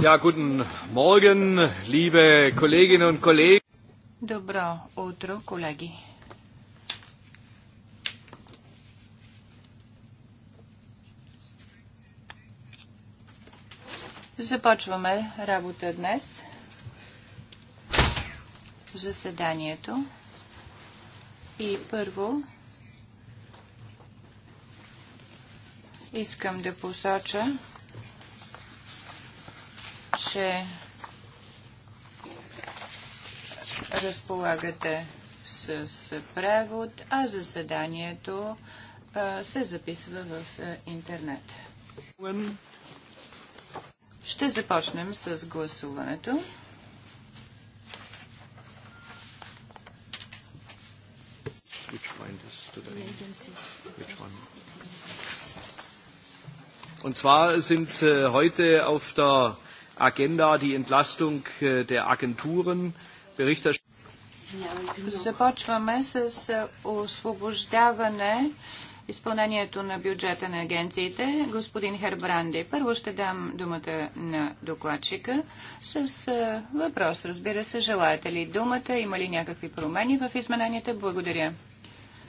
Ja, guten Morgen, liebe Kolleginnen und Kollegen. Dobro utro, kolegi. Започваме работа днес. Заседанието. И първо искам да посоча, че разполагате с превод, а заседанието се записва в интернет. Ще започнем с гласуването. Which one is today? Which one? Und zwar sind äh, heute auf der Agenda die Entlastung äh, der Agenturen. Berichterstattung. Започваме с е, освобождаване изпълнението на бюджета на агенциите. Господин Хербранди, първо ще дам думата на докладчика с е, въпрос, разбира се, желаете ли думата, има ли някакви промени в измененията? Благодаря.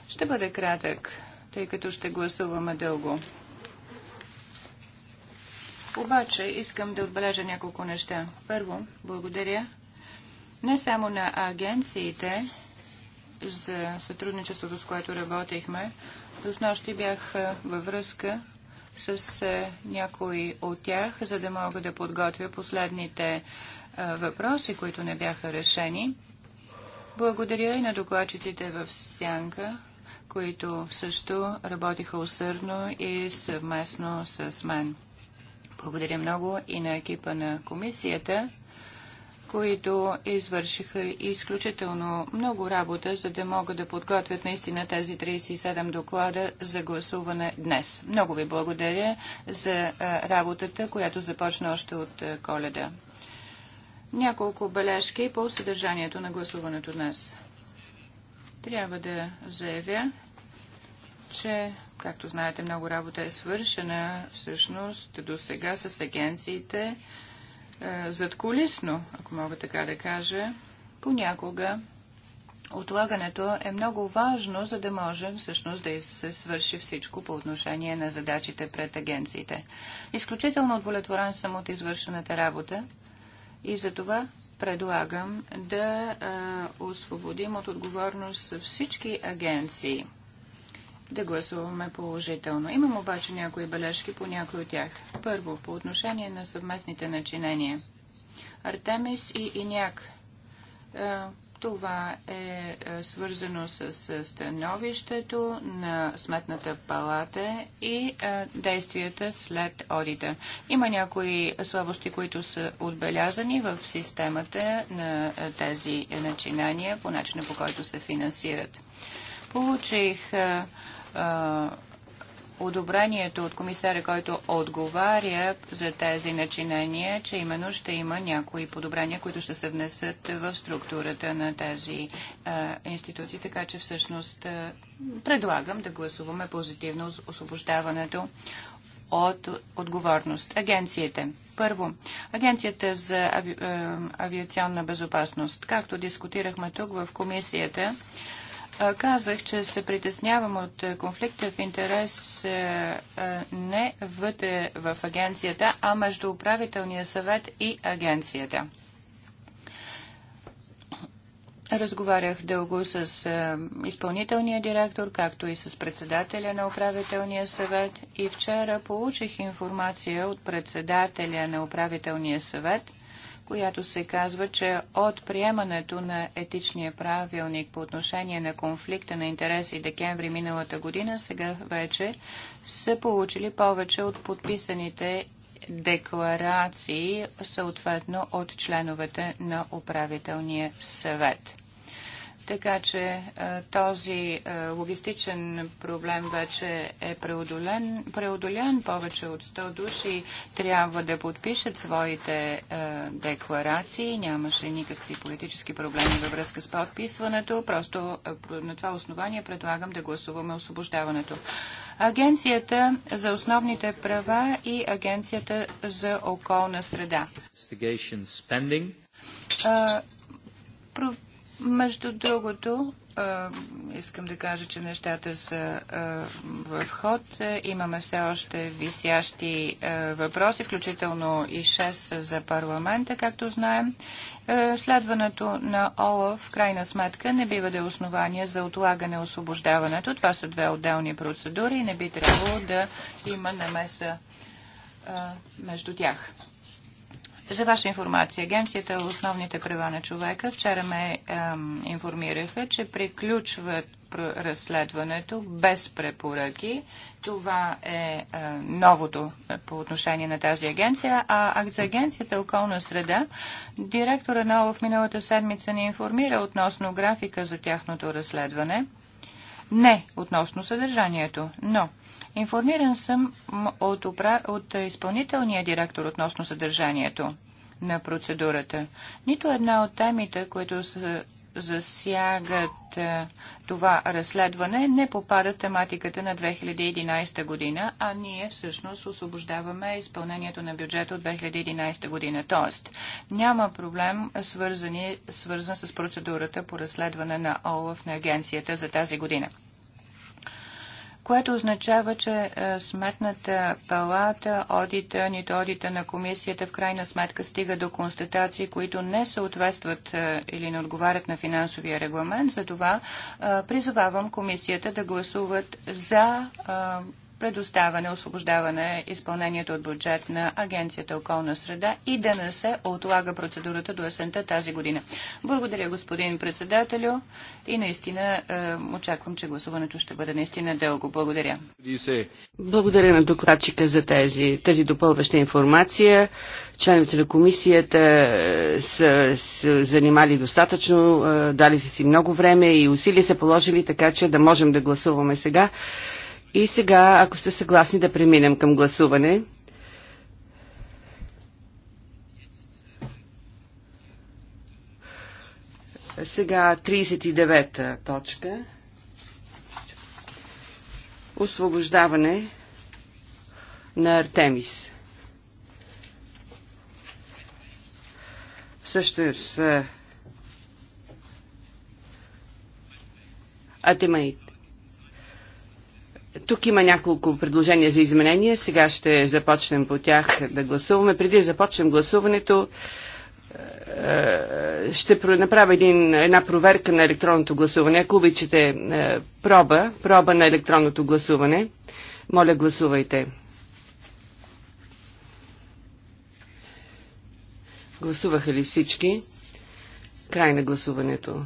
Ще бъде кратък, тъй като ще гласуваме дълго. Обаче искам да отбележа няколко неща. Първо, благодаря не само на агенциите за сътрудничеството, с което работихме. Доснощи бях във връзка с някои от тях, за да мога да подготвя последните въпроси, които не бяха решени. Благодаря и на докладчиците в Сянка, които също работиха усърдно и съвместно с мен. Благодаря много и на екипа на комисията, които извършиха изключително много работа, за да могат да подготвят наистина тези 37 доклада за гласуване днес. Много ви благодаря за работата, която започна още от коледа. Няколко бележки по съдържанието на гласуването днес. Трябва да заявя, че Както знаете, много работа е свършена всъщност до сега с агенциите е, зад колисно, ако мога така да кажа. Понякога отлагането е много важно, за да можем всъщност да се свърши всичко по отношение на задачите пред агенциите. Изключително удовлетворен съм от извършената работа и за това предлагам да е, освободим от отговорност всички агенции – да гласуваме положително. Имам обаче някои бележки по някои от тях. Първо, по отношение на съвместните начинения. Артемис и Иняк. Е, това е, е свързано с становището на Сметната палата и е, действията след одита. Има някои слабости, които са отбелязани в системата на тези начинания по начина по който се финансират. Получих одобрението от комисаря, който отговаря за тези начинения, че именно ще има някои подобрения, които ще се внесат в структурата на тези а, институции. Така че всъщност а, предлагам да гласуваме позитивно освобождаването от отговорност. Агенциите. Първо, Агенцията за ави... авиационна безопасност. Както дискутирахме тук в комисията, Казах, че се притеснявам от е, конфликта в интерес е, е, не вътре в агенцията, а между управителния съвет и агенцията. Разговарях дълго с изпълнителния директор, както и с председателя на управителния съвет и вчера получих информация от председателя на управителния съвет – която се казва, че от приемането на етичния правилник по отношение на конфликта на интереси декември миналата година, сега вече са получили повече от подписаните декларации, съответно от членовете на управителния съвет. Така че е, този е, логистичен проблем вече е преодолен. преодолен. Повече от 100 души трябва да подпишат своите е, декларации. Нямаше никакви политически проблеми във връзка с подписването. Просто на това основание предлагам да гласуваме освобождаването. Агенцията за основните права и Агенцията за околна среда. Между другото, искам да кажа, че нещата са в ход. Имаме все още висящи въпроси, включително и 6 за парламента, както знаем. Следването на ОЛАФ в крайна сметка не бива да е основание за отлагане освобождаването. Това са две отделни процедури и не би трябвало да има намеса между тях. За ваша информация, Агенцията Основните права на човека вчера ме ем, информираха, че приключват разследването без препоръки. Това е, е новото по отношение на тази агенция. А за агенцията Околна среда, директора на ОЛАФ миналата седмица ни информира относно графика за тяхното разследване. Не относно съдържанието, но Информиран съм от, упра... от изпълнителния директор относно съдържанието на процедурата. Нито една от темите, които са засягат е, това разследване, не попада тематиката на 2011 година, а ние всъщност освобождаваме изпълнението на бюджета от 2011 година. Тоест, няма проблем свързани, свързан с процедурата по разследване на ОЛАФ на агенцията за тази година което означава, че е, сметната палата, одита, нито одита на комисията в крайна сметка стига до констатации, които не съответстват е, или не отговарят на финансовия регламент. Затова е, призовавам комисията да гласуват за предоставяне, освобождаване изпълнението от бюджет на Агенцията околна среда и да не се отлага процедурата до есента тази година. Благодаря, господин председателю, и наистина е, очаквам, че гласуването ще бъде наистина дълго. Благодаря. Благодаря на докладчика за тези, тази допълваща информация. Членовете на комисията е, са се занимали достатъчно, е, дали са си много време и усилия са положили, така че да можем да гласуваме сега. И сега, ако сте съгласни да преминем към гласуване. Сега 39-та точка. Освобождаване на Артемис. Всъщност е, Атемаид. Тук има няколко предложения за изменения. Сега ще започнем по тях да гласуваме. Преди да започнем гласуването, е, е, ще направя един, една проверка на електронното гласуване. Ако обичате е, проба, проба на електронното гласуване, моля гласувайте. Гласуваха ли всички? Край на гласуването.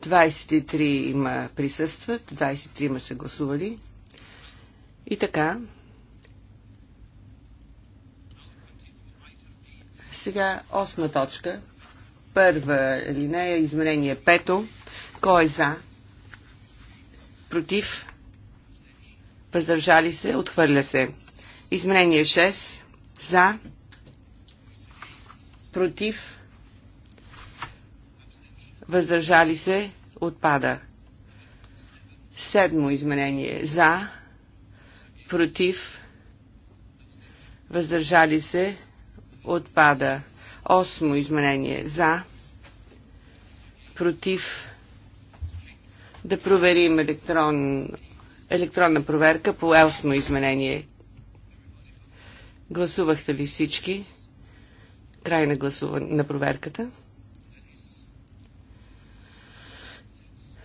23 има присъстват, 23 има са гласували. И така. Сега осма точка. Първа линия, изменение пето. Кой е за? Против? Въздържали се? Отхвърля се. Изменение 6. За? Против? въздържали се, отпада. Седмо изменение за, против, въздържали се, отпада. Осмо изменение за, против, да проверим електрон, електронна проверка по елсно изменение. Гласувахте ли всички? Край на, гласуване на проверката.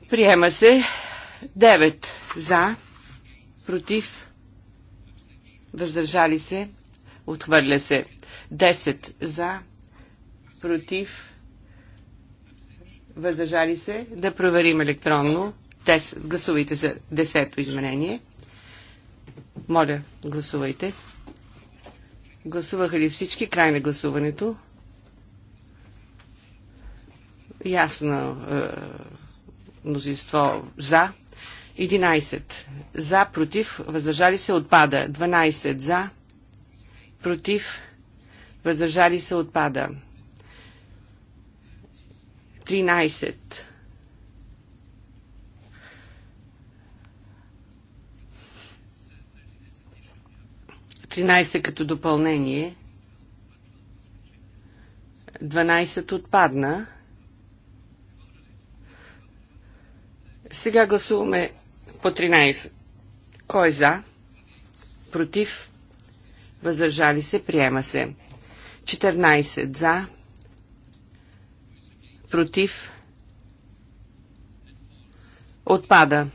Приема се 9 за, против, въздържали се, отхвърля се 10 за, против, въздържали се, да проверим електронно. Тес, гласувайте за 10-то изменение. Моля, гласувайте. Гласуваха ли всички? Край на гласуването. Ясно е, мнозинство за. 11 за, против, въздържали се, отпада. 12 за, против, въздържали се, отпада. 13 13 като допълнение. 12 отпадна. Сега гласуваме по 13. Кой е за? Против? Въздържали се? Приема се. 14 за. Против? Отпада.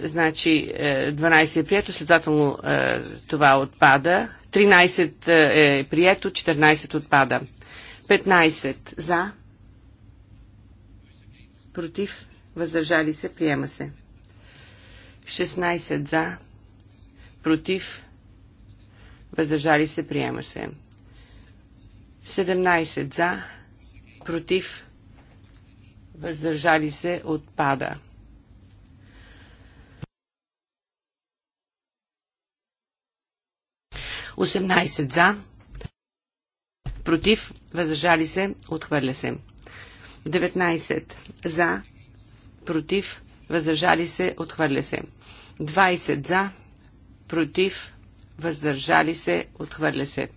Значи 12 е, е прието, следователно е, това отпада. 13 е, е прието, 14 отпада. 15 за. Против? въздържали се, приема се. 16 за, против, въздържали се, приема се. 17 за, против, въздържали се, отпада. Осемнайсет за, против, въздържали се, отхвърля се. 19 за, против, въздържали се, отхвърля се. 20 за, против, въздържали се, отхвърля се.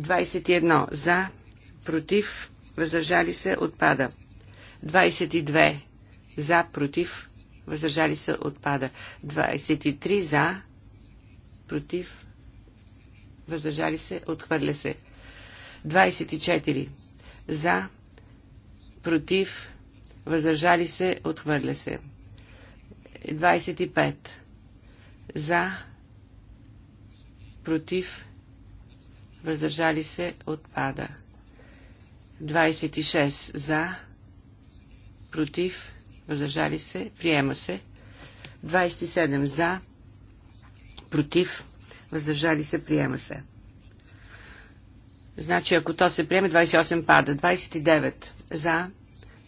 21 за, против, въздържали се, отпада. 22 за, против, въздържали се, отпада. 23 за, против, въздържали се, отхвърля се. 24 за, против, въздържали се, отхвърля се. 25. За, против, въздържали се, отпада. 26. За, против, въздържали се, приема се. 27. За, против, въздържали се, приема се. Значи, ако то се приеме, 28 пада. 29. За,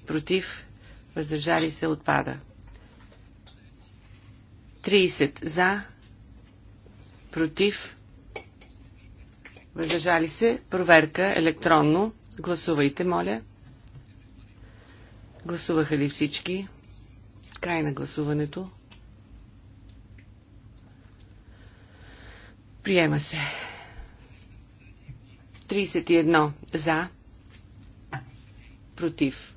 против, въздържали се, отпада. 30 за, против, въздържали се, проверка електронно. Гласувайте, моля. Гласуваха ли всички? Край на гласуването. Приема се. 31 за, против,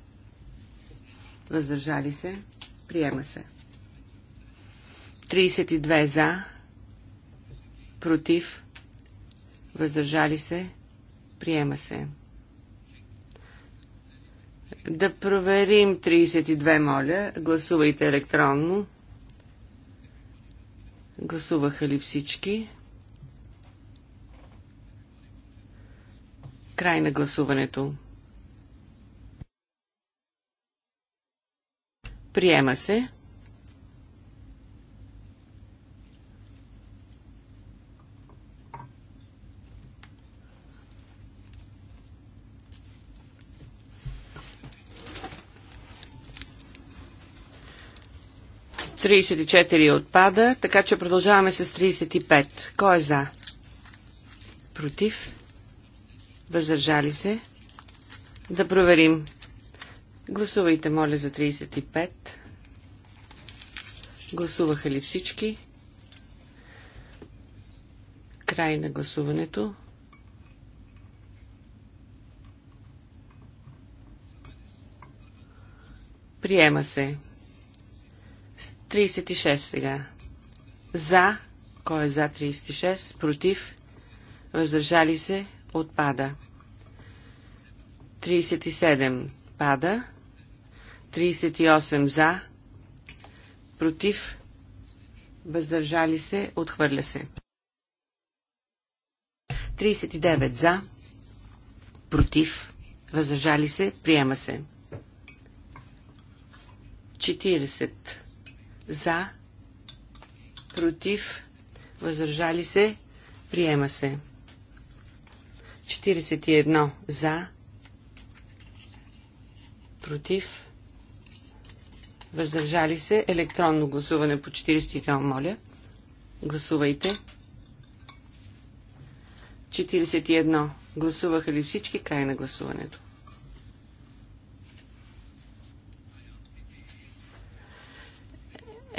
въздържали се, приема се. 32 за, против, въздържали се, приема се. Да проверим 32, моля. Гласувайте електронно. Гласуваха ли всички? Край на гласуването. Приема се. Тридесет и четири отпада, така че продължаваме с 35. Кой е за? Против? Въздържали се? Да проверим. Гласувайте, моля, за 35. Гласуваха ли всички? Край на гласуването. Приема се. 36 сега. За. Кой е за 36? Против. Въздържали се. Отпада. 37. Пада. 38 за, против, въздържали се, отхвърля се. 39 за, против, въздържали се, приема се. 40 за, против, въздържали се, приема се. 41 за, против, въздържали се, електронно гласуване по 41, моля. Гласувайте. 41. Гласуваха ли всички? Край на гласуването.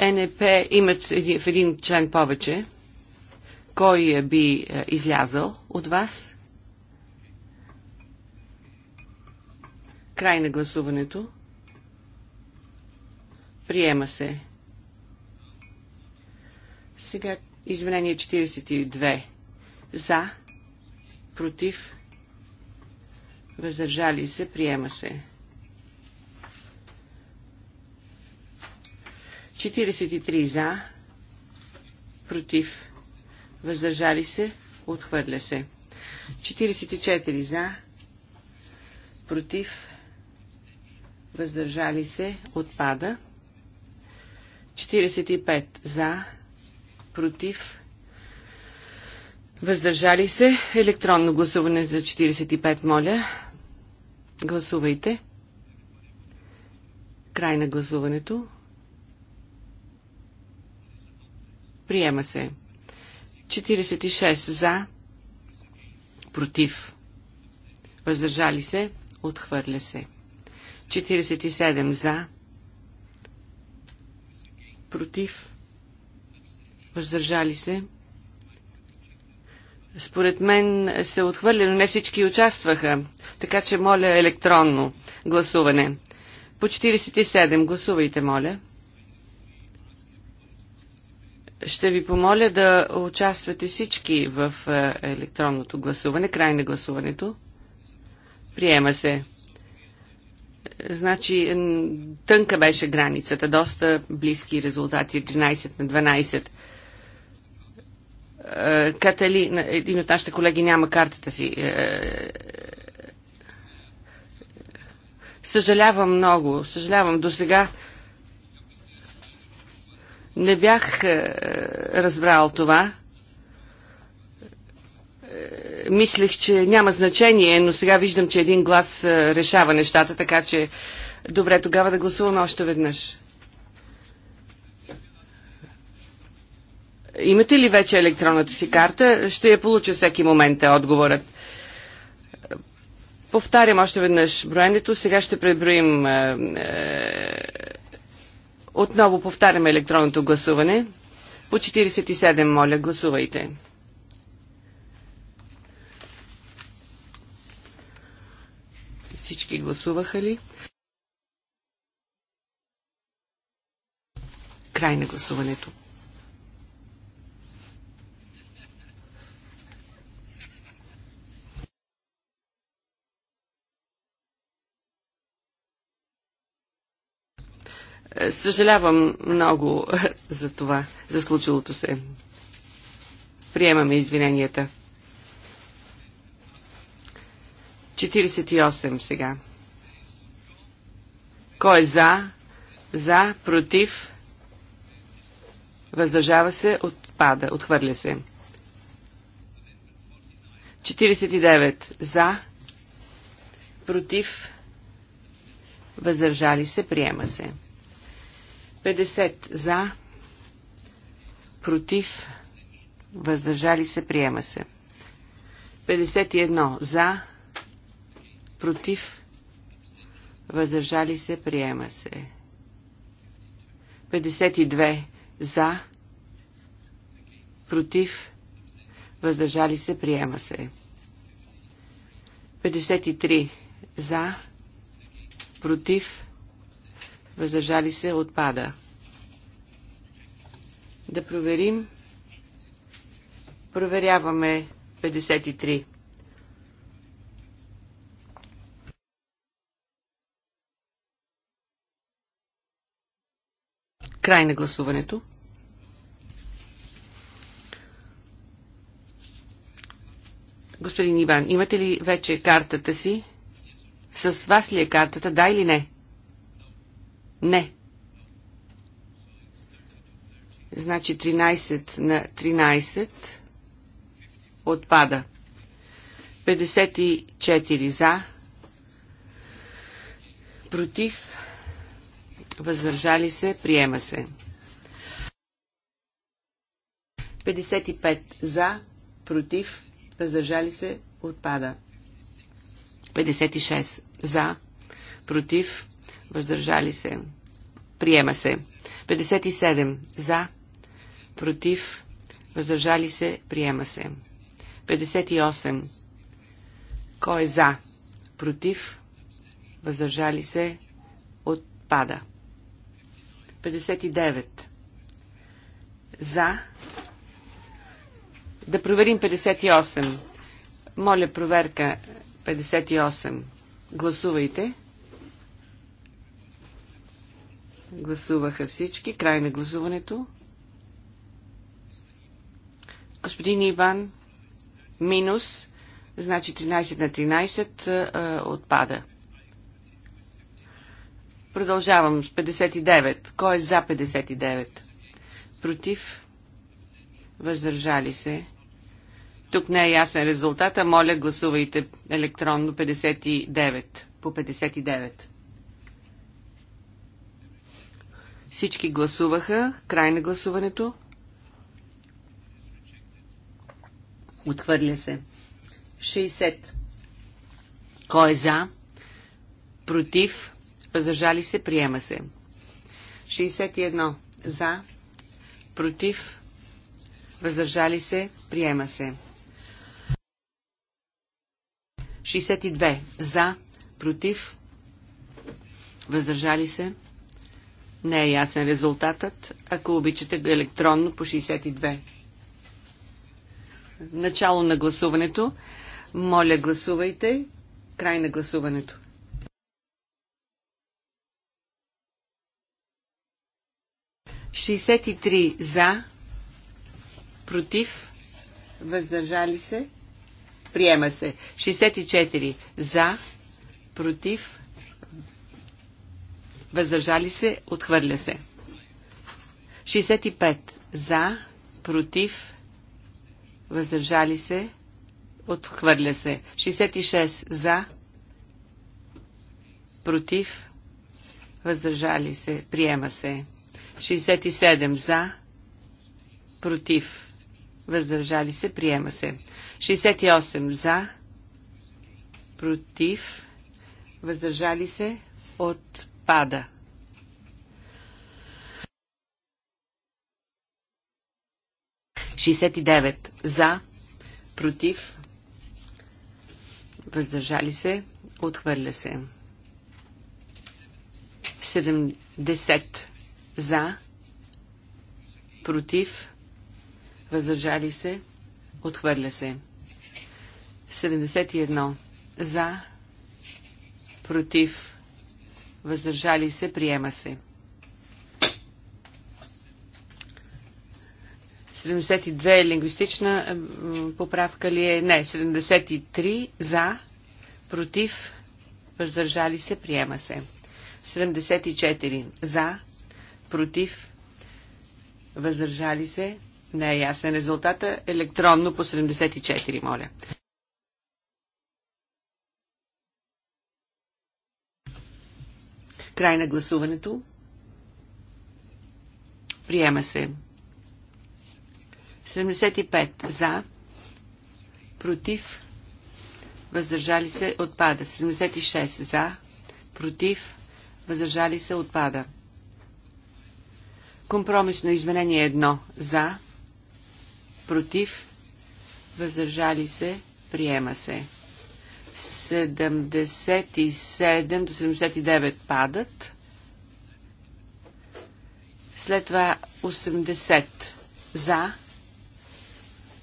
НП имат в един член повече. Кой е би е, излязъл от вас? Край на гласуването. Приема се. Сега изменение 42. За. Против. Въздържали се. Приема се. 43 за. Против. Въздържали се. Отхвърля се. 44 за. Против. Въздържали се. Отпада. 45 за, против, въздържали се. Електронно гласуване за 45, моля. Гласувайте. Край на гласуването. Приема се. 46 за, против, въздържали се, отхвърля се. 47 за, против, въздържали се. Според мен се отхвърля, но не всички участваха, така че моля електронно гласуване. По 47 гласувайте, моля. Ще ви помоля да участвате всички в е, електронното гласуване, край на гласуването. Приема се. Значи, тънка беше границата, доста близки резултати, 13 на 12. Е, Катали, един от нашите колеги няма картата си. Е, съжалявам много, съжалявам. До сега не бях е, разбрал това. Е, мислех, че няма значение, но сега виждам, че един глас е, решава нещата, така че добре, тогава да гласуваме още веднъж. Имате ли вече електронната си карта? Ще я получа всеки момент, е отговорът. Повтарям още веднъж броенето. Сега ще преброим. Е, е, отново повтаряме електронното гласуване. По 47, моля, гласувайте. Всички гласуваха ли? Край на гласуването. Е, съжалявам много за това, за случилото се. Приемаме извиненията. 48 сега. Кой е за? За, против, въздържава се, отпада, отхвърля се. 49 за, против, въздържали се, приема се. 50 за, против, въздържали се, приема се. 51 за, против, въздържали се, приема се. 52 за, против, въздържали се, приема се. 53 за, против, въздържали се, отпада. Да проверим. Проверяваме 53. Край на гласуването. Господин Иван, имате ли вече картата си? С вас ли е картата, да или не? Не. Значи 13 на 13 отпада. 54 за, против, въздържали се, приема се. 55 за, против, въздържали се, отпада. 56 за, против, въздържали се, приема се. 57 за, против, въздържали се, приема се. 58 кой е за, против, въздържали се, отпада. 59 59. За. Да проверим 58. Моля, проверка 58. Гласувайте. Гласуваха всички. Край на гласуването. Господин Иван, минус, значи 13 на 13 а, отпада. Продължавам с 59. Кой е за 59? Против? Въздържали се? Тук не е ясен резултата. Моля, гласувайте електронно 59 по 59. Всички гласуваха. Край на гласуването. Отхвърля се. 60. Кой е за? Против? въздържали се, приема се. 61 за, против, въздържали се, приема се. 62 за, против, въздържали се. Не е ясен резултатът. Ако обичате електронно по 62. Начало на гласуването. Моля, гласувайте. Край на гласуването. 63 за, против, въздържали се, приема се. 64 за, против, въздържали се, отхвърля се. 65 за, против, въздържали се, отхвърля се. 66 за, против, въздържали се, приема се. 67 за, против, въздържали се, приема се. 68 за, против, въздържали се, отпада. Шестдесет девет за, против, въздържали се, отхвърля се. 70 за. Против. Въздържали се. Отхвърля се. 71. За. Против. Въздържали се. Приема се. 72 е лингвистична поправка ли е? Не, 73 за, против, въздържали се, приема се. 74 за, против, въздържали се. Не е ясен резултата. Електронно по 74, моля. Край на гласуването. Приема се. 75 за, против, въздържали се, отпада. 76 за, против, въздържали се, отпада. Компромисно изменение 1 за, против, въздържали се, приема се. 77 до 79 падат. След това 80 за,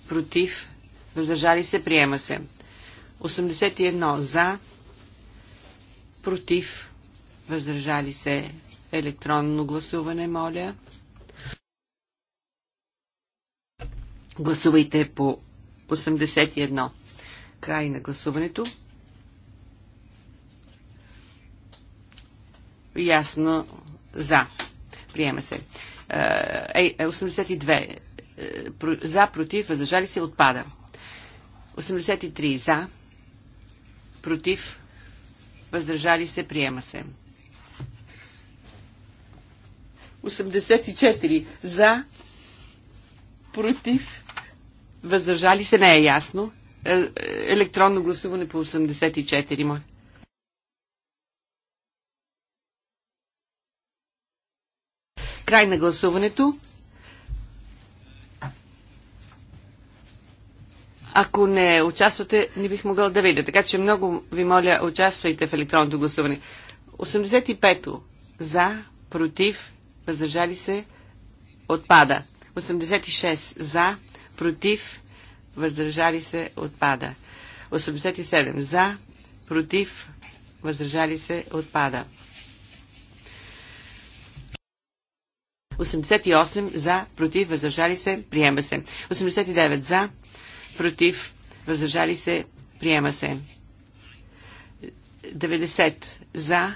против, въздържали се, приема се. 81 за, против, въздържали се, Електронно гласуване, моля. Гласувайте по 81. Край на гласуването. Ясно за. Приема се. Е, 82. Е, е, за, против, въздържали се, отпада. 83. За, против, въздържали се, приема се. 84 за, против, въздържали се, не е ясно. Е, е, електронно гласуване по 84, моля. Край на гласуването. Ако не участвате, не бих могъл да видя. Така че много ви моля, участвайте в електронното гласуване. 85-то. За, против, въздържали се, отпада. 86 за, против, въздържали се, отпада. 87 за, против, въздържали се, отпада. 88 за, против, въздържали се, приема се. 89 за, против, въздържали се, приема се. 90 за,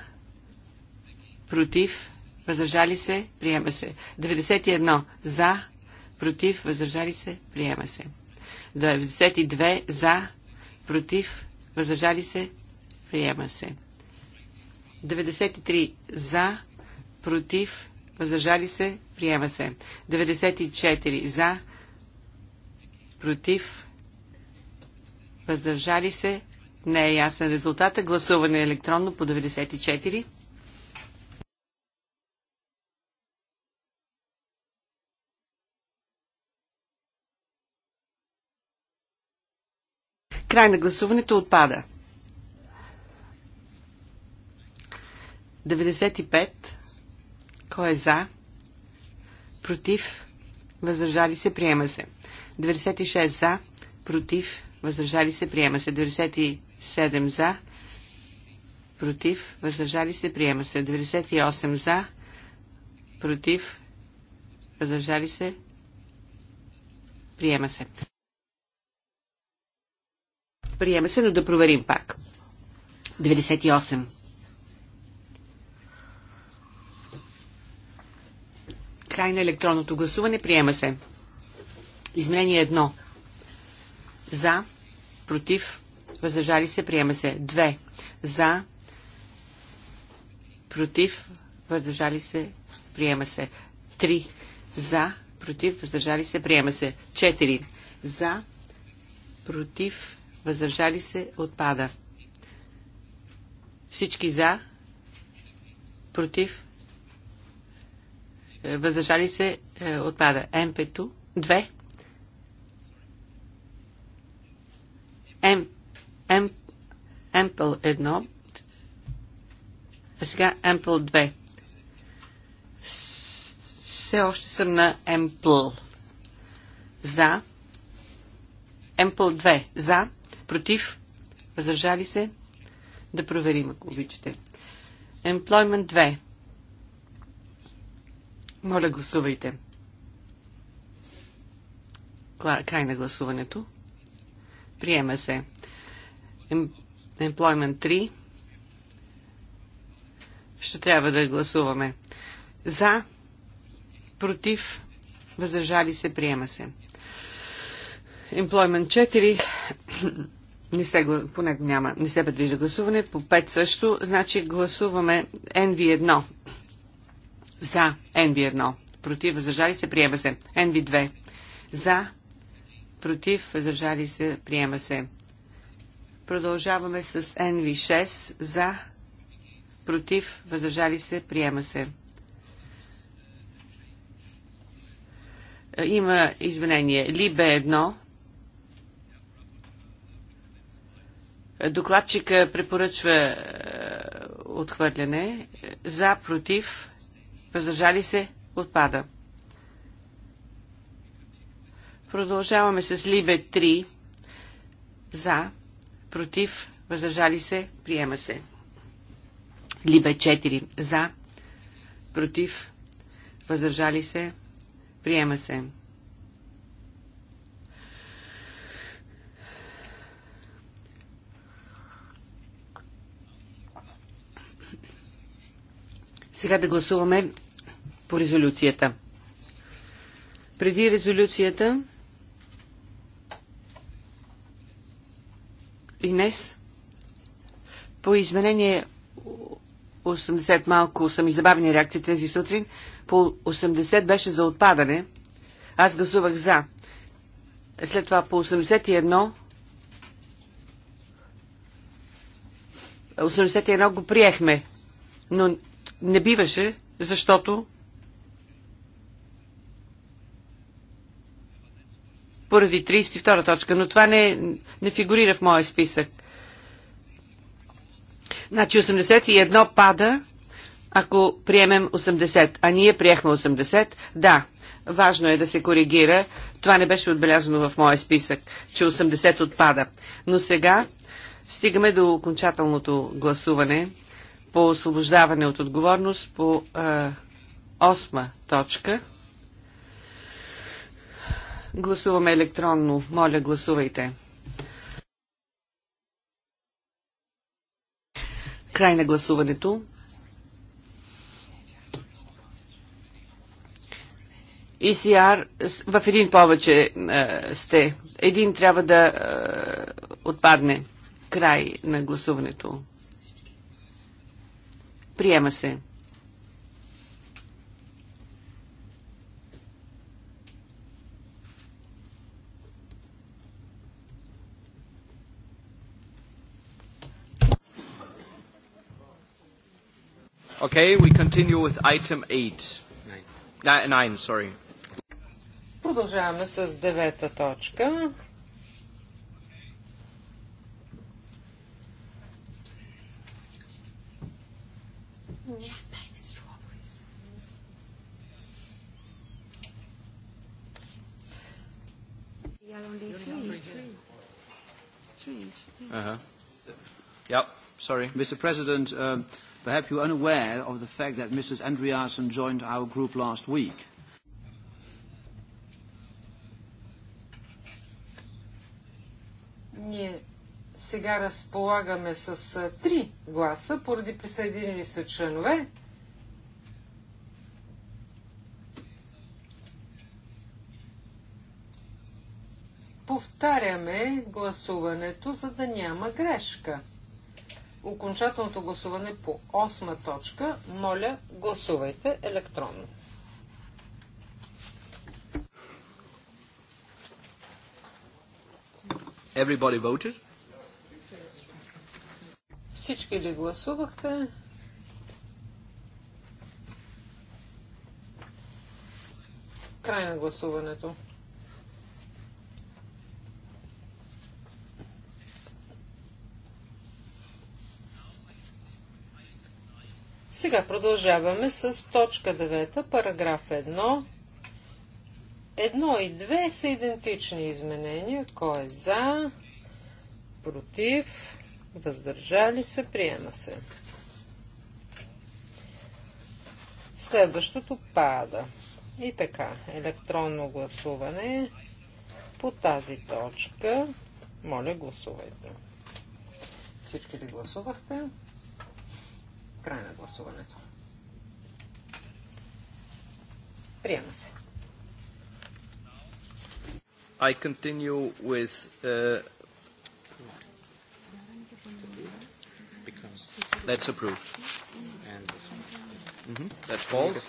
против, Въздържали се. Приема се. 91. За. Против. Въздържали се. Приема се. 92. За. Против. Въздържали се. Приема се. 93. За. Против. Въздържали се. Приема се. 94. За. Против. Въздържали се. Не е ясен резултата. Гласуване електронно по 94. Край на гласуването отпада. 95. Кой е за? Против? Въздържали се? Приема се. 96 за. Против? Въздържали се? Приема се. 97 за. Против? Въздържали се? Приема се. 98 за. Против? Въздържали се? Приема се. Приема се, но да проверим пак. 98. Край на електронното гласуване. Приема се. Изменение 1. За. Против. Въздържали се. Приема се. 2. За. Против. Въздържали се. Приема се. 3. За. Против. Въздържали се. Приема се. 4. За. Против въздържали се, отпада. Всички за, против, е, въздържали се, е, отпада. мп 2. М, М, МПЛ 1, а сега МПЛ 2. Все още съм на МПЛ. За. Емпл 2. За Против? Въздържали се? Да проверим, ако обичате. Employment 2. Моля, гласувайте. Край на гласуването. Приема се. Employment 3. Ще трябва да гласуваме. За, против, въздържали се, приема се. Employment 4. Не се, поне няма, не се предвижда гласуване. По 5 също. Значи гласуваме NV1. За NV1. Против, въздържали се, приема се. NV2. За, против, въздържали се, приема се. Продължаваме с NV6. За, против, въздържали се, приема се. Има изменение. Либе 1 Докладчика препоръчва е, отхвърляне. За, против, въздържали се, отпада. Продължаваме с Либе 3. За, против, въздържали се, приема се. Либе 4. За, против, въздържали се, приема се. Сега да гласуваме по резолюцията. Преди резолюцията Инес по изменение 80 малко съм избавени реакции тези сутрин. По 80 беше за отпадане. Аз гласувах за. След това по 81 81 го приехме, но не биваше, защото поради 32 точка, но това не, не фигурира в моя списък. Значи 81 пада, ако приемем 80, а ние приехме 80, да, важно е да се коригира. Това не беше отбелязано в моя списък, че 80 отпада. Но сега стигаме до окончателното гласуване по освобождаване от отговорност по осма точка. Гласуваме електронно. Моля, гласувайте. Край на гласуването. ECR в един повече а, сте. Един трябва да а, отпадне. Край на гласуването. Приема се. Okay, we continue with item 8. Nine, sorry. Продължаваме с девета точка. Uh-huh. Yep, sorry. Mr. President, um, perhaps you're unaware of the fact that Mrs. Andreasen joined our group last week. Ние сега разполагаме с три гласа поради присъединени са членове. повтаряме гласуването, за да няма грешка. Окончателното гласуване по 8 точка. Моля, гласувайте електронно. Everybody voted? Всички ли гласувахте? Край на гласуването. Сега продължаваме с точка 9, параграф 1. Едно и 2 са идентични изменения. Кой е за? Против? Въздържали се? Приема се. Следващото пада. И така, електронно гласуване по тази точка. Моля, гласувайте. Всички ли гласувахте? края на гласуването. Приема се. I continue with uh, That's approved. And Mm-hmm. That's false.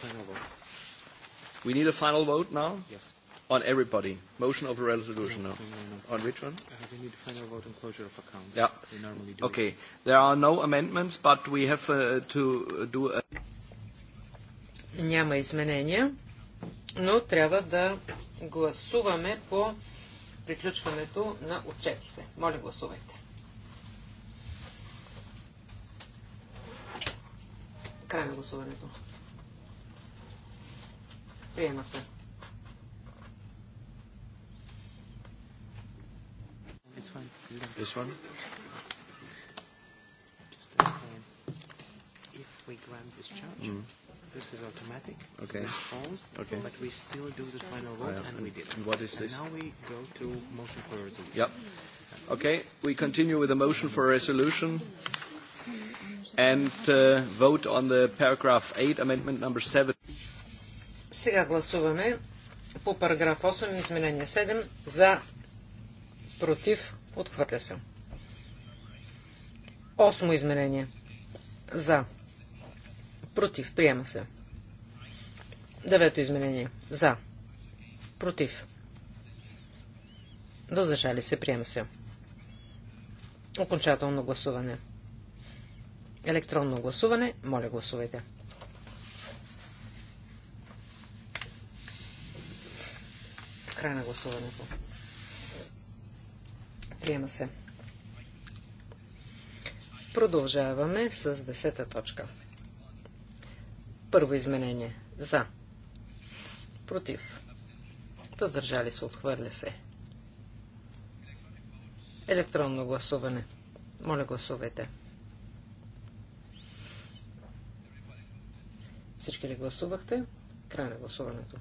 We need a final vote now? Yes on everybody. Motion of a resolution no. On which one? Uh, We need to find out about enclosure of accounts. Yeah. We normally do. Okay. There are no amendments, but we have uh, to do a... Няма изменения, но трябва да гласуваме по приключването на отчетите. Моля, гласувайте. Край на гласуването. Приема се. one. This one? Just if we grant this charge, mm. this is automatic. Okay. This is false. Okay. But we still do the final vote, and we did. And what is this? And now we go to motion for resolution. Yep. Okay. We continue with the motion for a resolution and uh, vote on the paragraph 8, amendment number 7. Сега гласуваме по параграф 8, изменение 7, за, против, Отхвърля се. Осмо изменение. За. Против. Приема се. Девето изменение. За. Против. Въздържали се. Приема се. Окончателно гласуване. Електронно гласуване. Моля, гласувайте. Край на гласуването. Приема се. Продължаваме с десета точка. Първо изменение. За. Против. Въздържали се. Отхвърля се. Електронно гласуване. Моля, гласувайте. Всички ли гласувахте? Край на гласуването.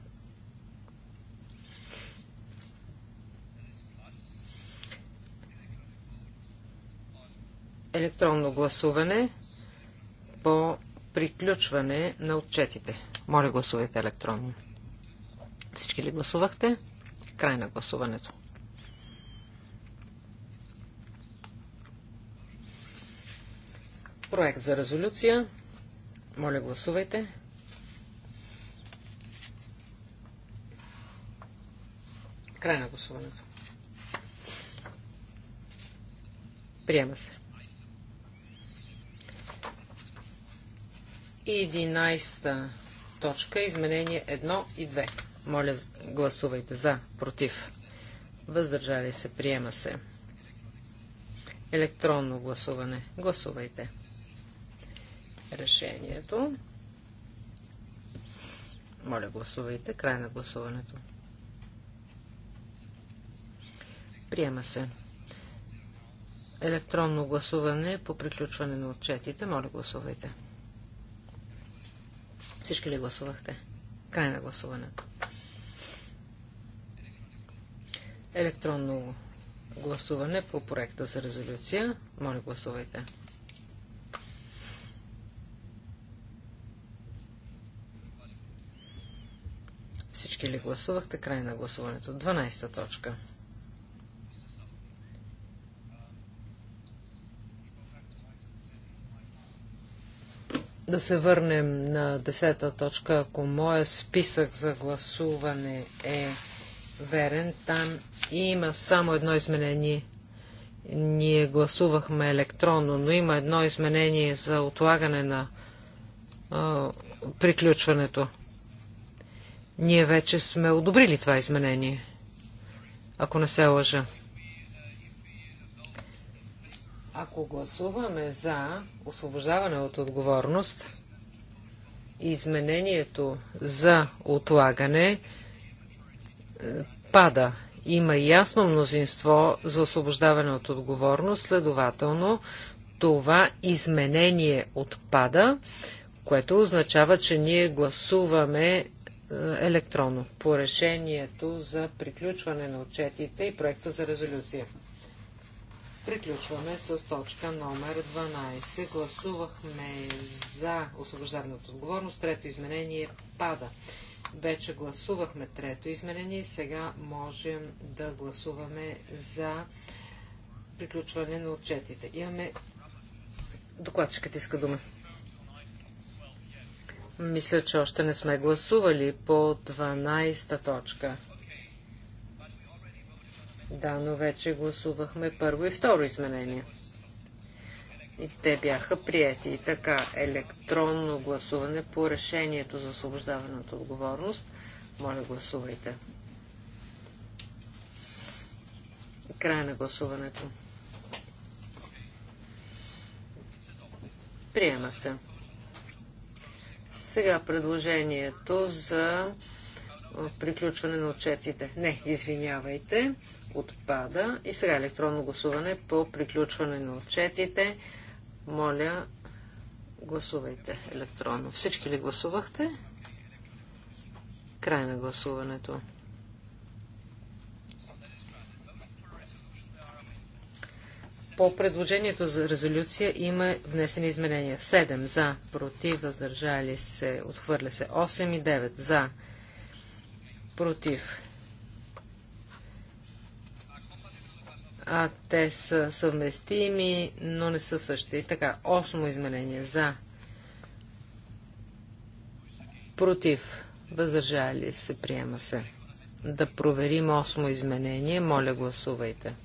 електронно гласуване по приключване на отчетите. Моля, гласувайте електронно. Всички ли гласувахте? Край на гласуването. Проект за резолюция. Моля, гласувайте. Край на гласуването. Приема се. 11 точка, изменение 1 и 2. Моля, гласувайте за, против. Въздържали се, приема се. Електронно гласуване. Гласувайте. Решението. Моля, гласувайте. Край на гласуването. Приема се. Електронно гласуване по приключване на отчетите. Моля, гласувайте. Всички ли гласувахте? Край на гласуването. Електронно гласуване по проекта за резолюция. Моля, гласувайте. Всички ли гласувахте? Край на гласуването. 12 точка. Да се върнем на десета точка. Ако моя списък за гласуване е верен, там има само едно изменение. Ние гласувахме електронно, но има едно изменение за отлагане на а, приключването. Ние вече сме одобрили това изменение, ако не се лъжа. Ако гласуваме за освобождаване от отговорност, изменението за отлагане е, пада. Има ясно мнозинство за освобождаване от отговорност, следователно това изменение отпада, което означава, че ние гласуваме е, електронно по решението за приключване на отчетите и проекта за резолюция. Приключваме с точка номер 12. Гласувахме за освобождаване от отговорност. Трето изменение пада. Вече гласувахме трето изменение сега можем да гласуваме за приключване на отчетите. Имаме... Докладчикът иска дума. Мисля, че още не сме гласували по 12 точка. Да, но вече гласувахме първо и второ изменение. И те бяха прияти. И така, електронно гласуване по решението за освобождаване от отговорност. Моля, гласувайте. Край на гласуването. Приема се. Сега предложението за приключване на отчетите. Не, извинявайте отпада. И сега електронно гласуване по приключване на отчетите. Моля, гласувайте електронно. Всички ли гласувахте? Край на гласуването. По предложението за резолюция има внесени изменения. 7 за, против, въздържали се, отхвърля се. 8 и 9 за, против, а те са съвместими, но не са същи. Така, осмо изменение за, против, въздържали се, приема се. Да проверим осмо изменение. Моля, гласувайте.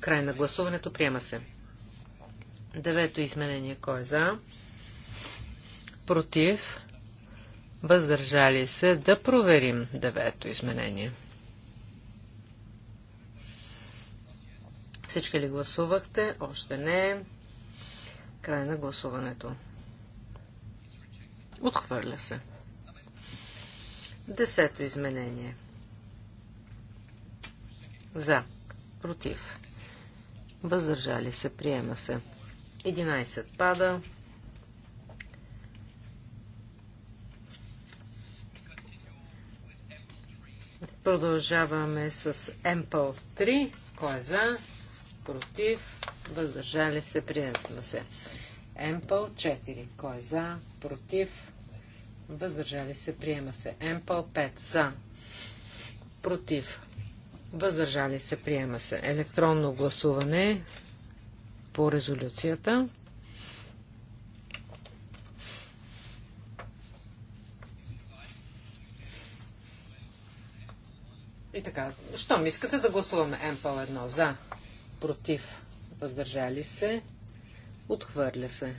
Край на гласуването приема се. Девето изменение. Кой е за? Против? Въздържали се да проверим девето изменение. Всички ли гласувахте? Още не. Край на гласуването. Отхвърля се. Десето изменение. За. Против. Въздържали се. Приема се. 11 пада. Продължаваме с Ample 3. Кой е за? Против? Въздържали се? Приемаме се. Ample 4. Кой е за? Против? Въздържали се? Приема се. Ample 5. Е за? Против? Въздържали се? Приема се. Електронно гласуване по резолюцията. И така, ми искате да гласуваме МПЛ 1 за, против, въздържали се, отхвърля се.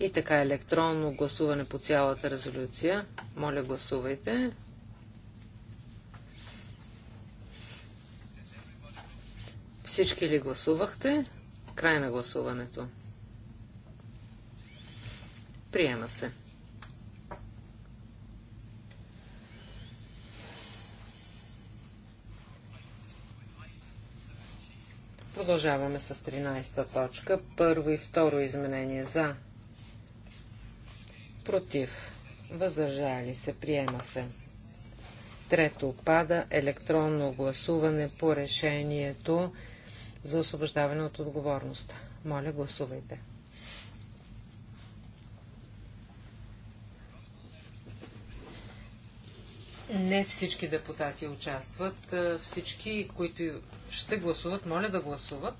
И така, електронно гласуване по цялата резолюция. Моля, гласувайте. Всички ли гласувахте? Край на гласуването. Приема се. Продължаваме с 13-та точка. Първо и второ изменение за. Против. Въздържали се. Приема се. Трето пада електронно гласуване по решението за освобождаване от отговорност. Моля, гласувайте. Не всички депутати участват. Е, всички, които ще гласуват, моля да гласуват.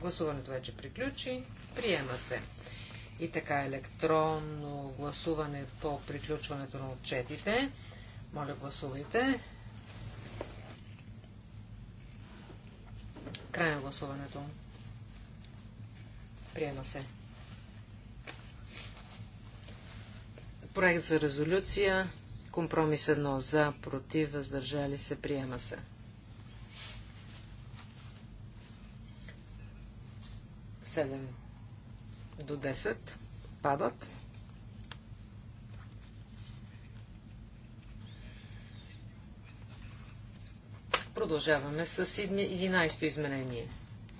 Гласуването вече приключи. Приема се. И така електронно гласуване по приключването на отчетите. Моля, гласувайте. Край на гласуването. Приема се. Проект за резолюция. Компромис едно за, против, въздържали се, приема се. Седем до 10 падат. Продължаваме с 11-то изменение.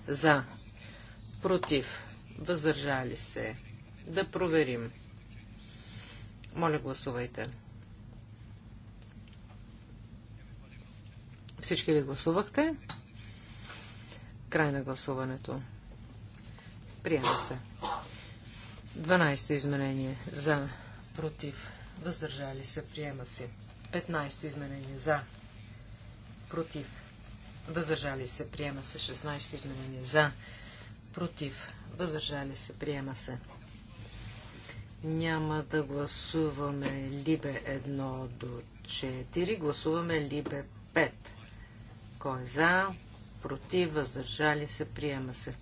За. Против. Въздържали се. Да проверим. Моля, гласувайте. Всички ли гласувахте? Край на гласуването. Приема се. 12-то изменение. За. Против. Въздържали се. Приема се. 15-то изменение. За. Против. Въздържали се. Приема се. 16 изменения За. Против. Въздържали се. Приема се. Няма да гласуваме Либе 1 до 4. Гласуваме Либе 5. Кой е за? Против. Въздържали се. Приема се.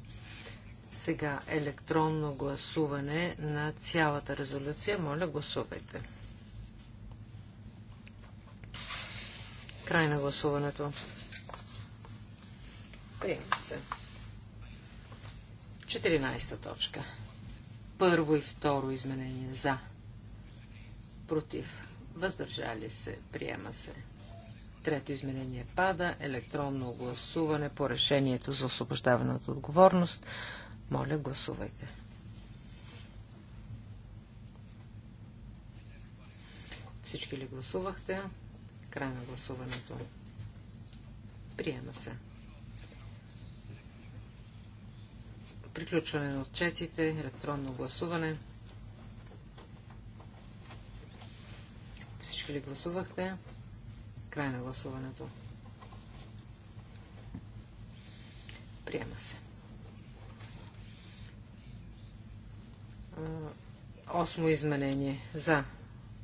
Сега електронно гласуване на цялата резолюция. Моля, гласувайте. Край на гласуването. Приема се. 14 точка. Първо и второ изменение. За. Против. Въздържали се. Приема се. Трето изменение пада. Електронно гласуване по решението за освобождаване от отговорност. Моля, гласувайте. Всички ли гласувахте? Край на гласуването. Приема се. Приключване на отчетите, електронно гласуване. Всички ли гласувахте? Край на гласуването. Приема се. Осмо изменение. За.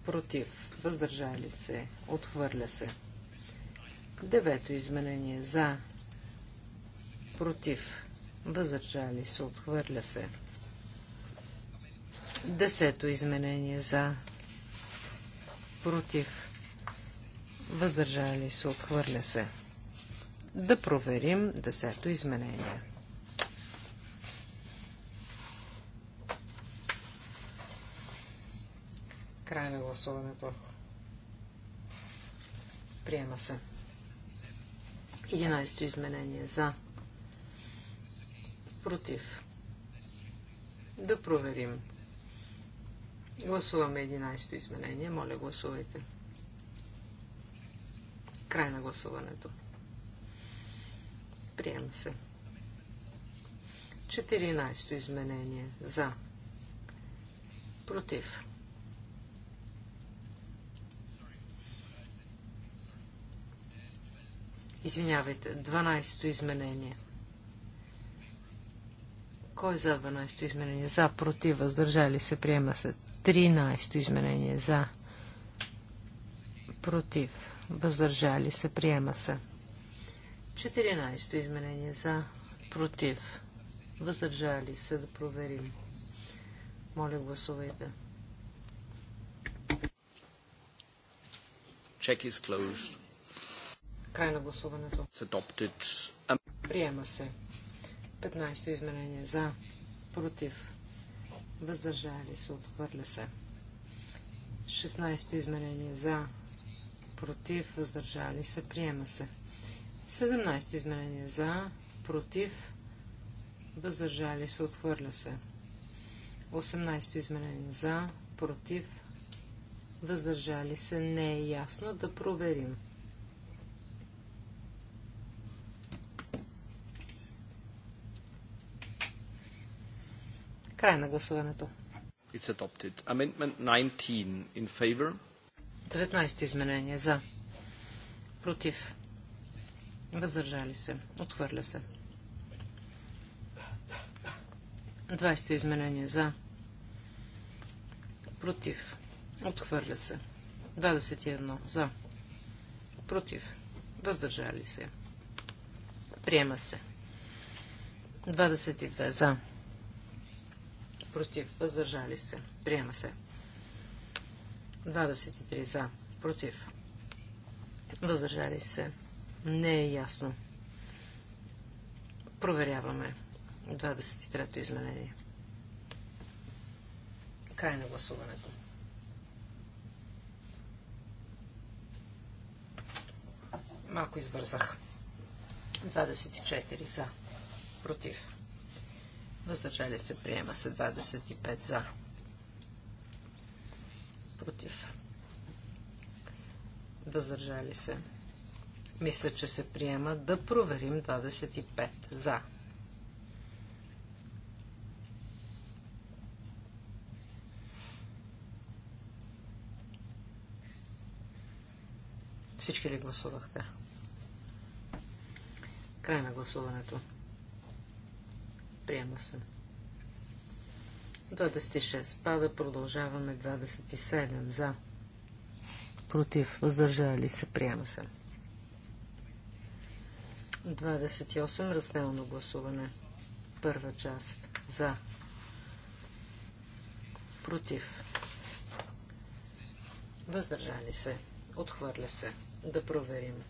Против. Въздържали се. Отхвърля се. Девето изменение. За. Против. Въздържали се. Отхвърля се. Десето изменение за. Против. Въздържали се. Отхвърля се. Да проверим десето изменение. Край на гласуването. Приема се. 11 изменение за. Против. Да проверим. Гласуваме 11-то изменение. Моля, гласувайте. Край на гласуването. Приема се. 14-то изменение. За. Против. Извинявайте, 12-то изменение. Кой е за 12-то изменение? За, против, въздържали се, приема се. 13-то изменение за, против, въздържали се, приема се. 14-то изменение за, против, въздържали се, да проверим. Моля, гласувайте. Check is closed. Край на гласуването. Приема се. 15 измерение. за, против, въздържали се, отхвърля се. 16 измерение. за, против, въздържали се, приема се. 17 измерение. за, против, въздържали се, отхвърля се. 18 измерение. за, против, въздържали се, не е ясно, да проверим. Край на гласуването. 19 изменения 19 изменение за. Против. Въздържали се. Отхвърля се. 20 изменение за. Против. Отхвърля се. 21 за. Против. Въздържали се. Приема се. 22 за против, въздържали се, приема се. 23 за, против, въздържали се, не е ясно. Проверяваме 23-то изменение. Край на гласуването. Малко избързах. 24 за, против, Въздържали се. Приема се 25 за. Против. Въздържали се. Мисля, че се приема да проверим 25 за. Всички ли гласувахте? Край на гласуването. Приема се. 26. Пада. Продължаваме. 27. За. Против. Въздържали се. Приема се. 28. Разделно гласуване. Първа част. За. Против. Въздържали се. Отхвърля се. Да проверим.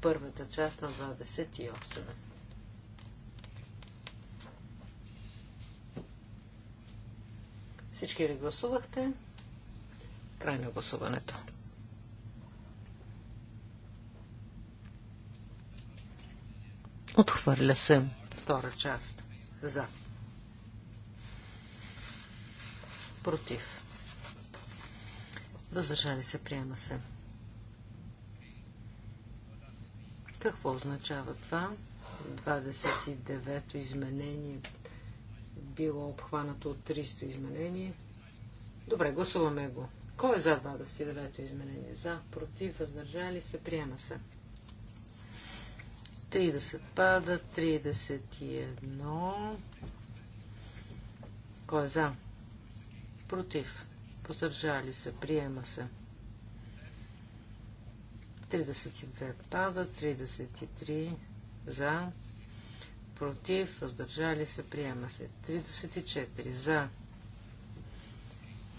Първата част на 28. Всички ли гласувахте? Край на гласуването. Отхвърля се. Втора част. За. Против. Въздържали се, приема се. Какво означава това? 29-то изменение било обхванато от 300 изменение. Добре, гласуваме го. Кой е за 29-то изменение? За, против, въздържали се, приема се. 30 пада, 31. Кой е за? Против. Въздържали се, приема се. 32 пада, 33 за, против, въздържали се, приема се. 34 за,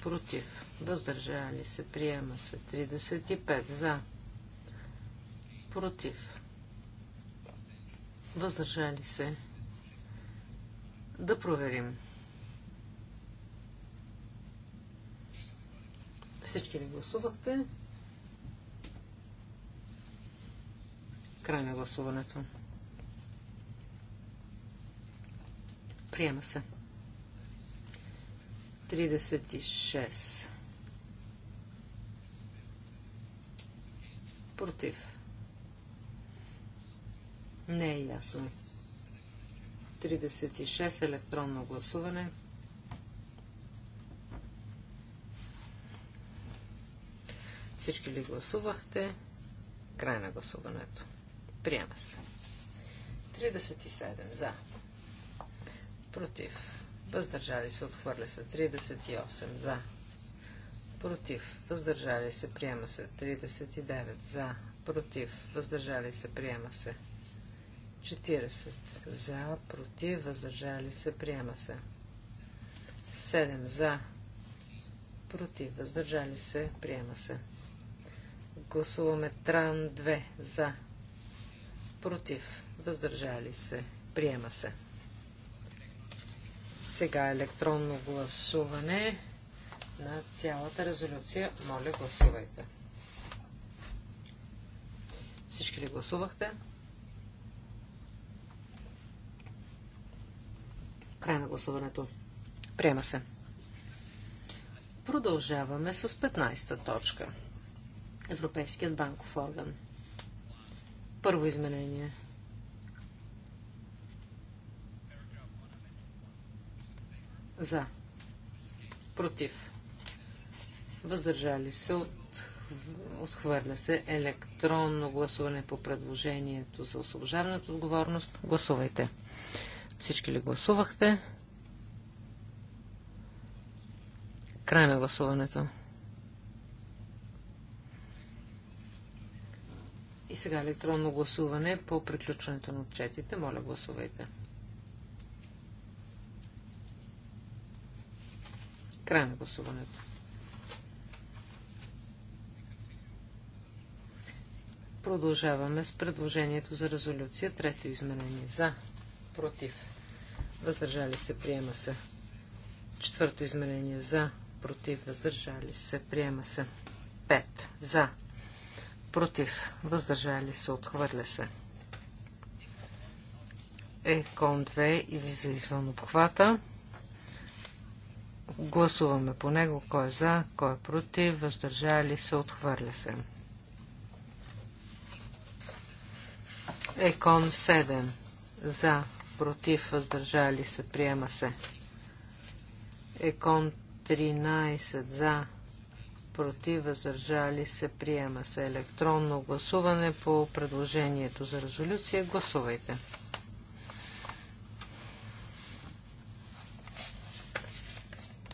против, въздържали се, приема се. 35 за, против, въздържали се. Да проверим. Всички ли гласувахте? Край на гласуването. Приема се. 36. Против. Не е ясно. 36. Електронно гласуване. Всички ли гласувахте? Край на гласуването. Приема се. 37 за против, въздържали се, отхвърля се 38 за, против, въздържали се, приема се 39 за, против, въздържали се, приема се 40 за, против, въздържали се, приема се 7 за, против, въздържали се, приема се. Гласуваме Тран 2 за, против, въздържали се, приема се. Сега електронно гласуване на цялата резолюция. Моля, гласувайте. Всички ли гласувахте? Край на гласуването. Приема се. Продължаваме с 15-та точка. Европейският банков орган. Първо изменение. За. Против. Въздържали се от отхвърля се електронно гласуване по предложението за освобождаването отговорност. Гласувайте. Всички ли гласувахте? Край на гласуването. И сега електронно гласуване по приключването на отчетите. Моля, гласувайте. Край на гласуването. Продължаваме с предложението за резолюция. Трето изменение. За. Против. Въздържали се. Приема се. Четвърто изменение. За. Против. Въздържали се. Приема се. Пет. За. Против. Въздържали се. Отхвърля се. Екон 2 излиза за извън обхвата. Гласуваме по него, кой е за, кой е против, въздържали се, отхвърля се. Екон 7. За, против, въздържали се, приема се. Екон 13. За, против, въздържали се, приема се. Електронно гласуване по предложението за резолюция. Гласувайте.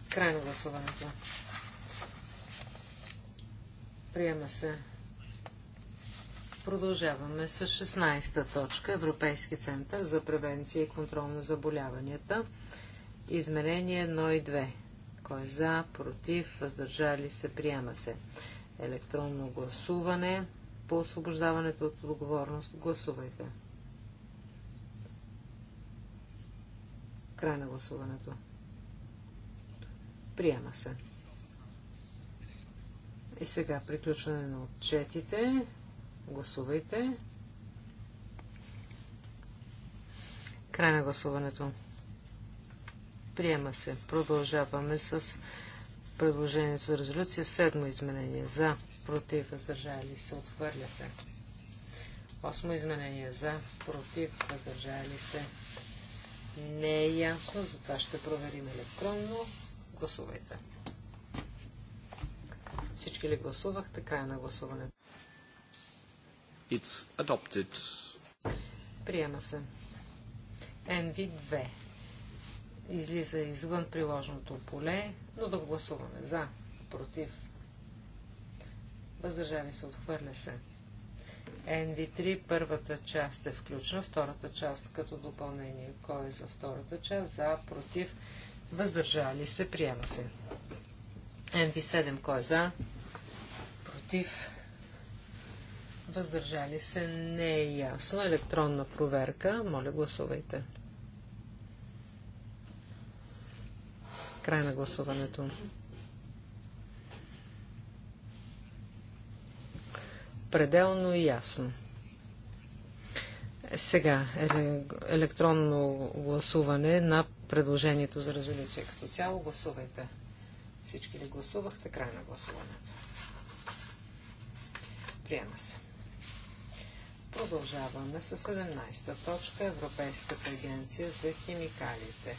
Крайно гласуването. Приема се. Продължаваме с 16-та точка. Европейски център за превенция и контрол на заболяванията. Изменение 1 и 2. Кой е за, против, въздържали се, приема се. Електронно гласуване по освобождаването от отговорност. Гласувайте. Край на гласуването. Приема се. И сега приключване на отчетите. Гласувайте. Край на гласуването. Приема се. Продължаваме с предложението за резолюция. Седмо изменение. За. Против. Въздържали се. Отхвърля се. Осмо изменение. За. Против. Въздържали се. Не е ясно. Затова ще проверим електронно. Гласувайте. Всички ли гласувахте? Край на гласуването. It's adopted. Приема се. NV2. Излиза извън приложното поле, но да гласуваме за, против. Въздържали се, отхвърля се. NV3, първата част е включена, втората част като допълнение. Кой е за втората част? За, против, въздържали се, приема се. МВ7, кой е за, против, въздържали се, не е ясно. Електронна проверка, моля гласувайте. Край на гласуването. Пределно и ясно. Е, сега е, електронно гласуване на предложението за резолюция като цяло. Гласувайте. Всички ли гласувахте? Край на гласуването. Приема се. Продължаваме с 17-та точка Европейската агенция за химикалите.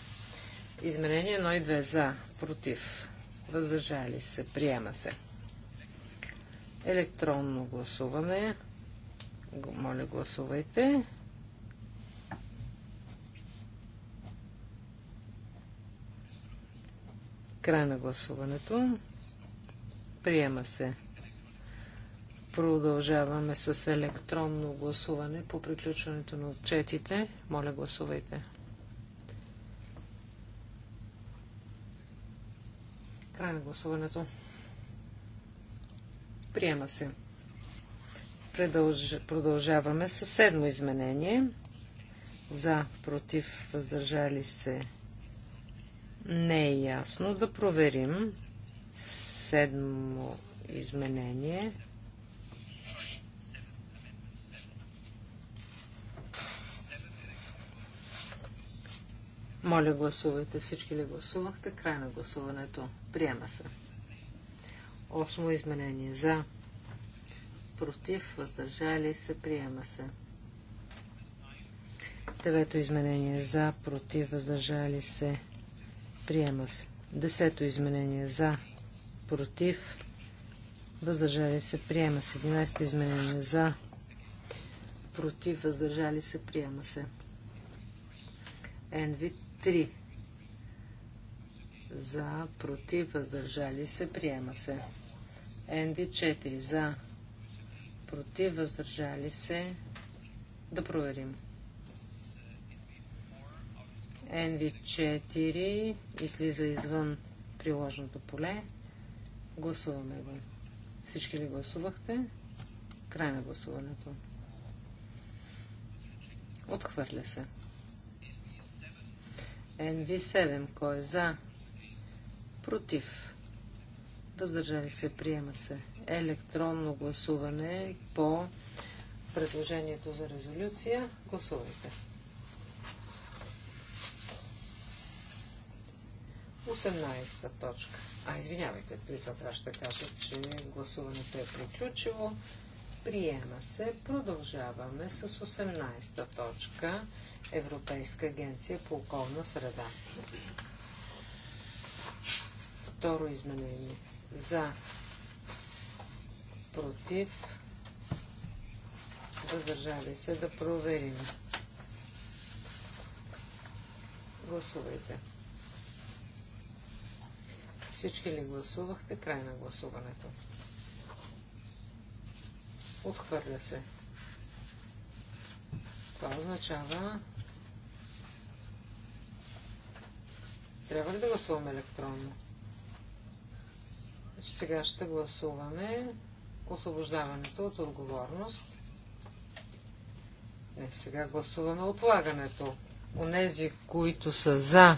Изменение 1 и 2 за, против, въздържали се, приема се. Електронно гласуване. Моля, гласувайте. Край на гласуването. Приема се. Продължаваме с електронно гласуване по приключването на отчетите. Моля, гласувайте. Край на гласуването. Приема се. Предълж... Продължаваме с седмо изменение. За, против, въздържали се, не е ясно. Да проверим. Седмо изменение. Моля, гласувайте. Всички ли гласувахте? Край на гласуването. Приема се. Осмо изменение. За. Против. Въздържали се. Приема се. Девето изменение. За. Против. Въздържали се. Приема се. Десето изменение за. Против. Въздържали се. Приема се. Единайсто изменение за. Против. Въздържали се. Приема се. Енви 3. За. Против. Въздържали се. Приема се. Енви 4. За. Против. Въздържали се. Да проверим. NV4 излиза извън приложното поле. Гласуваме го. Всички ли гласувахте? Край на гласуването. Отхвърля се. NV7. Кой е за? Против. Въздържали се. Приема се. Електронно гласуване по предложението за резолюция. Гласувайте. 18-та точка. А, извинявайте, при това трябва да кажа, че гласуването е приключило. Приема се. Продължаваме с 18-та точка. Европейска агенция по околна среда. Второ изменение. За. Против. Въздържали се да проверим. Гласувайте. Всички ли гласувахте? Край на гласуването. Отхвърля се. Това означава... Трябва ли да гласуваме електронно? Значи сега ще гласуваме освобождаването от отговорност. Не, сега гласуваме отлагането. Онези, които са за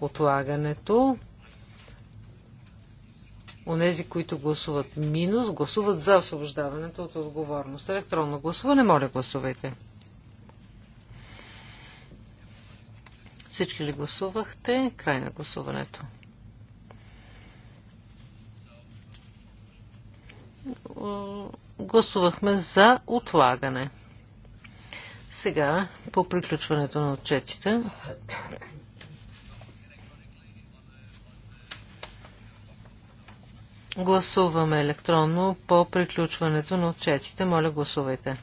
отлагането, Онези, които гласуват минус, гласуват за освобождаването от отговорност. Електронно гласуване, моля гласувайте. Всички ли гласувахте? Край на гласуването. Гласувахме за отлагане. Сега, по приключването на отчетите, Гласуваме електронно по приключването на отчетите. Моля, гласувайте.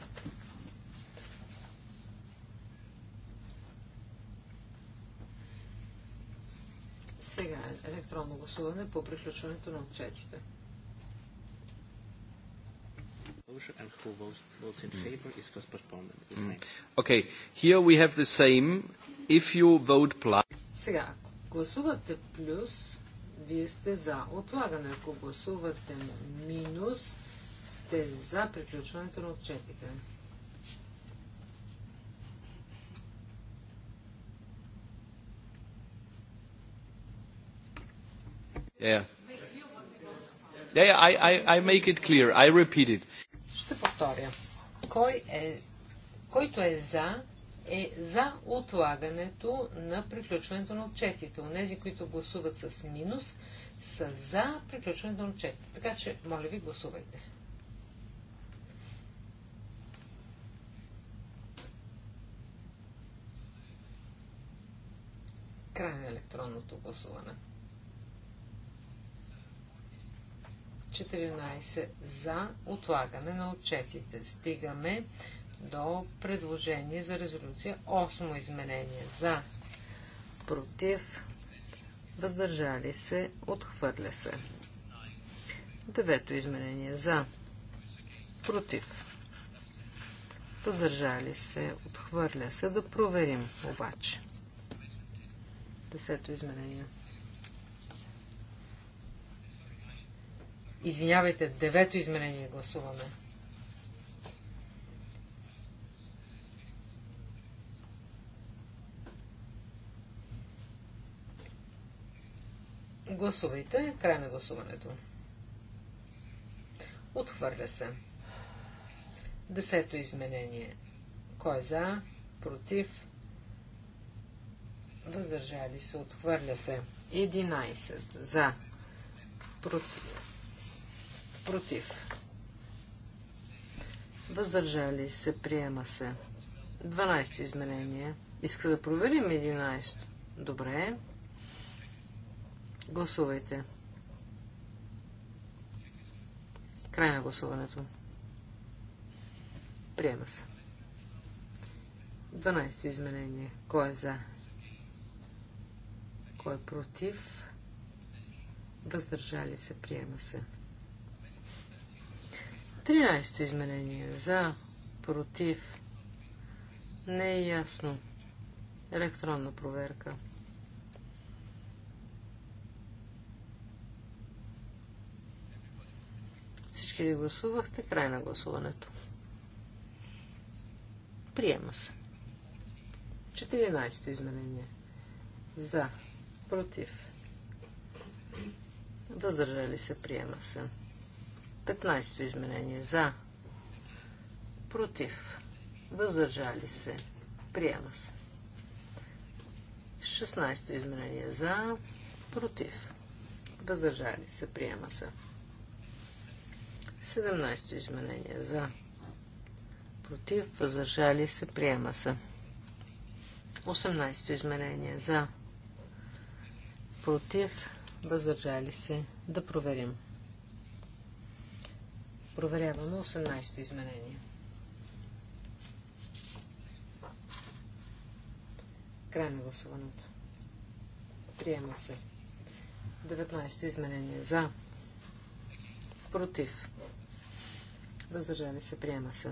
Сега е електронно гласуване по приключването на отчетите. And mm. Okay, here we have the same. If you vote plus... Сега, гласувате плюс, вие сте за отлагане. Ако гласувате минус, сте за приключването на отчетите. Yeah. Yeah, I, I, I make it clear. I repeat it. Ще повторя. Кой е, който е за е за отлагането на приключването на отчетите. Онези, които гласуват с минус, са за приключването на отчетите. Така че, моля ви, гласувайте. Край на електронното гласуване. 14 за отлагане на отчетите. Стигаме до предложение за резолюция. Осмо изменение за, против, въздържали се, отхвърля се. Девето изменение за, против, въздържали се, отхвърля се. Да проверим обаче. Десето изменение. Извинявайте, девето изменение гласуваме. Гласувайте. Край на гласуването. Отхвърля се. Десето изменение. Кой е за? Против? Въздържали се. Отхвърля се. 11. За. Против. Против. Въздържали се. Приема се. 12 изменение. Иска да проверим 11. Добре. Гласувайте. Край на гласуването. Приема се. 12 изменение. Кой е за? Кой е против? Въздържали се. Приема се. 13 изменение. За, против. Не е ясно. Електронна проверка. Всички ли гласувахте? Край на гласуването. Приема се. 14-то изменение. За. Против. Въздържали се. Приема се. 15-то изменение. За. Против. Въздържали се. Приема се. 16-то изменение. За. Против. Въздържали се. Приема се. 17 изменение за. Против, въздържали се, приема се. 18 изменение за. Против, въздържали се. Да проверим. Проверяваме 18 изменение. Край на гласуването. Приема се. 19 изменение за против. Въздържали се, приема се.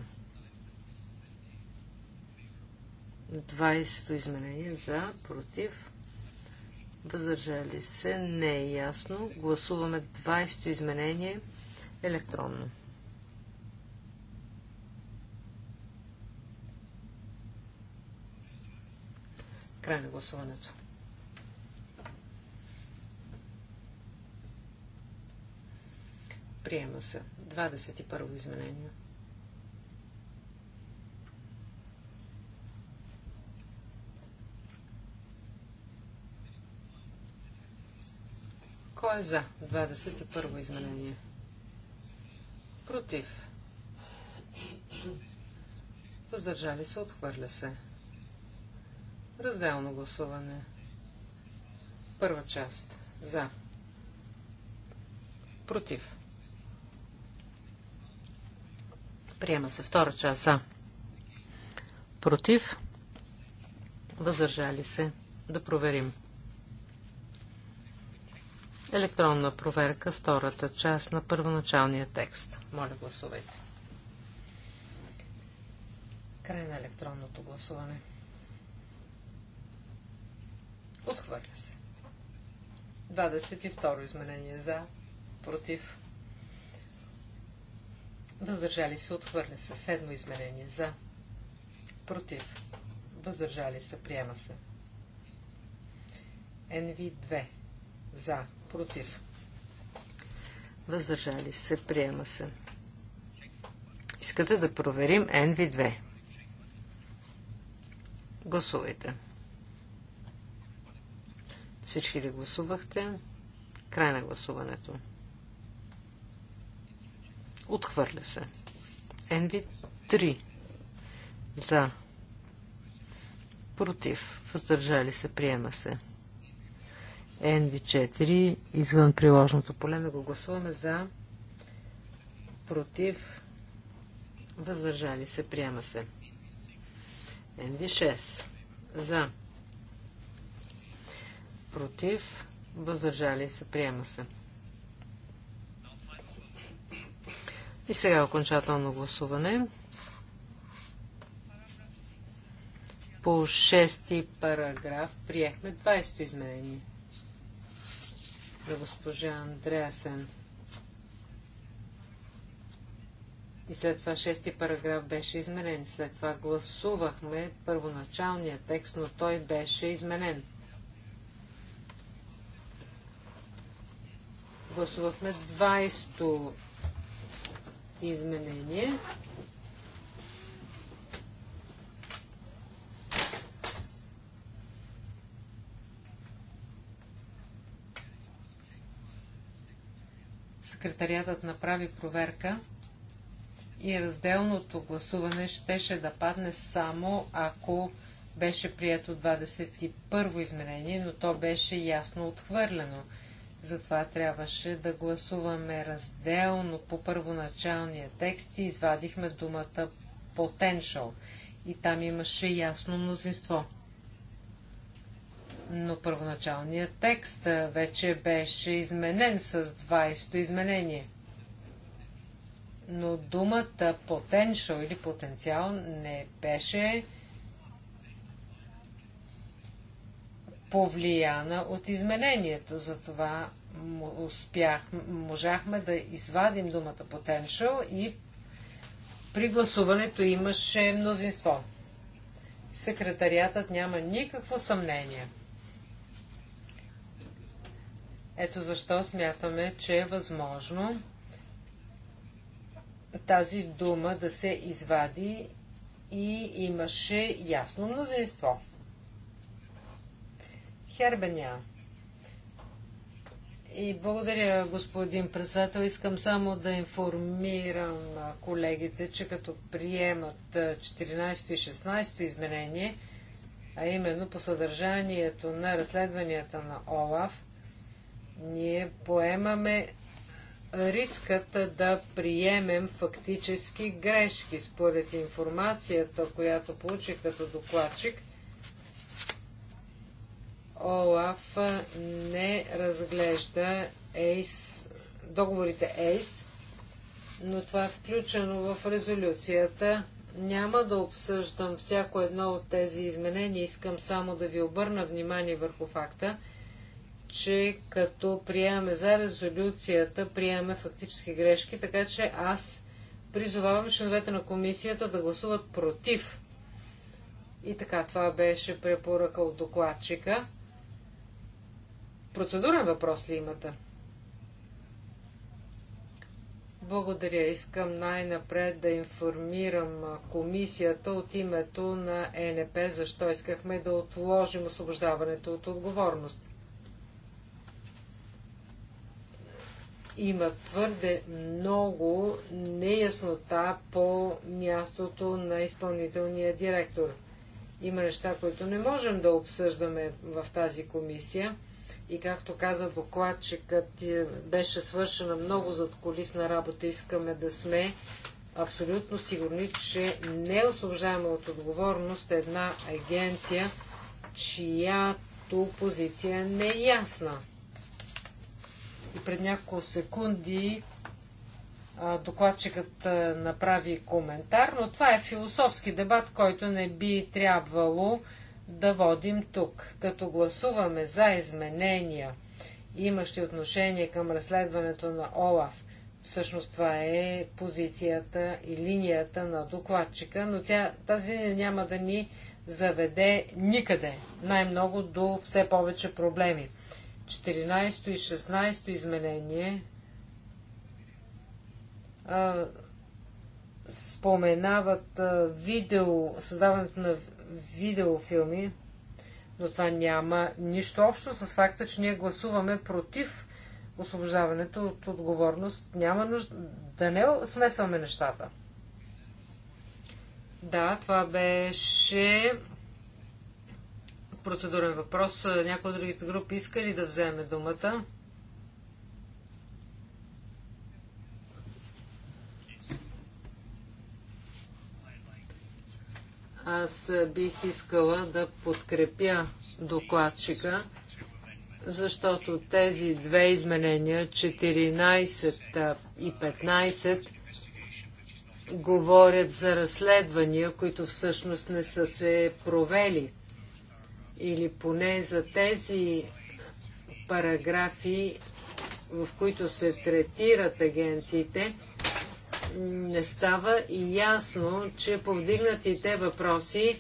20-то изменение за, против. Въздържали се, не е ясно. Гласуваме 20-то изменение електронно. Край на гласуването. Приема се. 21 изменение. Кой е за 21 изменение? Против. Въздържали се, отхвърля се. Разделно гласуване. Първа част. За. Против. Приема се втора част за. Против. Въздържали се. Да проверим. Електронна проверка, втората част на първоначалния текст. Моля, гласувайте. Край на електронното гласуване. Отхвърля се. 22 изменение за, против, Въздържали се, отхвърля се. Седмо измерение. За. Против. Въздържали се, приема се. NV2. За. Против. Въздържали се, приема се. Искате да проверим NV2. Гласувайте. Всички ли гласувахте? Край на гласуването. Отхвърля се. Енви 3 за. Против. Въздържали се. Приема се. Енви 4 извън приложното поле. Да го гласуваме за. Против. Въздържали се. Приема се. Енви 6 за. Против. Въздържали се. Приема се. И сега окончателно гласуване. По шести параграф приехме 20-то изменение на госпожа Андреасен. И след това шести параграф беше изменен. След това гласувахме първоначалния текст, но той беше изменен. Гласувахме 20-то изменение. Секретариатът направи проверка и разделното гласуване щеше да падне само ако беше прието 21-во изменение, но то беше ясно отхвърлено. Затова трябваше да гласуваме разделно по първоначалния текст и извадихме думата potential. И там имаше ясно мнозинство. Но първоначалният текст вече беше изменен с 20-то изменение. Но думата potential или потенциал не беше повлияна от изменението. Затова успях, можахме да извадим думата potential и при гласуването имаше мнозинство. Секретариатът няма никакво съмнение. Ето защо смятаме, че е възможно тази дума да се извади и имаше ясно мнозинство. Хербения. И благодаря, господин председател. Искам само да информирам колегите, че като приемат 14 и 16 изменение, а именно по съдържанието на разследванията на ОЛАФ, ние поемаме рискът да приемем фактически грешки. Според информацията, която получих като докладчик, ОЛАФ не разглежда ЕЙС, договорите ЕЙС, но това е включено в резолюцията. Няма да обсъждам всяко едно от тези изменения. Искам само да ви обърна внимание върху факта, че като приемаме за резолюцията, приемаме фактически грешки, така че аз призовавам членовете на комисията да гласуват против. И така, това беше препоръка от докладчика. Процедурен въпрос ли имате? Благодаря. Искам най-напред да информирам комисията от името на ЕНП, защо искахме да отложим освобождаването от отговорност. Има твърде много неяснота по мястото на изпълнителния директор. Има неща, които не можем да обсъждаме в тази комисия. И както каза докладчикът, беше свършена много задколисна работа. Искаме да сме абсолютно сигурни, че не е от отговорност е една агенция, чиято позиция не е ясна. И пред няколко секунди докладчикът направи коментар, но това е философски дебат, който не би трябвало да водим тук, като гласуваме за изменения, имащи отношение към разследването на ОЛАФ. Всъщност това е позицията и линията на докладчика, но тя, тази няма да ни заведе никъде, най-много до все повече проблеми. 14 и 16 изменение а, споменават а, видео, създаването на видеофилми, но това няма нищо общо с факта, че ние гласуваме против освобождаването от отговорност. Няма нужда да не смесваме нещата. Да, това беше процедурен въпрос. Някои от другите групи искали да вземе думата. Аз бих искала да подкрепя докладчика, защото тези две изменения, 14 и 15, говорят за разследвания, които всъщност не са се провели. Или поне за тези параграфи, в които се третират агенциите, не става ясно, че повдигнатите въпроси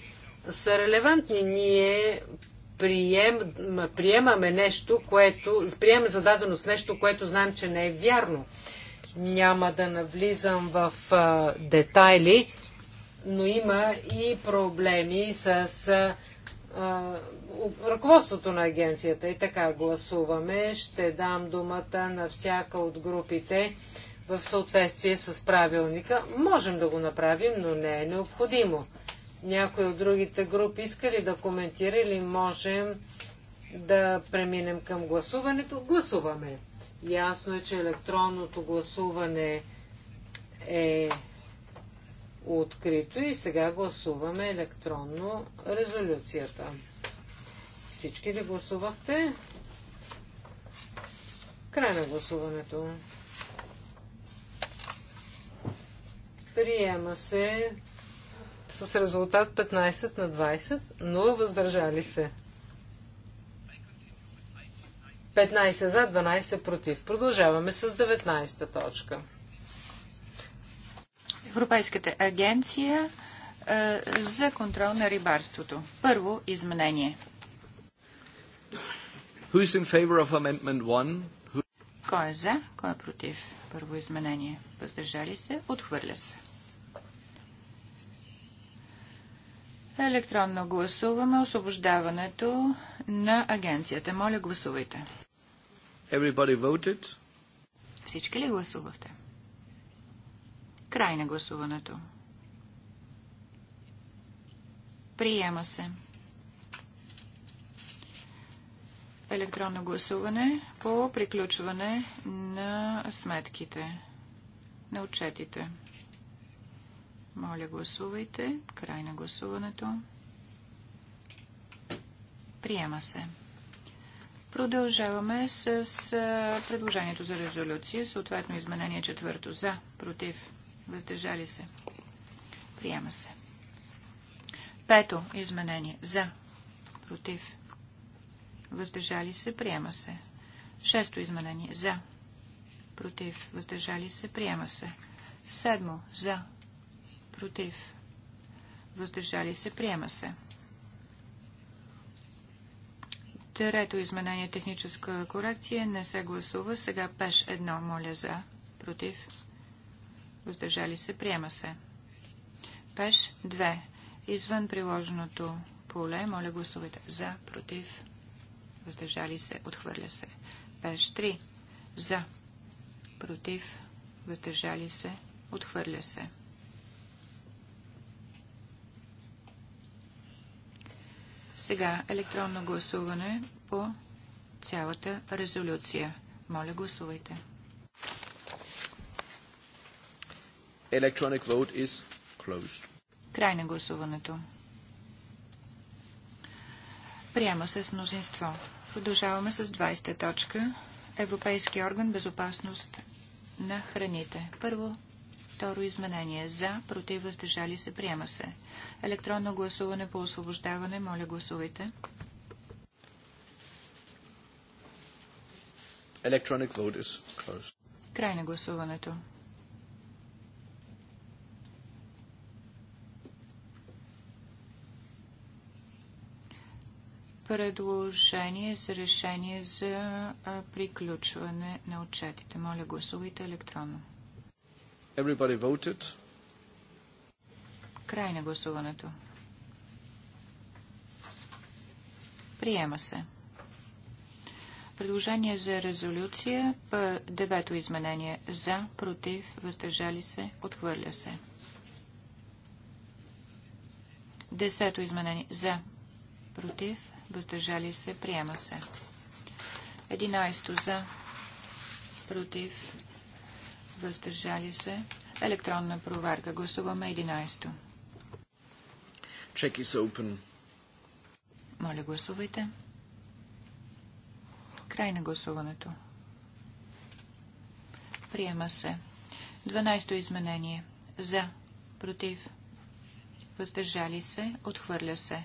са релевантни. Ние прием, приемаме нещо, което, приемаме зададеност нещо, което знаем, че не е вярно. Няма да навлизам в а, детайли, но има и проблеми с а, а, ръководството на агенцията. И така гласуваме. Ще дам думата на всяка от групите в съответствие с правилника. Можем да го направим, но не е необходимо. Някой от другите групи иска ли да коментира или можем да преминем към гласуването? Гласуваме. Ясно е, че електронното гласуване е открито и сега гласуваме електронно резолюцията. Всички ли гласувахте? Край на гласуването. Приема се с резултат 15 на 20, 0 въздържали се. 15 за, 12 против. Продължаваме с 19 та точка. Европейската агенция е, за контрол на рибарството. Първо изменение. Who's in favor of amendment 1? Кой е за? Кой е против? Първо изменение. Въздържали се? Отхвърля се. Електронно гласуваме освобождаването на агенцията. Моля, гласувайте. Everybody voted. Всички ли гласувахте? Край на гласуването. Приема се. електронно гласуване по приключване на сметките, на отчетите. Моля, гласувайте. Край на гласуването. Приема се. Продължаваме с предложението за резолюция, съответно изменение четвърто. За, против, въздържали се. Приема се. Пето изменение. За, против, въздържали се, приема се. Шесто изменение. За. Против. Въздържали се. Приема се. Седмо. За. Против. Въздържали се. Приема се. Трето изменение. Техническа корекция. Не се гласува. Сега пеш едно. Моля за. Против. Въздържали се. Приема се. Пеш 2. Извън приложеното поле. Моля гласувайте. За. Против въздържали се, отхвърля се. Пеш 3 за, против, въздържали се, отхвърля се. Сега електронно гласуване по цялата резолюция. Моля, гласувайте. Electronic vote is closed. Край на гласуването. Приема се с мнозинство. Продължаваме с 20 точка. Европейски орган безопасност на храните. Първо, второ изменение. За, против, въздържали се. Приема се. Електронно гласуване по освобождаване. Моля, гласувайте. Electronic vote is closed. Край на гласуването. предложение за решение за приключване на отчетите. Моля, гласувайте електронно. Everybody voted. Край на гласуването. Приема се. Предложение за резолюция. Девето изменение. За, против, въздържали се, отхвърля се. Десето изменение. За, против, въздържали се, приема се. 11 за, против, въздържали се. Електронна проверка. Гласуваме 11 Check is open. Моля, гласувайте. Край на гласуването. Приема се. 12 то изменение. За. Против. Въздържали се. Отхвърля се.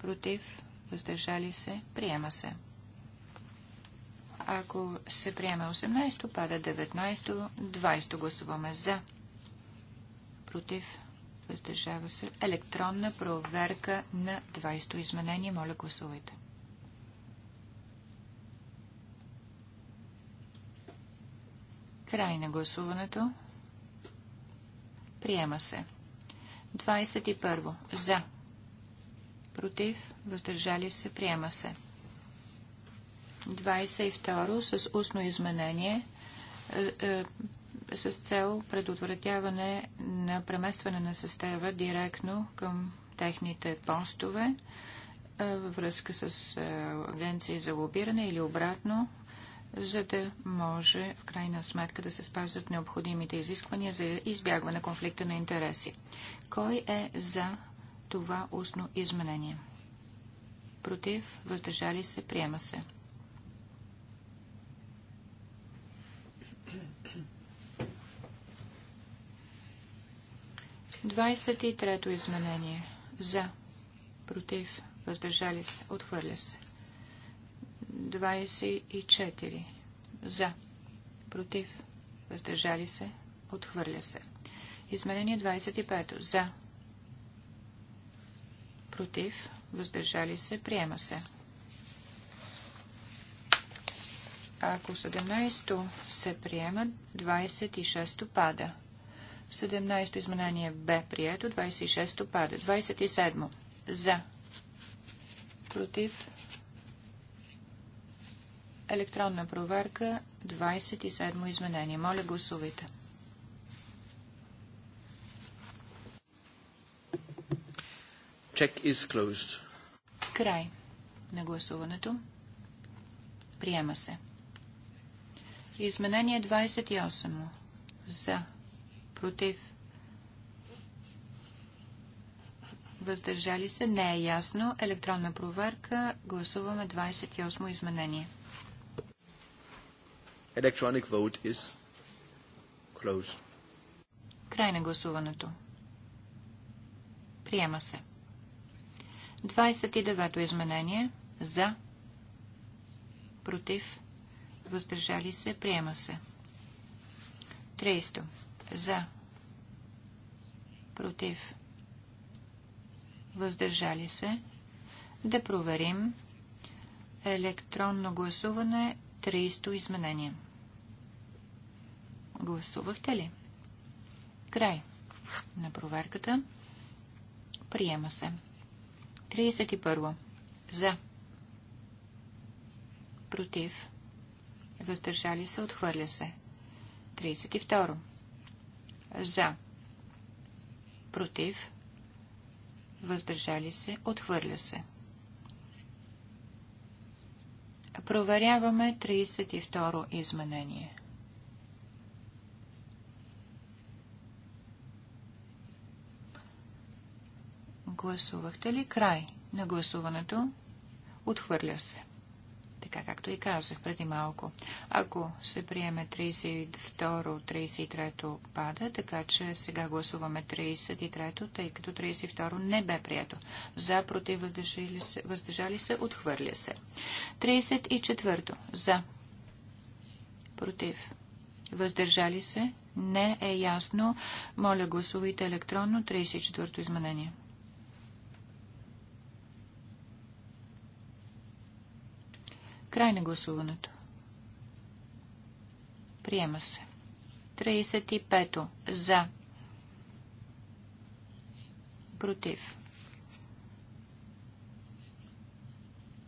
против, въздържали се, приема се. Ако се приеме 18-то, пада 19-то, 20-то гласуваме за, против, въздържава се. Електронна проверка на 20-то изменение. Моля, гласувайте. Край на гласуването. Приема се. 21. За против, въздържали се, приема се. 22 с устно изменение е, е, с цел предотвратяване на преместване на състава директно към техните постове е, във връзка с агенции за лобиране или обратно, за да може в крайна сметка да се спазват необходимите изисквания за избягване конфликта на интереси. Кой е за това устно изменение. Против, въздържали се, приема се. Двадесет и трето изменение. За. Против. Въздържали се. Отхвърля се. 24. За. Против. Въздържали се. Отхвърля се. Изменение 25. За против, въздържали се, приема се. Ако 17-то се приема, 26-то пада. 17-то изменение Б прието, 26-то пада. 27-то за, против, електронна проверка, 27-то изменение. Моля, гласувайте. 27 Check is closed. Край на гласуването. Приема се. Изменение 28. За. Против. Въздържали се. Не е ясно. Електронна проверка. Гласуваме 28 изменение. Electronic vote is closed. Край на гласуването. Приема се. 29-то изменение. За. Против. Въздържали се. Приема се. 30. За. Против. Въздържали се. Да проверим. Електронно гласуване. 30 изменение. Гласувахте ли? Край на проверката. Приема се. 31. За. Против. Въздържали се. Отхвърля се. 32. За. Против. Въздържали се. Отхвърля се. Проверяваме 32 изменение. Гласувахте ли край на гласуването? Отхвърля се. Така както и казах преди малко. Ако се приеме 32-33-то пада, така че сега гласуваме 33-то, тъй като 32-то не бе прието. За, против, въздържали се, въздържали се отхвърля се. 34-то. За. Против. Въздържали се. Не е ясно. Моля, гласувайте електронно 34-то изменение. Край на гласуването. Приема се. 35. За. Против.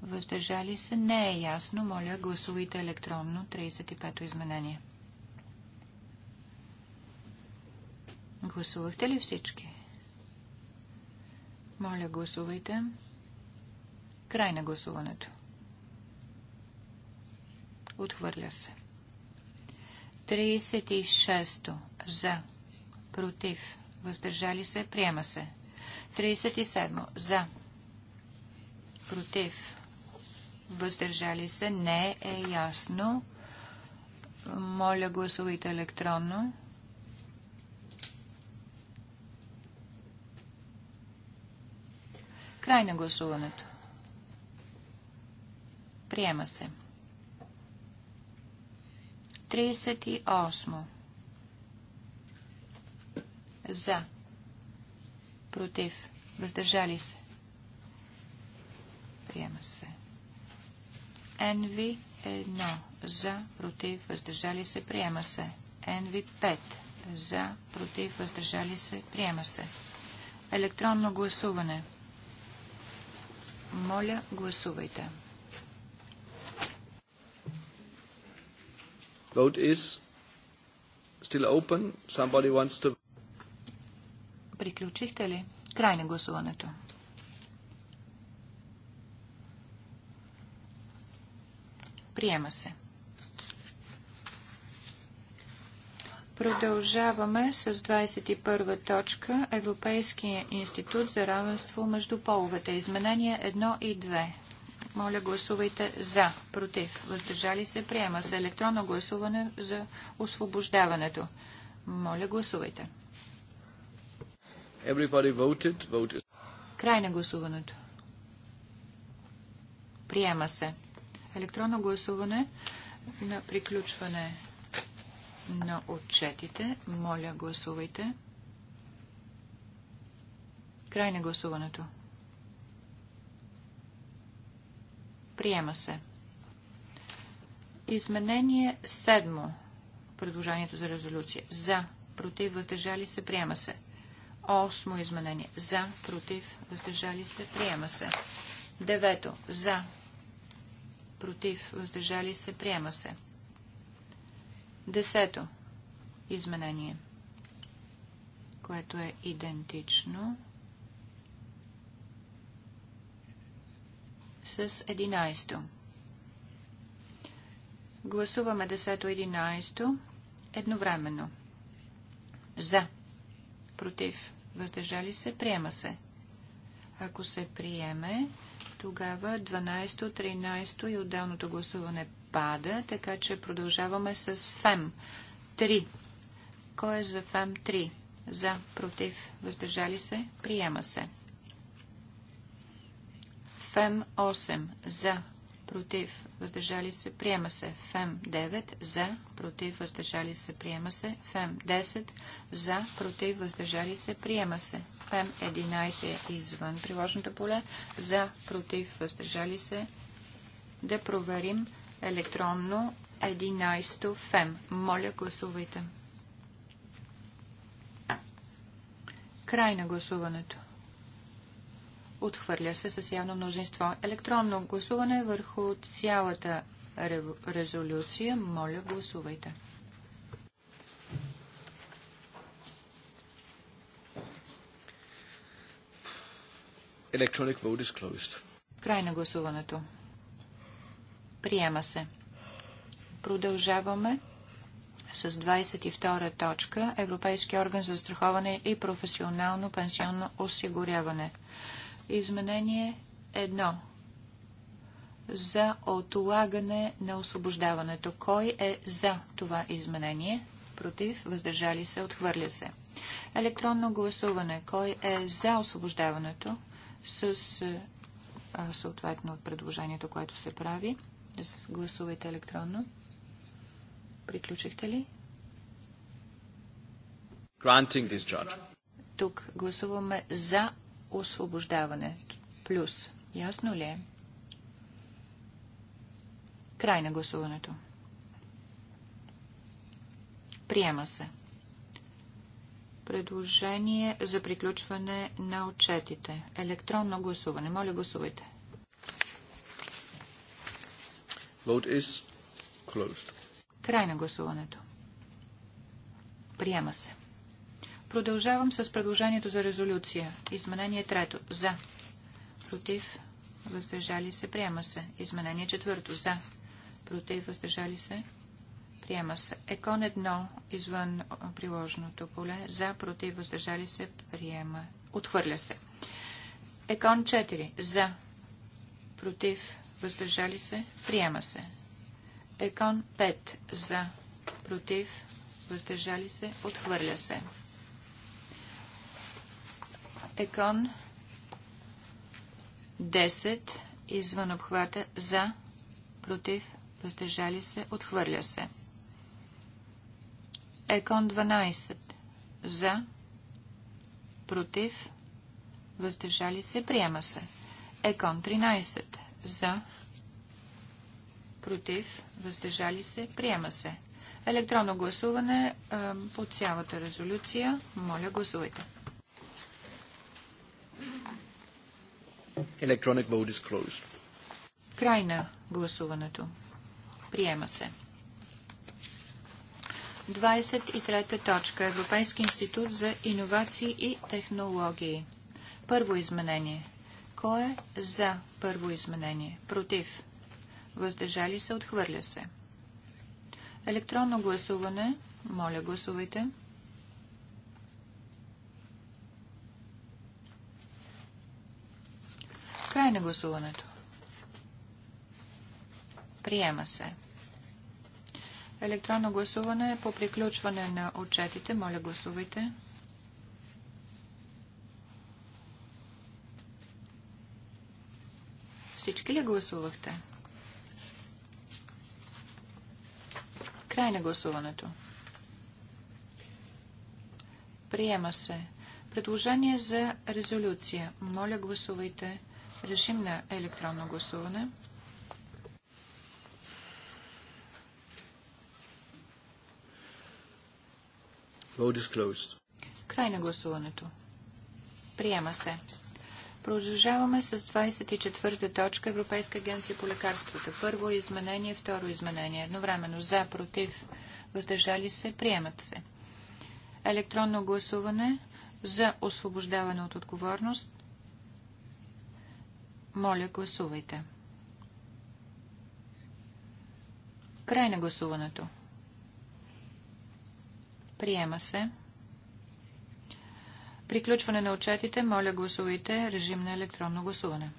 Въздържали се? Не е ясно. Моля, гласувайте електронно. 35 изменение. Гласувахте ли всички? Моля, гласувайте. Край на гласуването. Отхвърля се. 36 за. Против. Въздържали се. Приема се. 37 за. Против. Въздържали се. Не е ясно. Моля, гласувайте електронно. Край на гласуването. Приема се. 38. За. Против. Въздържали се. Приема се. NV 1. За. Против. Въздържали се. Приема се. NV 5. За. Против. Въздържали се. Приема се. Електронно гласуване. Моля, гласувайте. Vote is still open. Somebody wants to... Приключихте ли? Край на гласуването. Приема се. Продължаваме с 21 точка Европейския институт за равенство между половете. Изменения 1 и 2. Моля, гласувайте за, против, въздържали се, приема се електронно гласуване за освобождаването. Моля, гласувайте. Everybody voted. Voted. Край на гласуването. Приема се. Електронно гласуване на приключване на отчетите. Моля, гласувайте. Край на гласуването. Приема се. Изменение седмо. Предложението за резолюция. За. Против. Въздържали се. Приема се. Осмо изменение. За. Против. Въздържали се. Приема се. Девето. За. Против. Въздържали се. Приема се. Десето изменение, което е идентично. с 11. Гласуваме 10-11 едновременно. За. Против. Въздържали се. Приема се. Ако се приеме, тогава 12, 13 и отделното гласуване пада, така че продължаваме с ФЕМ 3. Кой е за ФЕМ 3? За, против, въздържали се, приема се. Фем 8 за, против, въздържали се, приема се. Фем 9 за, против, въздържали се, приема се. Фем 10 за, против, въздържали се, приема се. Фем 11 извън приложното поле за, против, въздържали се. Да проверим електронно 11 фем. Моля, гласувайте. Край на гласуването. Отхвърля се с явно мнозинство. Електронно гласуване върху цялата резолюция. Моля, гласувайте. Electronic vote is closed. Край на гласуването. Приема се. Продължаваме с 22 точка Европейски орган за страховане и професионално пенсионно осигуряване. Изменение 1 за отлагане на освобождаването. Кой е за това изменение? Против, въздържали се, отхвърля се. Електронно гласуване. Кой е за освобождаването с е, съответно от предложението, което се прави? Гласувайте електронно. Приключихте ли? Granting this Тук гласуваме за освобождаване. Плюс. Ясно ли е? Край на гласуването. Приема се. Предложение за приключване на отчетите. Електронно гласуване. Моля, гласувайте. Vote is closed. Край на гласуването. Приема се. Продължавам с предложението за резолюция. Изменение трето. За. Против. Въздържали се. Приема се. Изменение четвърто. За. Против. Въздържали се. Приема се. Екон едно извън приложното поле. За. Против. Въздържали се. Приема. Отхвърля се. Екон 4. За. Против. Въздържали се. Приема се. Екон 5. За. Против. Въздържали се. Отхвърля се. Екон 10 извън обхвата за, против, въздържали се, отхвърля се. Екон 12 за, против, въздържали се, приема се. Екон 13 за, против, въздържали се, приема се. Електронно гласуване по цялата резолюция. Моля, гласувайте. Electronic vote is closed. Край на гласуването. Приема се. 23 точка. Европейски институт за иновации и технологии. Първо изменение. Кой е за първо изменение? Против. Въздържали се, отхвърля се. Електронно гласуване. Моля, гласувайте. Край на гласуването. Приема се. Електронно гласуване по приключване на отчетите. Моля, гласувайте. Всички ли гласувахте? Край на гласуването. Приема се. Предложение за резолюция. Моля, гласувайте. Режим на електронно гласуване. Край на гласуването. Приема се. Продължаваме с 24-та точка Европейска агенция по лекарствата. Първо изменение, второ изменение. Едновременно за, против, въздържали се, приемат се. Електронно гласуване за освобождаване от отговорност. Моля, гласувайте. Край на гласуването. Приема се. Приключване на отчетите. Моля, гласувайте. Режим на електронно гласуване.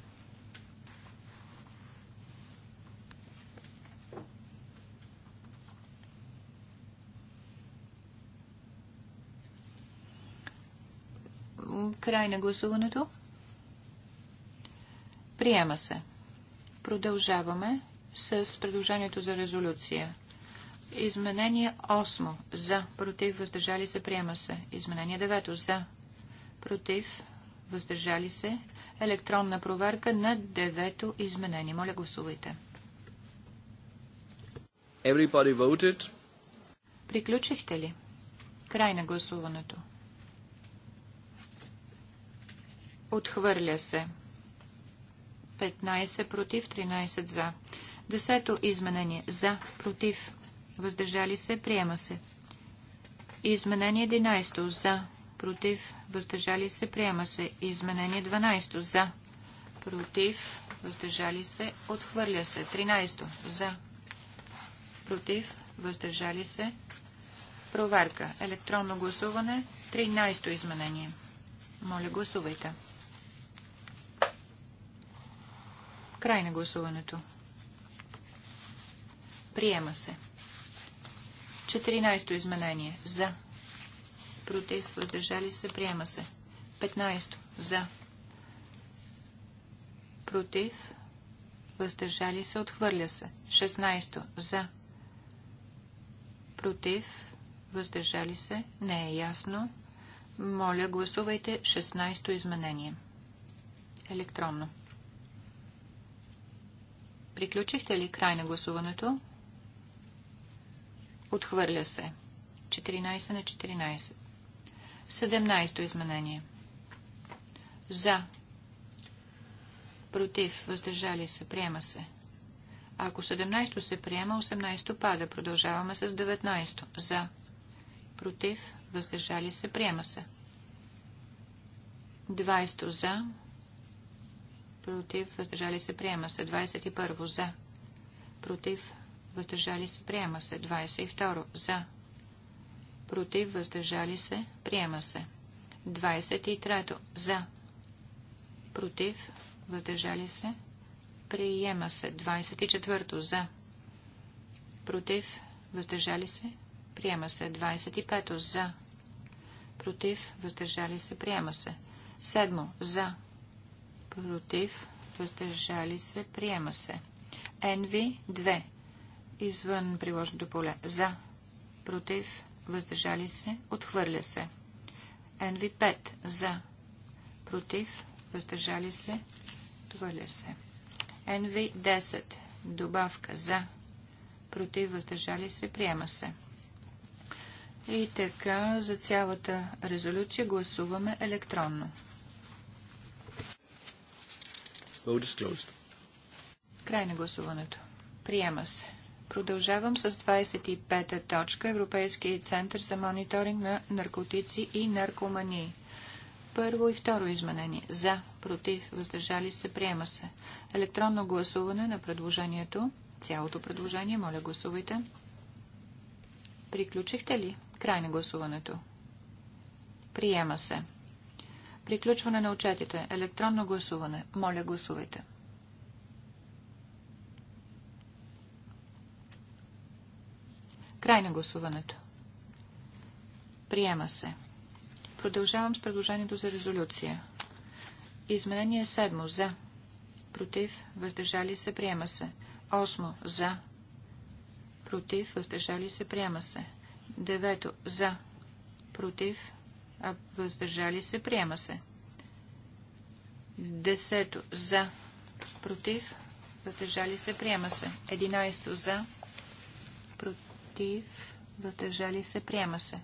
Край на гласуването. Приема се. Продължаваме с предложението за резолюция. Изменение 8. За. Против. Въздържали се. Приема се. Изменение 9. За. Против. Въздържали се. Електронна проверка на 9 изменение. Моля, гласувайте. Everybody voted. Приключихте ли? Край на гласуването. Отхвърля се. 15 против, 13 за. Десето изменение. За, против, въздържали се, приема се. Изменение 11. За, против, въздържали се, приема се. Изменение 12. За, против, въздържали се, отхвърля се. 13. За, против, въздържали се. Проверка. Електронно гласуване. 13 изменение. Моля, гласувайте. Край на гласуването. Приема се. 14-то изменение. За. Против. Въздържали се. Приема се. 15-то. За. Против. Въздържали се. Отхвърля се. 16-то. За. Против. Въздържали се. Не е ясно. Моля, гласувайте 16-то изменение. Електронно. Приключихте ли край на гласуването? Отхвърля се. 14 на 14. 17 изменение. За. Против. Въздържали се. Приема се. Ако 17 се приема, 18 пада. Продължаваме с 19. За. Против. Въздържали се. Приема се. 20 за против, въздържали се, приема се. 21 за, против, въздържали се, приема се. 22 за, против, въздържали се, приема се. 23 за, против, въздържали се, приема се. 24 за, против, въздържали се, приема се. 25 за, против, въздържали се, приема се. 7 за, против, въздържали се, приема се. NV 2. Извън приложното поле. За, против, въздържали се, отхвърля се. Envy 5. За, против, въздържали се, отхвърля се. Envy 10. Добавка за, против, въздържали се, приема се. И така за цялата резолюция гласуваме електронно. Vote Край на гласуването. Приема се. Продължавам с 25-та точка Европейския център за мониторинг на наркотици и наркомании. Първо и второ изменение. За, против, въздържали се, приема се. Електронно гласуване на предложението. Цялото предложение, моля гласувайте. Приключихте ли? Край на гласуването. Приема се. Приключване на отчетите. Електронно гласуване. Моля, гласувайте. Край на гласуването. Приема се. Продължавам с предложението за резолюция. Изменение 7. За. Против. Въздържали се. Приема се. 8. За. Против. Въздържали се. Приема се. 9. За. Против а въздържали се, приема се. Десето за, против, въздържали се, приема се. Единайсто за, против, въздържали се, приема се.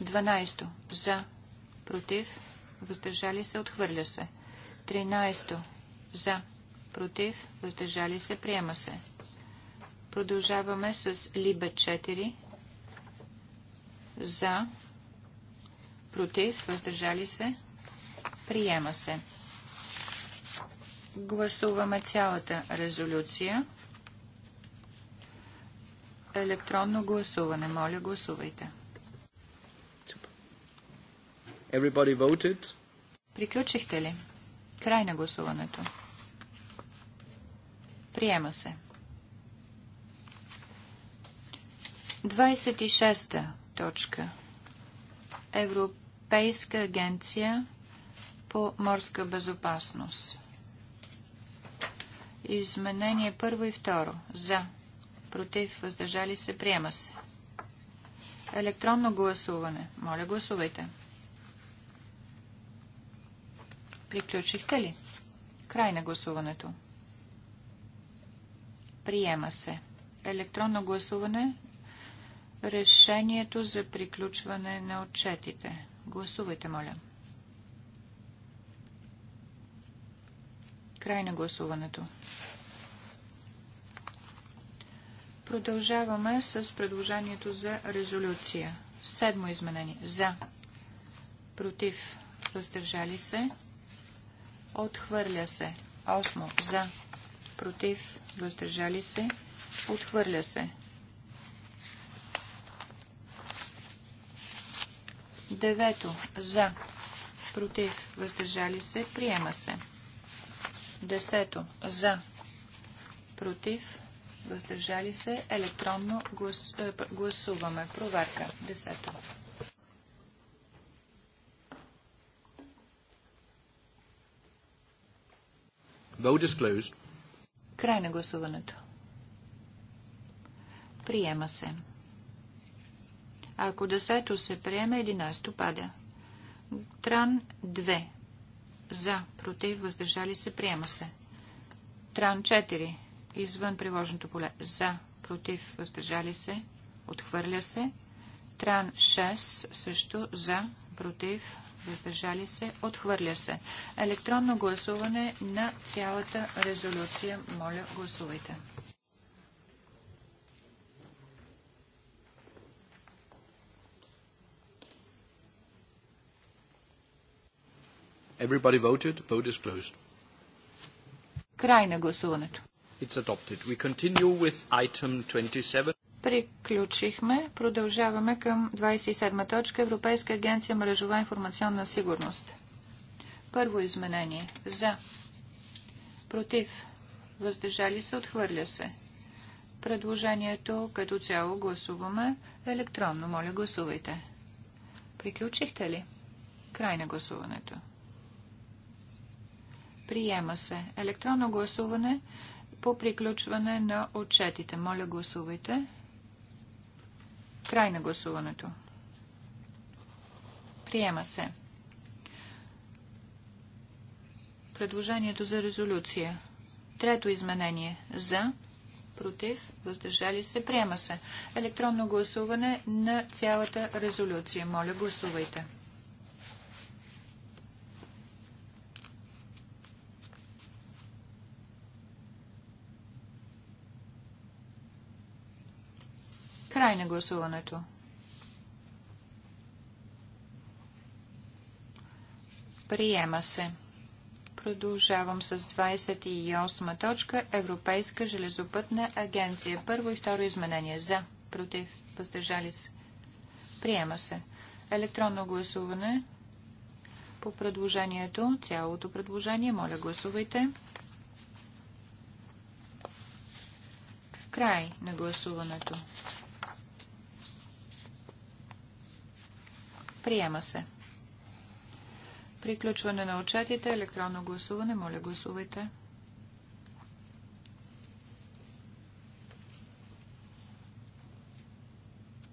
Дванайсто за, против, въздържали се, отхвърля се. Тринайсто за, против, въздържали се, приема се. Продължаваме с Либе 4. За, против, въздържали се, приема се. Гласуваме цялата резолюция. Електронно гласуване. Моля, гласувайте. Everybody voted. Приключихте ли? Край на гласуването. Приема се. 26-та точка. Европа Европейска агенция по морска безопасност. Изменение първо и второ. За. Против. Въздържали се. Приема се. Електронно гласуване. Моля, гласувайте. Приключихте ли? Край на гласуването. Приема се. Електронно гласуване. Решението за приключване на отчетите. Гласувайте, моля. Край на гласуването. Продължаваме с предложението за резолюция. Седмо изменение. За. Против. Въздържали се. Отхвърля се. Осмо. За. Против. Въздържали се. Отхвърля се. Девето. За. Против. Въздържали се. Приема се. Десето. За. Против. Въздържали се. Електронно глас, е, гласуваме. Проверка. Десето. Vote is closed. Край на гласуването. Приема се. Ако десето се приеме, единайсто пада. Тран 2. За, против, въздържали се, приема се. Тран 4. Извън приложното поле. За, против, въздържали се, отхвърля се. Тран 6. Също за, против, въздържали се, отхвърля се. Електронно гласуване на цялата резолюция. Моля, гласувайте. Everybody voted. Vote is closed. Край на гласуването. It's adopted. We continue with item 27. Приключихме. Продължаваме към 27 точка Европейска агенция мрежова информационна сигурност. Първо изменение. За. Против. Въздържали се. Отхвърля се. Предложението като цяло гласуваме електронно. Моля, гласувайте. Приключихте ли? Край на гласуването. Приема се. Електронно гласуване по приключване на отчетите. Моля, гласувайте. Край на гласуването. Приема се. Предложението за резолюция. Трето изменение. За. Против. Въздържали се. Приема се. Електронно гласуване на цялата резолюция. Моля, гласувайте. Край на гласуването. Приема се. Продължавам с 28 точка. Европейска железопътна агенция. Първо и второ изменение. За. Против. Въздържали се. Приема се. Електронно гласуване по предложението. Цялото предложение. Моля, гласувайте. Край на гласуването. Приема се. Приключване на отчетите, електронно гласуване. Моля, гласувайте.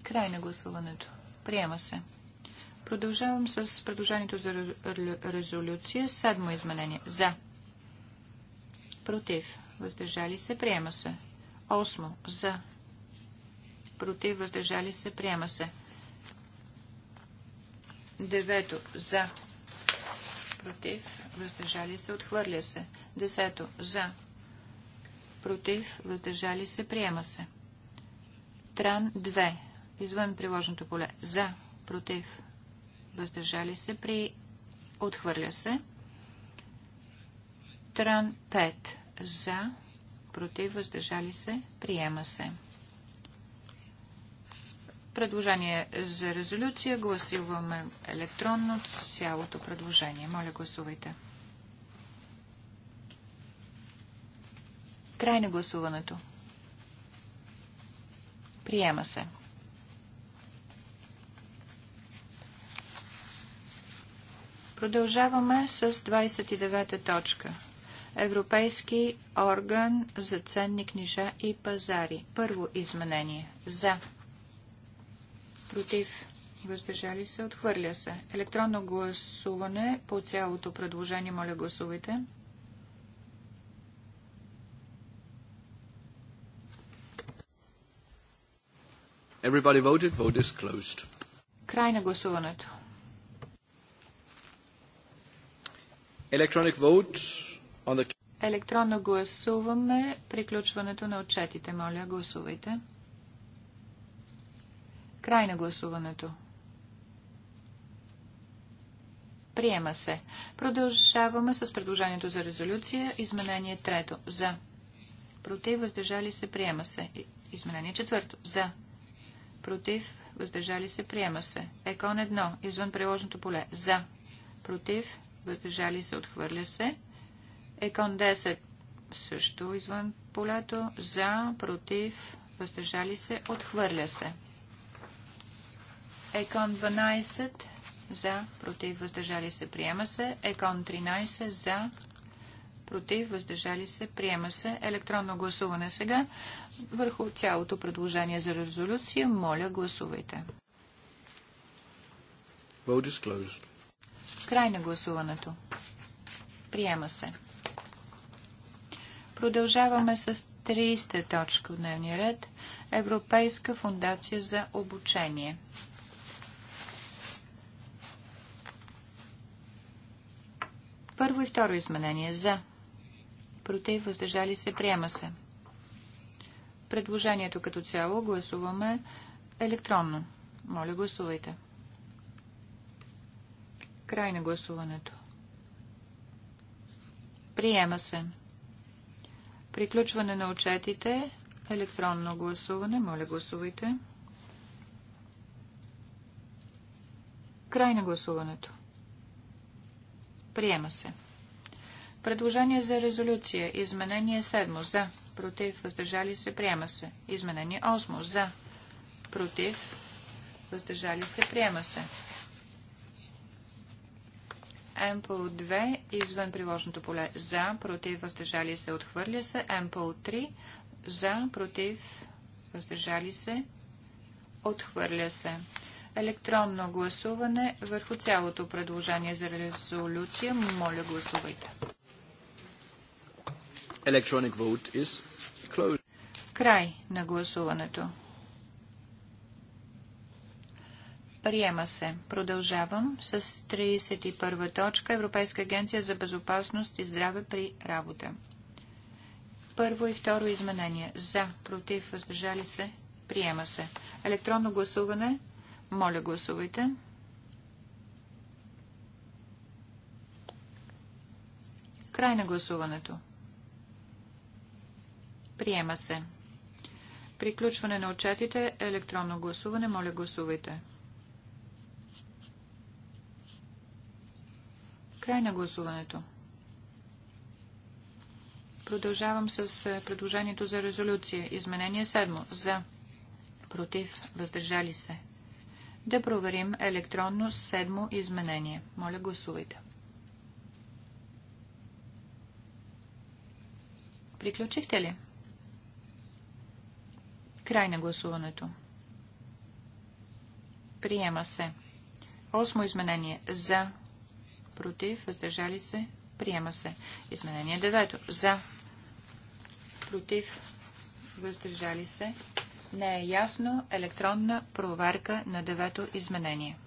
Край на гласуването. Приема се. Продължавам с предложението за резолюция. Седмо изменение. За. Против. Въздържали се. Приема се. Осмо. За. Против. Въздържали се. Приема се. 9 За. Против. Въздържали се. Отхвърля се. Десето. За. Против. Въздържали се. Приема се. Тран 2. Извън приложното поле. За. Против. Въздържали се. При. Отхвърля се. Тран 5. За. Против. Въздържали се. Приема се. Предложение за резолюция. Гласуваме електронно цялото предложение. Моля, гласувайте. Край на гласуването. Приема се. Продължаваме с 29-та точка. Европейски орган за ценни книжа и пазари. Първо изменение. За против, въздържали се, отхвърля се. Електронно гласуване по цялото предложение, моля гласувайте. Everybody voted, vote is closed. Край на гласуването. Electronic vote on the... Електронно гласуваме приключването на отчетите. Моля, гласувайте. Край на гласуването. Приема се. Продължаваме с предложението за резолюция. Изменение трето. За. Против. Въздържали се. Приема се. Изменение четвърто. За. Против. Въздържали се. Приема се. Екон едно. Извън приложното поле. За. Против. Въздържали се. Отхвърля се. Екон 10. Също извън полето. За. Против. Въздържали се. Отхвърля се. Екон 12 за, против, въздържали се, приема се. Екон 13 за, против, въздържали се, приема се. Електронно гласуване сега върху цялото предложение за резолюция. Моля, гласувайте. Край на гласуването. Приема се. Продължаваме с 30 точка от дневния ред. Европейска фундация за обучение. Първо и второ изменение. За. Против. Въздържали се. Приема се. Предложението като цяло гласуваме електронно. Моля, гласувайте. Край на гласуването. Приема се. Приключване на отчетите. Електронно гласуване. Моля, гласувайте. Край на гласуването. Приема се. Предложение за резолюция. Изменение 7. За. Против. Въздържали се. Приема се. Изменение 8. За. Против. Въздържали се. Приема се. МПО 2 извън приложното поле за, против, въздържали се, отхвърля се. МПО 3 за, против, въздържали се, отхвърля се електронно гласуване върху цялото предложение за резолюция. Моля, гласувайте. Electronic vote is closed. Край на гласуването. Приема се. Продължавам с 31 точка Европейска агенция за безопасност и здраве при работа. Първо и второ изменение. За, против, въздържали се. Приема се. Електронно гласуване моля, гласувайте. Край на гласуването. Приема се. Приключване на отчетите, електронно гласуване. Моля, гласувайте. Край на гласуването. Продължавам с е, предложението за резолюция. Изменение 7. За. Против. Въздържали се да проверим електронно седмо изменение. Моля, гласувайте. Приключихте ли? Край на гласуването. Приема се. Осмо изменение. За. Против. Въздържали се. Приема се. Изменение девето. За. Против. Въздържали се не е ясно, електронна проверка на девето изменение.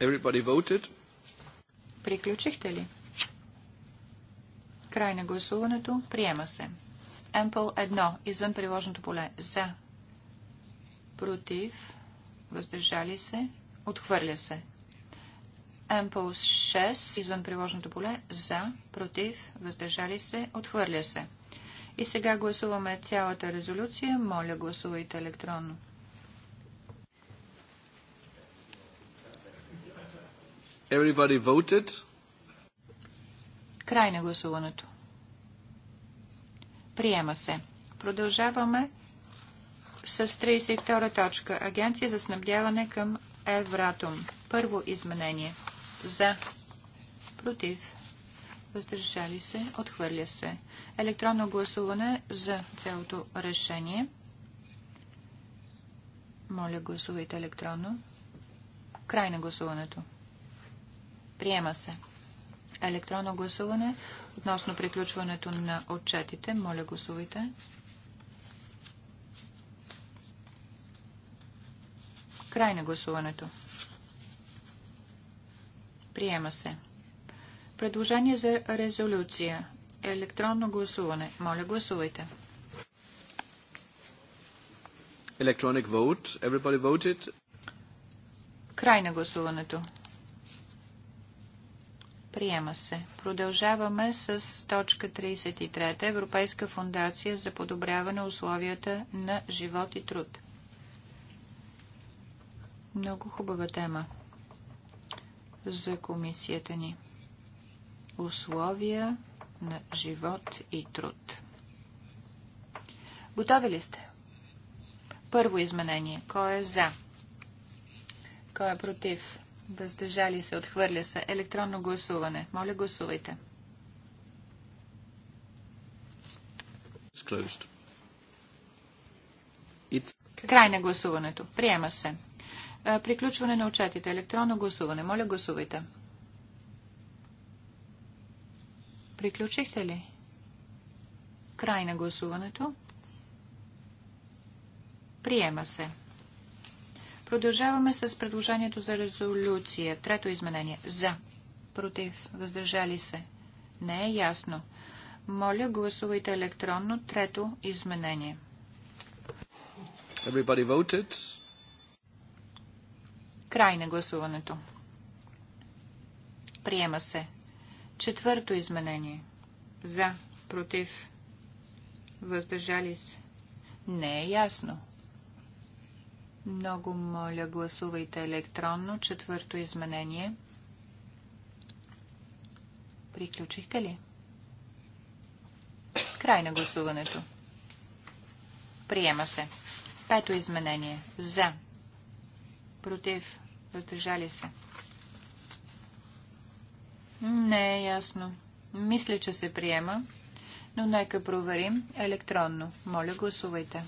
Everybody voted. Приключихте ли? Край на гласуването. Приема се. Емпъл 1. Извън приложното поле. За. Против. Въздържали се. Отхвърля се. Емпъл 6. Извън приложното поле. За. Против. Въздържали се. Отхвърля се. И сега гласуваме цялата резолюция. Моля, гласувайте електронно. Everybody voted. Край на гласуването. Приема се. Продължаваме с 32 точка. Агенция за снабдяване към Евратум. Първо изменение. За. Против. Въздържали се. Отхвърля се електронно гласуване за цялото решение. Моля, гласувайте електронно. Край на гласуването. Приема се. Електронно гласуване относно приключването на отчетите. Моля, гласувайте. Край на гласуването. Приема се. Предложение за резолюция електронно гласуване. Моля, гласувайте. Electronic vote. Everybody voted. Край на гласуването. Приема се. Продължаваме с точка 33. Европейска фундация за подобряване условията на живот и труд. Много хубава тема за комисията ни. Условия на живот и труд. Готови ли сте? Първо изменение. Кой е за? Кой е против? Въздържали се, отхвърля се. Електронно гласуване. Моля, гласувайте. Край на гласуването. Приема се. Е, приключване на отчетите. Електронно гласуване. Моля, гласувайте. Приключихте ли? Край на гласуването. Приема се. Продължаваме с предложението за резолюция. Трето изменение. За. Против. Въздържали се. Не е ясно. Моля, гласувайте електронно трето изменение. Everybody voted. Край на гласуването. Приема се. Четвърто изменение. За, против, въздържали се. Не е ясно. Много моля, гласувайте електронно. Четвърто изменение. Приключихте ли? Край на гласуването. Приема се. Пето изменение. За. Против. Въздържали се. Не е ясно. Мисля, че се приема, но нека проверим електронно. Моля, гласувайте.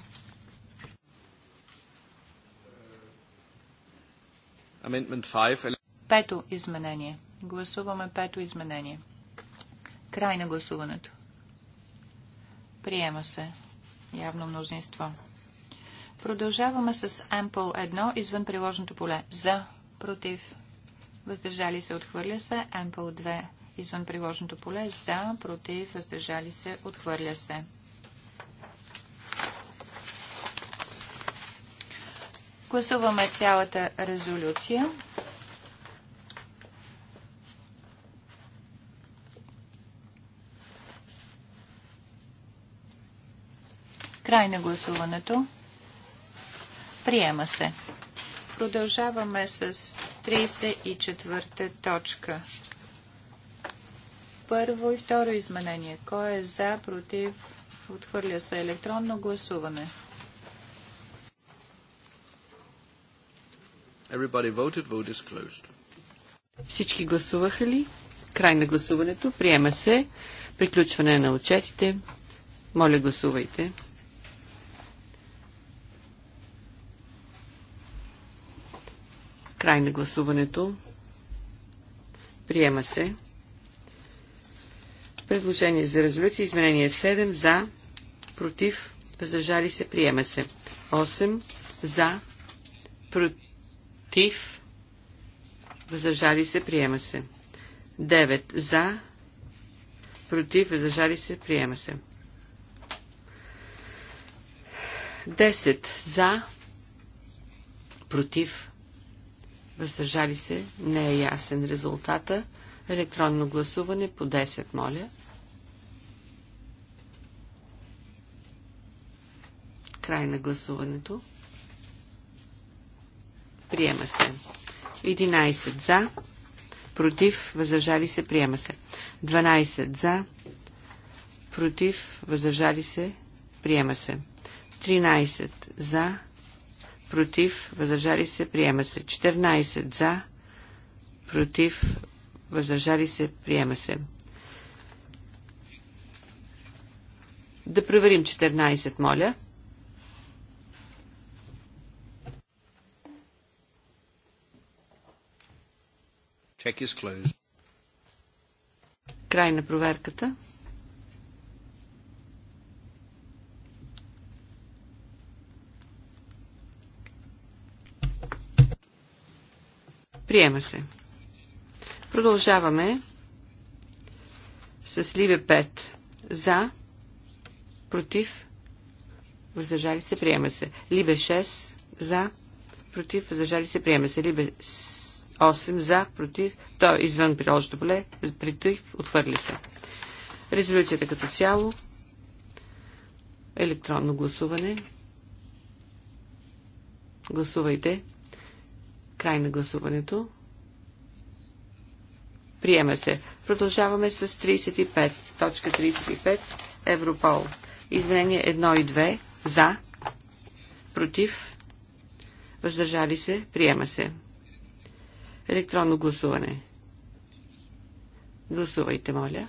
Пето изменение. Гласуваме пето изменение. Край на гласуването. Приема се. Явно мнозинство. Продължаваме с Ample 1 извън приложното поле. За, против, въздържали се, отхвърля се. МПО 2 извън приложното поле, за, против, въздържали се, отхвърля се. Гласуваме цялата резолюция. Край на гласуването. Приема се. Продължаваме с 34-та точка. Първо и второ изменение. Кой е за, против, отхвърля се електронно гласуване. Everybody voted, vote is closed. Всички гласуваха ли? Край на гласуването. Приема се. Приключване на отчетите. Моля, гласувайте. Край на гласуването. Приема се. Предложение за резолюция. Изменение 7. За. Против. Въздържали се. Приема се. 8. За. Против. Въздържали се. Приема се. 9. За. Против. Въздържали се. Приема се. 10. За. Против въздържали се, не е ясен резултата. Електронно гласуване по 10, моля. Край на гласуването. Приема се. 11 за, против, въздържали се, приема се. 12 за, против, въздържали се, приема се. 13 за, против, въздържали се, приема се. 14 за, против, въздържали се, приема се. Да проверим 14, моля. Check is closed. Край на проверката. Приема се. Продължаваме с Ливе 5. За, против, въздържали се, приема се. Либе 6, за, против, въздържали се, приема се. Либе 8, за, против, то е извън приложното поле, против, отвърли се. Резолюцията като цяло, електронно гласуване. Гласувайте. Край на гласуването. Приема се. Продължаваме с 35. Точка 35. Европол. Изменение 1 и 2. За. Против. Въздържали се. Приема се. Електронно гласуване. Гласувайте, моля.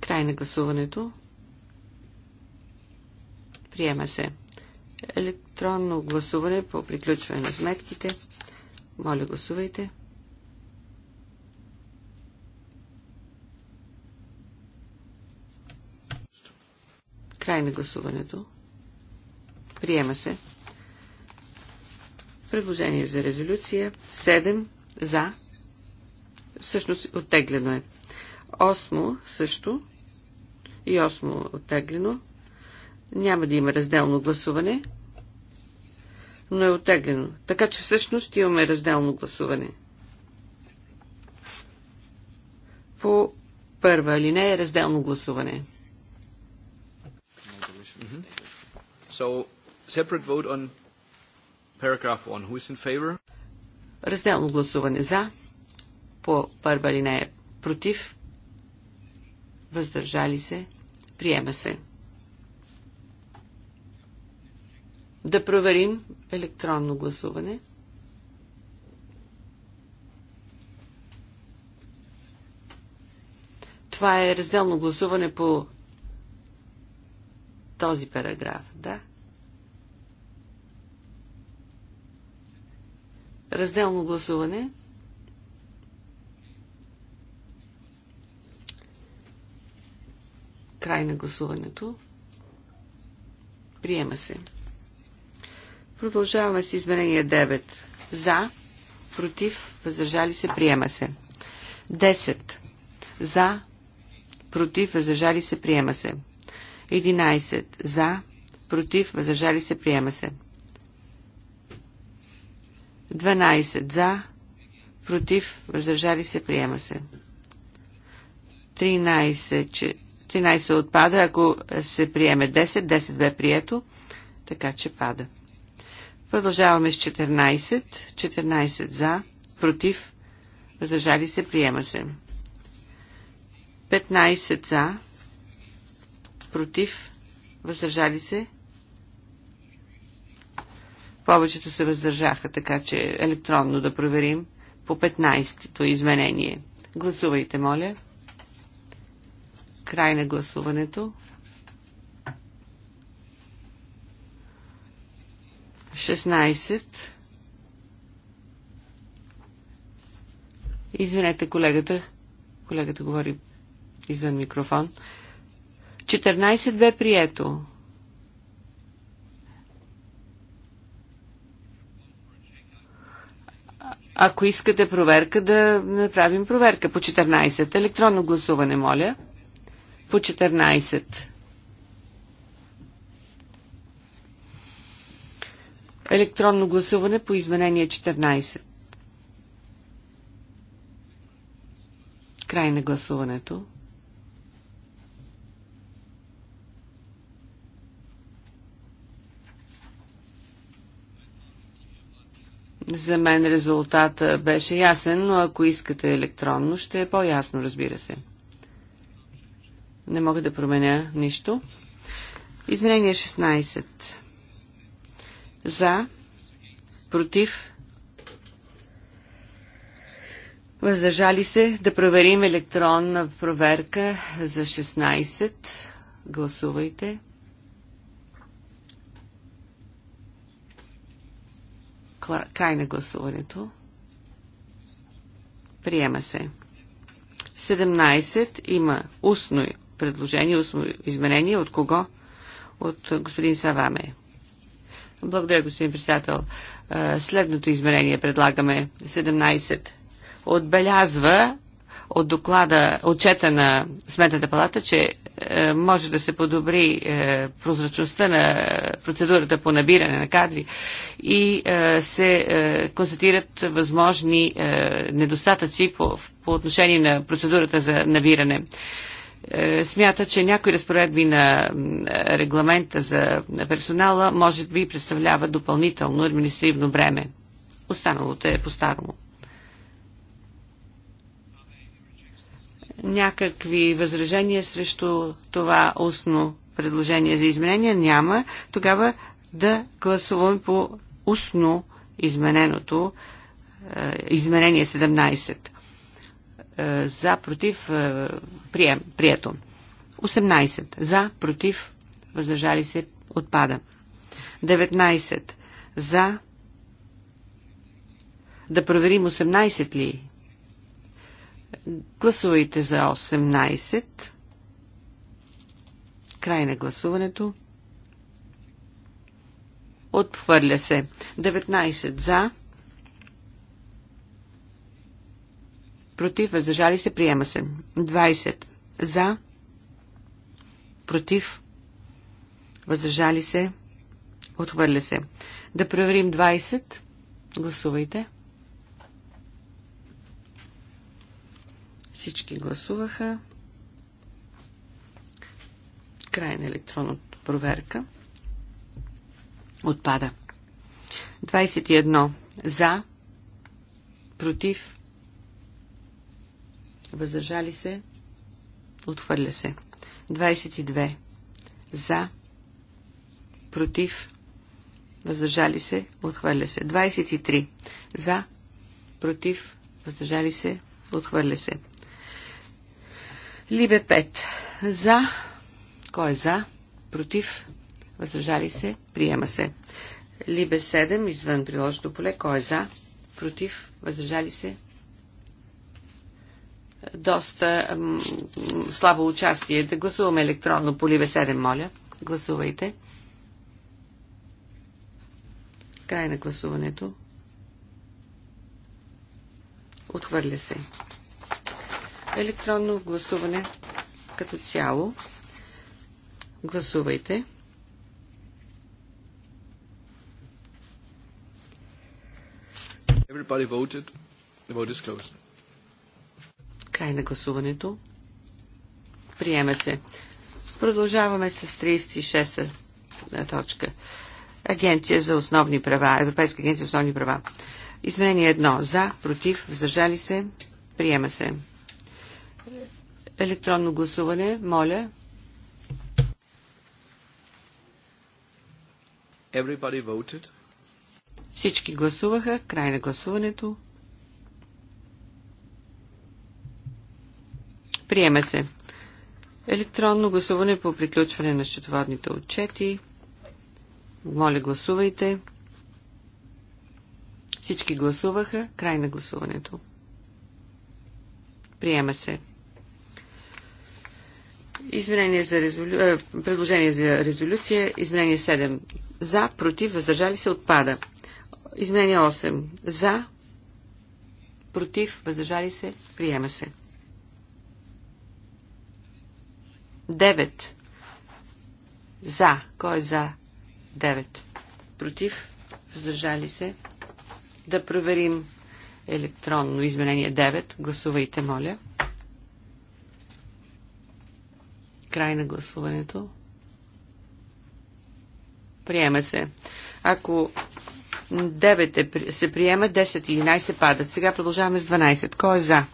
Край на гласуването. Приема се. Електронно гласуване по приключване на сметките. Моля, гласувайте. Край на гласуването. Приема се. Предложение за резолюция. 7 за. Всъщност оттеглено е. 8 също. И осмо оттеглено. Няма да има разделно гласуване, но е отеглено. Така че всъщност имаме разделно гласуване. По първа алинея е разделно гласуване. Mm-hmm. So, separate vote on paragraph Who is in favor? Разделно гласуване за. По първа линия е против. Въздържали се. Приема се. Да проверим електронно гласуване. Това е разделно гласуване по този параграф, да? Разделно гласуване. Край на гласуването. Приема се. Продължаваме с изменение 9. За, против, въздържали се, приема се. 10. За, против, въздържали се, приема се. 11. За, против, въздържали се, приема се. 12. За, против, въздържали се, приема се. 13, че, 13 отпада, ако се приеме 10, 10 бе прието, така че пада. Продължаваме с 14. 14 за, против, въздържали се, приема се. 15 за, против, въздържали се. Повечето се въздържаха, така че електронно да проверим по 15-то изменение. Гласувайте, моля. Край на гласуването. 16. Извинете, колегата. Колегата говори извън микрофон. 14 бе прието. Ако искате проверка, да направим проверка по 14. Електронно гласуване, моля. По 14. Електронно гласуване по изменение 14. Край на гласуването. За мен резултата беше ясен, но ако искате електронно, ще е по-ясно, разбира се. Не мога да променя нищо. Изменение 16. За. Против. Въздържали се да проверим електронна проверка за 16. Гласувайте. Край на гласуването. Приема се. 17 има устно предложение, устно изменение. От кого? От господин Саваме. Благодаря, господин председател. Е, следното измерение, предлагаме 17. Отбелязва от доклада, отчета на Сметната палата, че е, може да се подобри е, прозрачността на процедурата по набиране на кадри и е, се е, констатират възможни е, недостатъци по, по отношение на процедурата за набиране. Е, е, смята, че някои разпоредби на регламента за персонала може би представлява допълнително административно бреме. Останалото е по старо Някакви възражения срещу това устно предложение за изменение няма. Тогава да гласуваме по устно измененото е, изменение 17. Е, за, против, е, прием, прието. 18. За, против, въздържали се, отпада. 19. За, да проверим 18 ли. Гласувайте за 18. Край на гласуването. Отхвърля се. 19 за. против, въздържали се, приема се. 20 за, против, въздържали се, отхвърля се. Да проверим 20. Гласувайте. Всички гласуваха. Край на електронната проверка. Отпада. 21. За. Против. Въздържали се. Отхвърля се. 22. За. Против. Въздържали се. Отхвърля се. 23. За. Против. Въздържали се. Отхвърля се. Либе 5. За. Кой е за? Против. Въздържали се. Приема се. Либе 7. Извън приложното поле. Кой е за? Против. Въздържали се доста слабо участие. Да гласуваме електронно по Ливе 7, моля. Гласувайте. Край на гласуването. Отхвърля се. Електронно гласуване като цяло. Гласувайте. Everybody voted. The vote is closed. Край на гласуването. Приема се. Продължаваме с 36-та точка. Агенция за основни права. Европейска агенция за основни права. Изменение едно. За, против, въздържали се. Приема се. Електронно гласуване. Моля. Everybody voted. Всички гласуваха. Край на гласуването. Приема се. Електронно гласуване по приключване на счетоводните отчети. Моля, гласувайте. Всички гласуваха. Край на гласуването. Приема се. Изменение за резолю... Е, предложение за резолюция. Изменение 7. За, против, въздържали се, отпада. Изменение 8. За, против, въздържали се, приема се. 9. За. Кой е за? 9. Против? Въздържали се? Да проверим електронно изменение 9. Гласувайте, моля. Край на гласуването. Приема се. Ако 9 е се приема, 10 и 11 падат. Сега продължаваме с 12. Кой е за?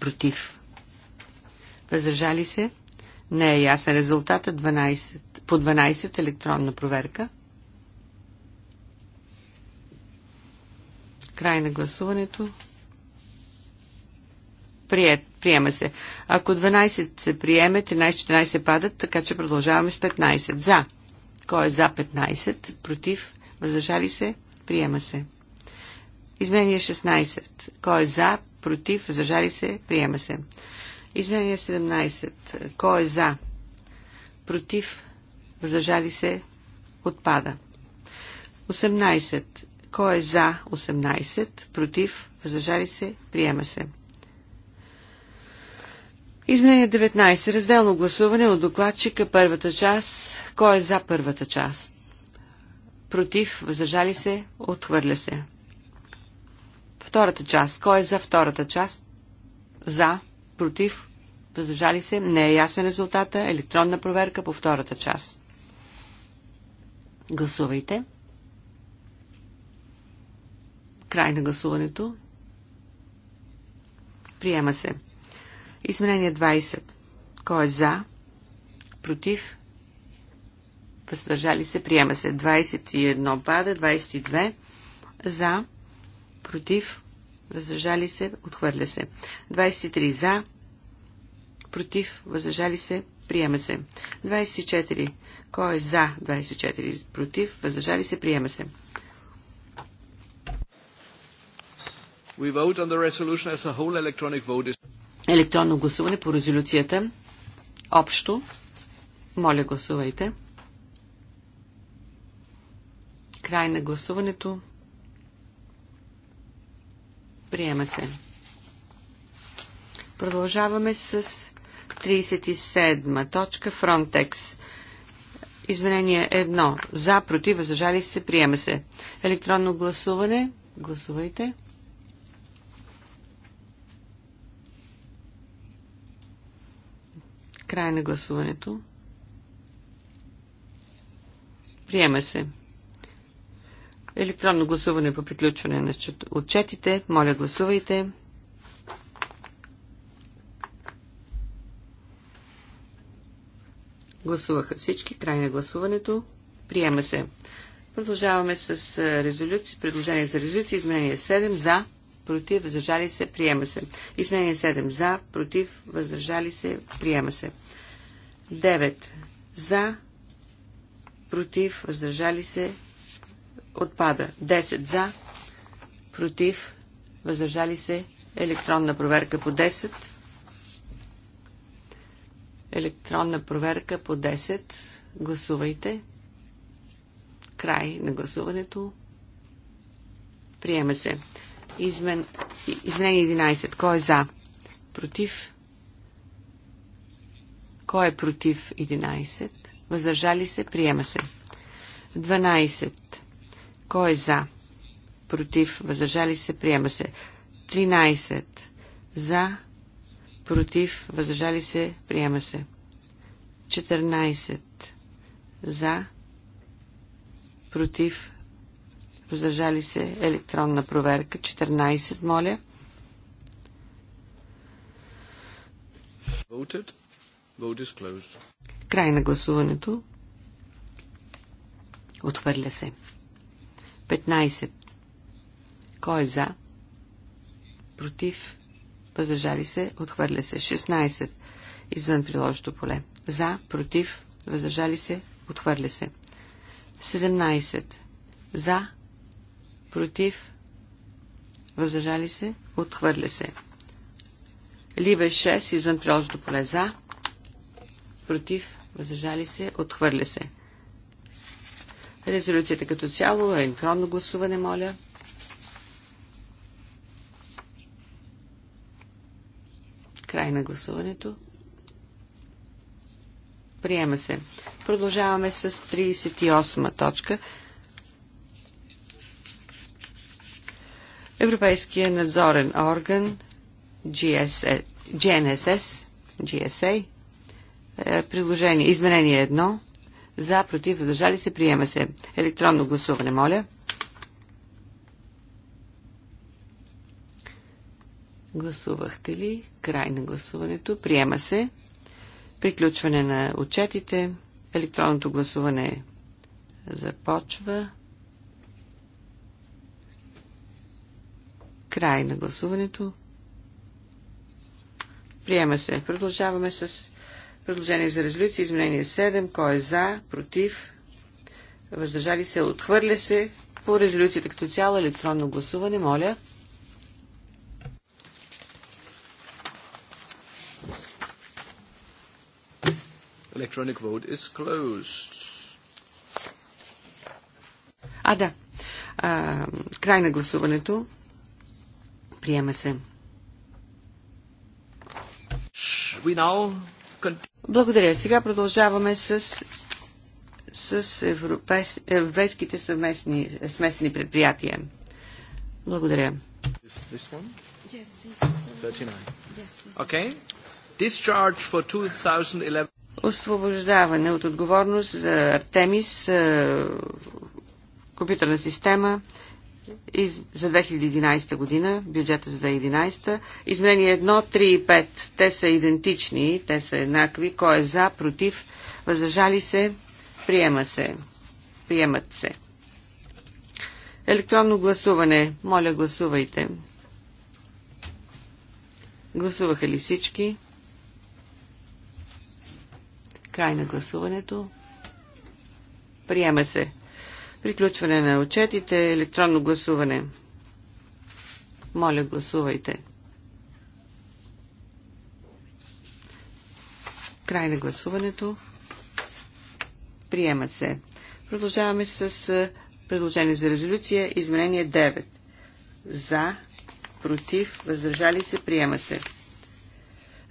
Против. Въздържали се? Не е ясен резултата. 12, по 12 електронна проверка. Край на гласуването. Прият, приема се. Ако 12 се приеме, 13-14 падат, така че продължаваме с 15. За. Кой е за 15? Против? Въздържали се? Приема се. Изменение 16. Кой е за? Против? Въздържали се? Приема се. Изменение 17. Кой е за? Против? Въздържали се? Отпада. 18. Кой е за? 18. Против? Въздържали се? Приема се. Изменение 19. Разделно гласуване от докладчика първата част. Кой е за първата част? Против? Въздържали се? Отхвърля се. Втората част. Кой е за втората част? За против, въздържали се, не е ясен резултата, електронна проверка по втората част. Гласувайте. Край на гласуването. Приема се. Изменение 20. Кой е за? Против? Въздържали се? Приема се. 21 пада. 22. За? Против? въздържали се, отхвърля се. 23 за, против, въздържали се, приема се. 24. Кой е за 24? Против, въздържали се, приема се. We vote on the resolution as a whole electronic vote. Електронно гласуване по резолюцията. Общо. Моля, гласувайте. Край на гласуването. Приема се. Продължаваме с 37 точка Frontex. Изменение 1. За, против, въздържали се, приема се. Електронно гласуване. Гласувайте. Край на гласуването. Приема се. Електронно гласуване по приключване на отчетите. Моля, гласувайте. Гласуваха всички. Край на гласуването. Приема се. Продължаваме с резолюции. Предложение за резолюции. Изменение 7 за, против, въздържали се, приема се. Изменение 7 за, против, въздържали се, приема се. 9 за, против, въздържали се, Отпада. 10 за, против, въздържали се, електронна проверка по 10. Електронна проверка по 10. Гласувайте. Край на гласуването. Приема се. Измен... Изменение 11. Кой е за? Против? Кой е против 11? Въздържали се? Приема се. 12. Кой е за? Против. Въздържали се. Приема се. 13. За. Против. Въздържали се. Приема се. 14. За. Против. Въздържали се. Електронна проверка. 14. Моля. Voted. Vote is closed. Край на гласуването. Отхвърля се. 15. Кой е за? Против? Въздържали се? Отхвърля се. 16. Извън приложното поле. За? Против? Въздържали се? Отхвърля се. 17. За? Против? Въздържали се? Отхвърля се. Либе 6. Извън приложното поле. За? Против? Въздържали се? Отхвърля се. Резолюцията като цяло, е електронно гласуване, моля. Край на гласуването. Приема се. Продължаваме с 38 точка. Европейския надзорен орган GSS, GNSS, GSA. Е, приложение. Изменение 1. За, против, въздържали се, приема се. Електронно гласуване, моля. Гласувахте ли? Край на гласуването. Приема се. Приключване на отчетите. Електронното гласуване започва. Край на гласуването. Приема се. Продължаваме с Предложение за резолюция, изменение 7. Кой е за, против, въздържали се, отхвърля се. По резолюцията като цяло електронно гласуване, моля. Electronic vote is closed. А, да. А, край на гласуването. Приема се. We now благодаря. Сега продължаваме с, с европейс, европейските съвместни, смесени предприятия. Благодаря. Uh, Освобождаване от отговорност за Артемис, компютърна система, из, за 2011 година, бюджета за 2011, изменение 1, 3 и 5. Те са идентични, те са еднакви. Кой е за, против, възражали се, приемат се. Приемат се. Електронно гласуване. Моля, гласувайте. Гласуваха ли всички? Край на гласуването. Приема се. Приключване на отчетите, електронно гласуване. Моля, гласувайте. Край на гласуването. Приемат се. Продължаваме с предложение за резолюция. Изменение 9. За, против, въздържали се, приема се.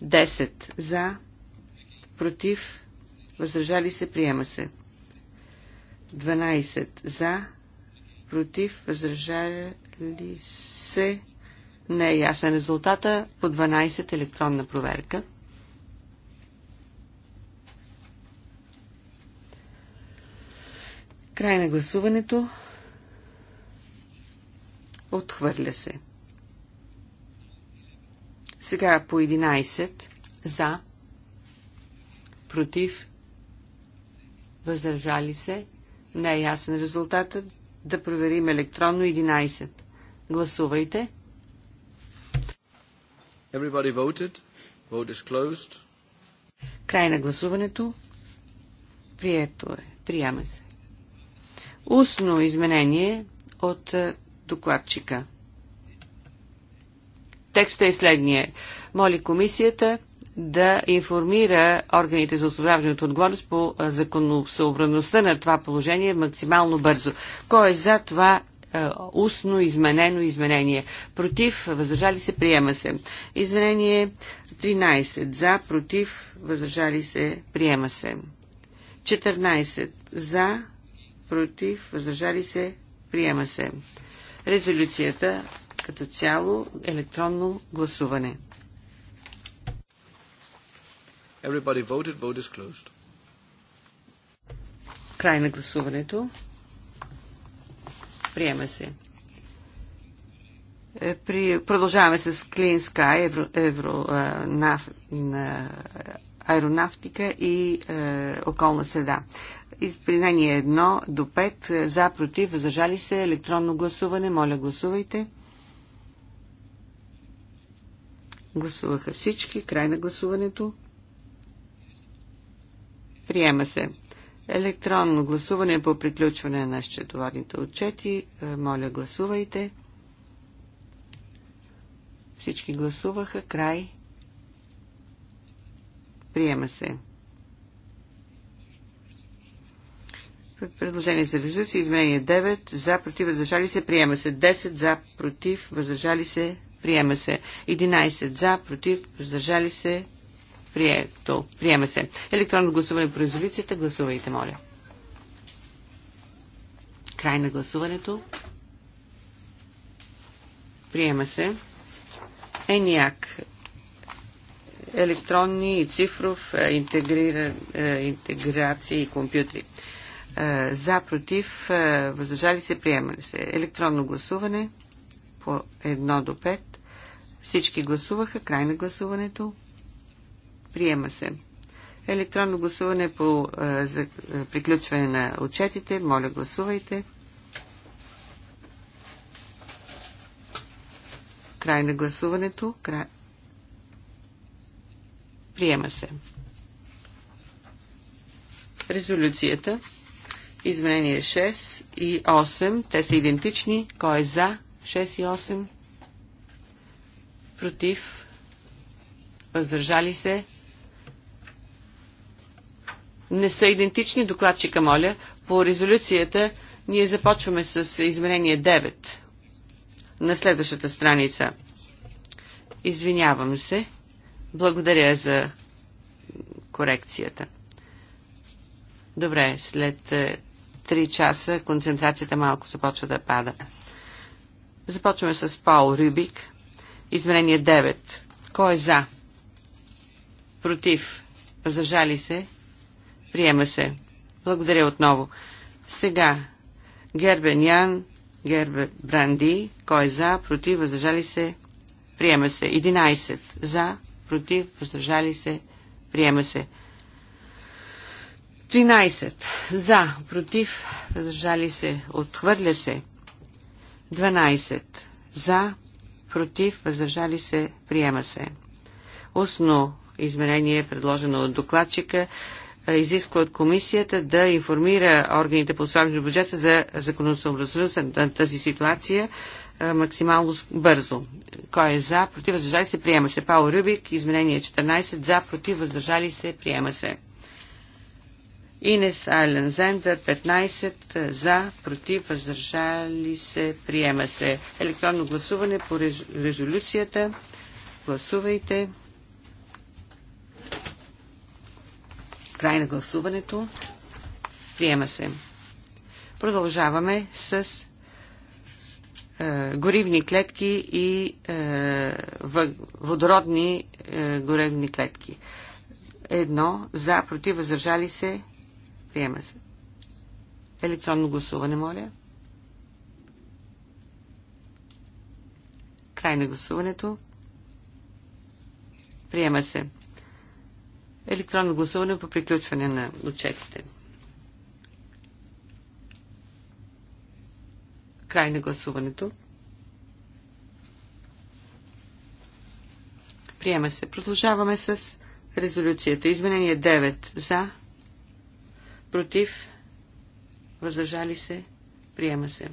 10. За, против, въздържали се, приема се. 12 за, против, въздържали се. Не е ясен резултата. По 12 електронна проверка. Край на гласуването. Отхвърля се. Сега по 11 за, против, въздържали се, не е ясен резултатът. Да проверим електронно 11. Гласувайте. Everybody voted. Vote is closed. Край на гласуването. Прието е. Приема се. Устно изменение от докладчика. Текстът е следния. Моли комисията да информира органите за освобождаване от отговорност по законосъобразността на това положение максимално бързо. Кой е за това устно изменено изменение. Против, въздържали се, приема се. Изменение 13. За, против, въздържали се, приема се. 14. За, против, въздържали се, приема се. Резолюцията като цяло електронно гласуване. Everybody voted. Vote is closed. Край на гласуването. Приема се. Е, при, продължаваме с Clean Sky, евро, евро, наф, на, аеронавтика и е, околна среда. Изпринение 1 до 5 за, против, възражали се, електронно гласуване. Моля, гласувайте. Гласуваха всички. Край на гласуването. Приема се. Електронно гласуване по приключване на счетоводните отчети. Е, моля, гласувайте. Всички гласуваха. Край. Приема се. Предложение за резолюция. Изменение 9. За, против, въздържали се. Приема се. 10. За, против, въздържали се. Приема се. 11. За, против, въздържали се. Прието. Приема се. Електронно гласуване по резолюцията. Гласувайте, моля. Край на гласуването. Приема се. ЕНИАК. Електронни и цифров е, интегрира, е, интеграции и компютри. Е, за, против, въздържали се, приемали се. Електронно гласуване по 1 до 5. Всички гласуваха. Край на гласуването. Приема се. Електронно гласуване по за, приключване на отчетите. Моля, гласувайте. Край на гласуването. Приема се. Резолюцията. Изменение 6 и 8. Те са идентични. Кой е за? 6 и 8. Против. Въздържали се не са идентични. Докладчика, моля, по резолюцията ние започваме с изменение 9 на следващата страница. Извинявам се. Благодаря за корекцията. Добре, след 3 е, часа концентрацията малко започва да пада. Започваме с Пол Рюбик. Изменение 9. Кой е за? Против? Въздържали се? Приема се. Благодаря отново. Сега. Гербен Ян, Гербе Бранди. Кой е за, против, въздържали се? Приема се. 11. За, против, въздържали се? Приема се. 13. За, против, въздържали се, отхвърля се. 12. За, против, въздържали се, приема се. Устно изменение, е предложено от докладчика изисква от комисията да информира органите по слабите бюджета за законосъобразността на тази ситуация максимално бързо. Кой е за, против, въздържали се, приема се. Пао Рюбик, изменение 14, за, против, въздържали се, приема се. Инес Айлен Зендър, 15, за, против, въздържали се, приема се. Електронно гласуване по резолюцията. Гласувайте. Край на гласуването. Приема се. Продължаваме с е, горивни клетки и е, водородни е, горивни клетки. Едно за, против, въздържали се. Приема се. Електронно гласуване, моля. Край на гласуването. Приема се електронно гласуване по приключване на отчетите. Край на гласуването. Приема се. Продължаваме с резолюцията. Изменение 9 за, против, въздържали се, приема се.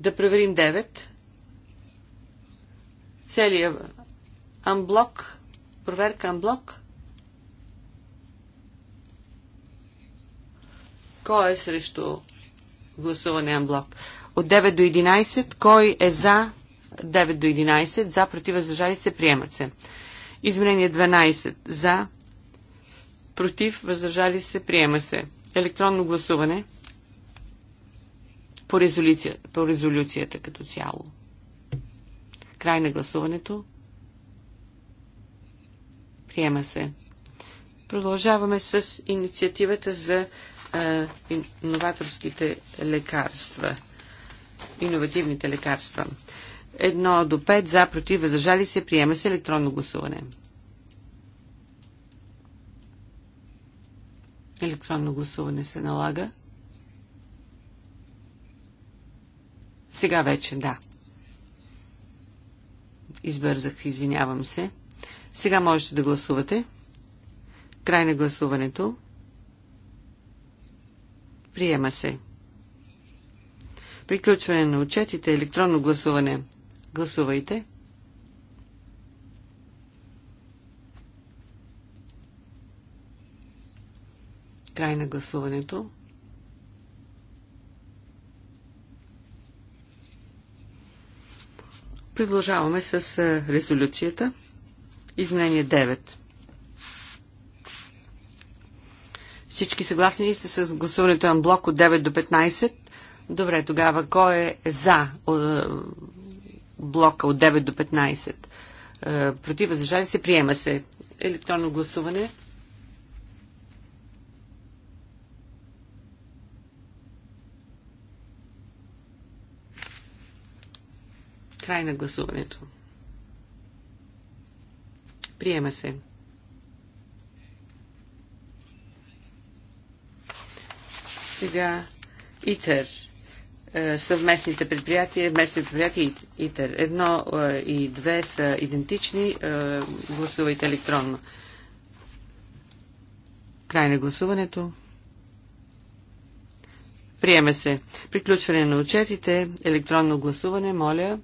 Да проверим 9. Целият Амблок. Проверка амблок. Кой е срещу гласуване амблок? От 9 до 11. Кой е за 9 до 11? За, против, въздържали се, приемат се. Изменение 12. За, против, въздържали се, приема се. Електронно гласуване по, резолюция, по резолюцията като цяло. Край на гласуването. Приема се. Продължаваме с инициативата за а, иноваторските лекарства. Иновативните лекарства. Едно до пет за, против, възражали се, приема се електронно гласуване. Електронно гласуване се налага. Сега вече, да. Избързах, извинявам се. Сега можете да гласувате. Край на гласуването. Приема се. Приключване на отчетите, електронно гласуване. Гласувайте. Край на гласуването. Продължаваме с резолюцията. Изменение 9. Всички съгласни ли сте с гласуването на блок от 9 до 15? Добре, тогава кой е за е, блока от 9 до 15? Е, против възражали се, приема се. Електронно гласуване. Край на гласуването. Приема се. Сега ИТЕР. Е, съвместните предприятия, местните предприятия ИТЕР. Едно е, и две са идентични. Е, гласувайте електронно. Край на гласуването. Приема се. Приключване на отчетите. Електронно гласуване. Моля.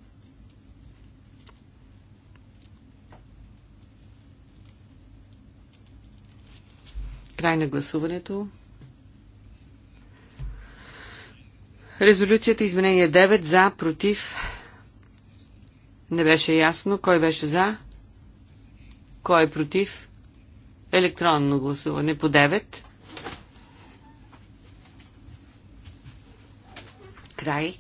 Край на гласуването. Резолюцията изменение 9 за, против. Не беше ясно кой беше за, кой е против. Електронно гласуване по 9. Край.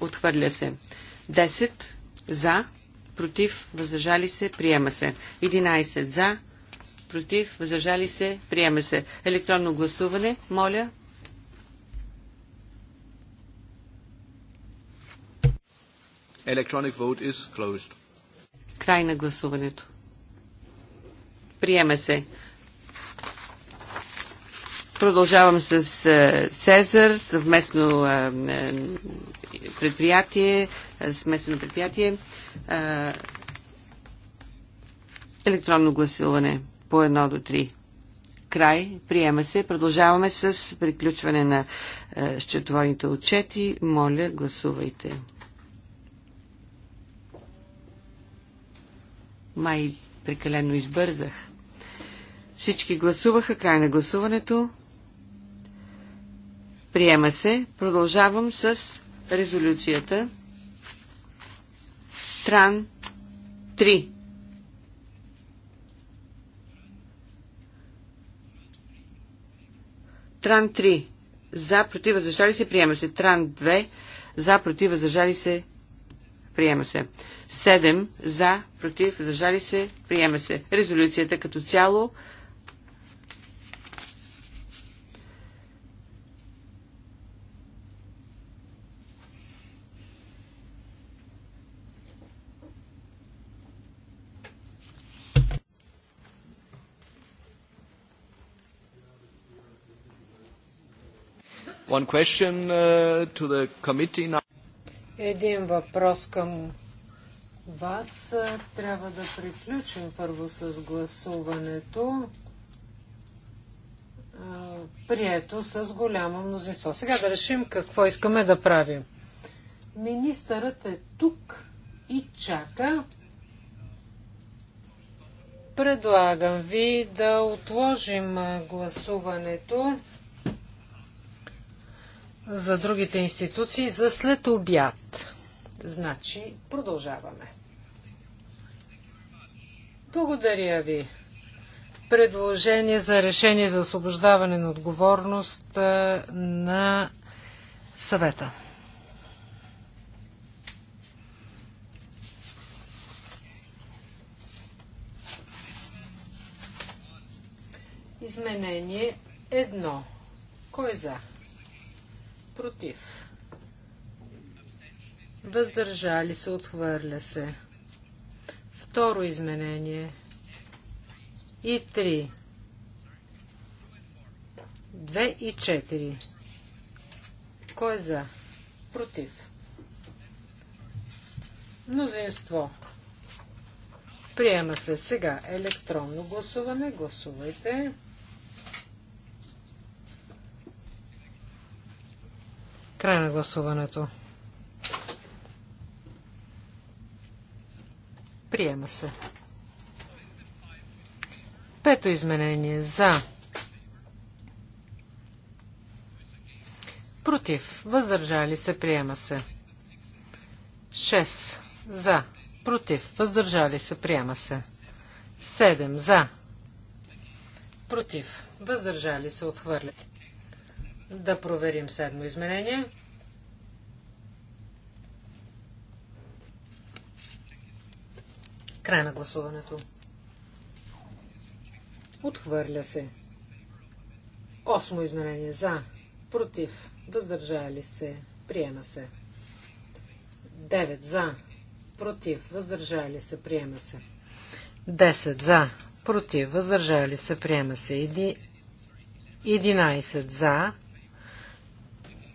Отхвърля се. 10 за, против, въздържали се, приема се. 11 за, против, въздържали се, приема се. Електронно гласуване, моля. Electronic vote is closed. Край на гласуването. Приема се. Продължавам с е, Цезар, съвместно е, е, предприятие, смесено предприятие, електронно гласуване по 1 до 3. Край. Приема се. Продължаваме с приключване на е, счетоводните отчети. Моля, гласувайте. Май прекалено избързах. Всички гласуваха. Край на гласуването. Приема се. Продължавам с резолюцията. Тран 3. Тран 3. За, против, въздържали се, приема се. Тран 2. За, против, въздържали се, приема се. 7. За, против, въздържали се, приема се. Резолюцията като цяло One question uh, to the committee now. Един въпрос към вас. Трябва да приключим първо с гласуването. Прието с голямо мнозинство. Сега да решим какво искаме да правим. Министърът е тук и чака. Предлагам ви да отложим гласуването за другите институции за след обяд. Значи, продължаваме. Благодаря ви. Предложение за решение за освобождаване на отговорност на съвета. Изменение едно. Кой е за? Против. Въздържали се, отхвърля се. Второ изменение. И три. Две и четири. Кой е за? Против. Мнозинство. Приема се сега електронно гласуване. Гласувайте. Гласувайте. Край на гласуването. Приема се. Пето изменение за. Против. Въздържали се. Приема се. 6. За. Против. Въздържали се. Приема се. 7. За. Против. Въздържали се. Отхвърля. Да проверим седмо изменение. Край на гласуването. Отхвърля се. Осмо изменение за, против, въздържали се, приема се. 9 за, против, въздържали се, приема се. 10 за, против, въздържали се, приема се. 11 за,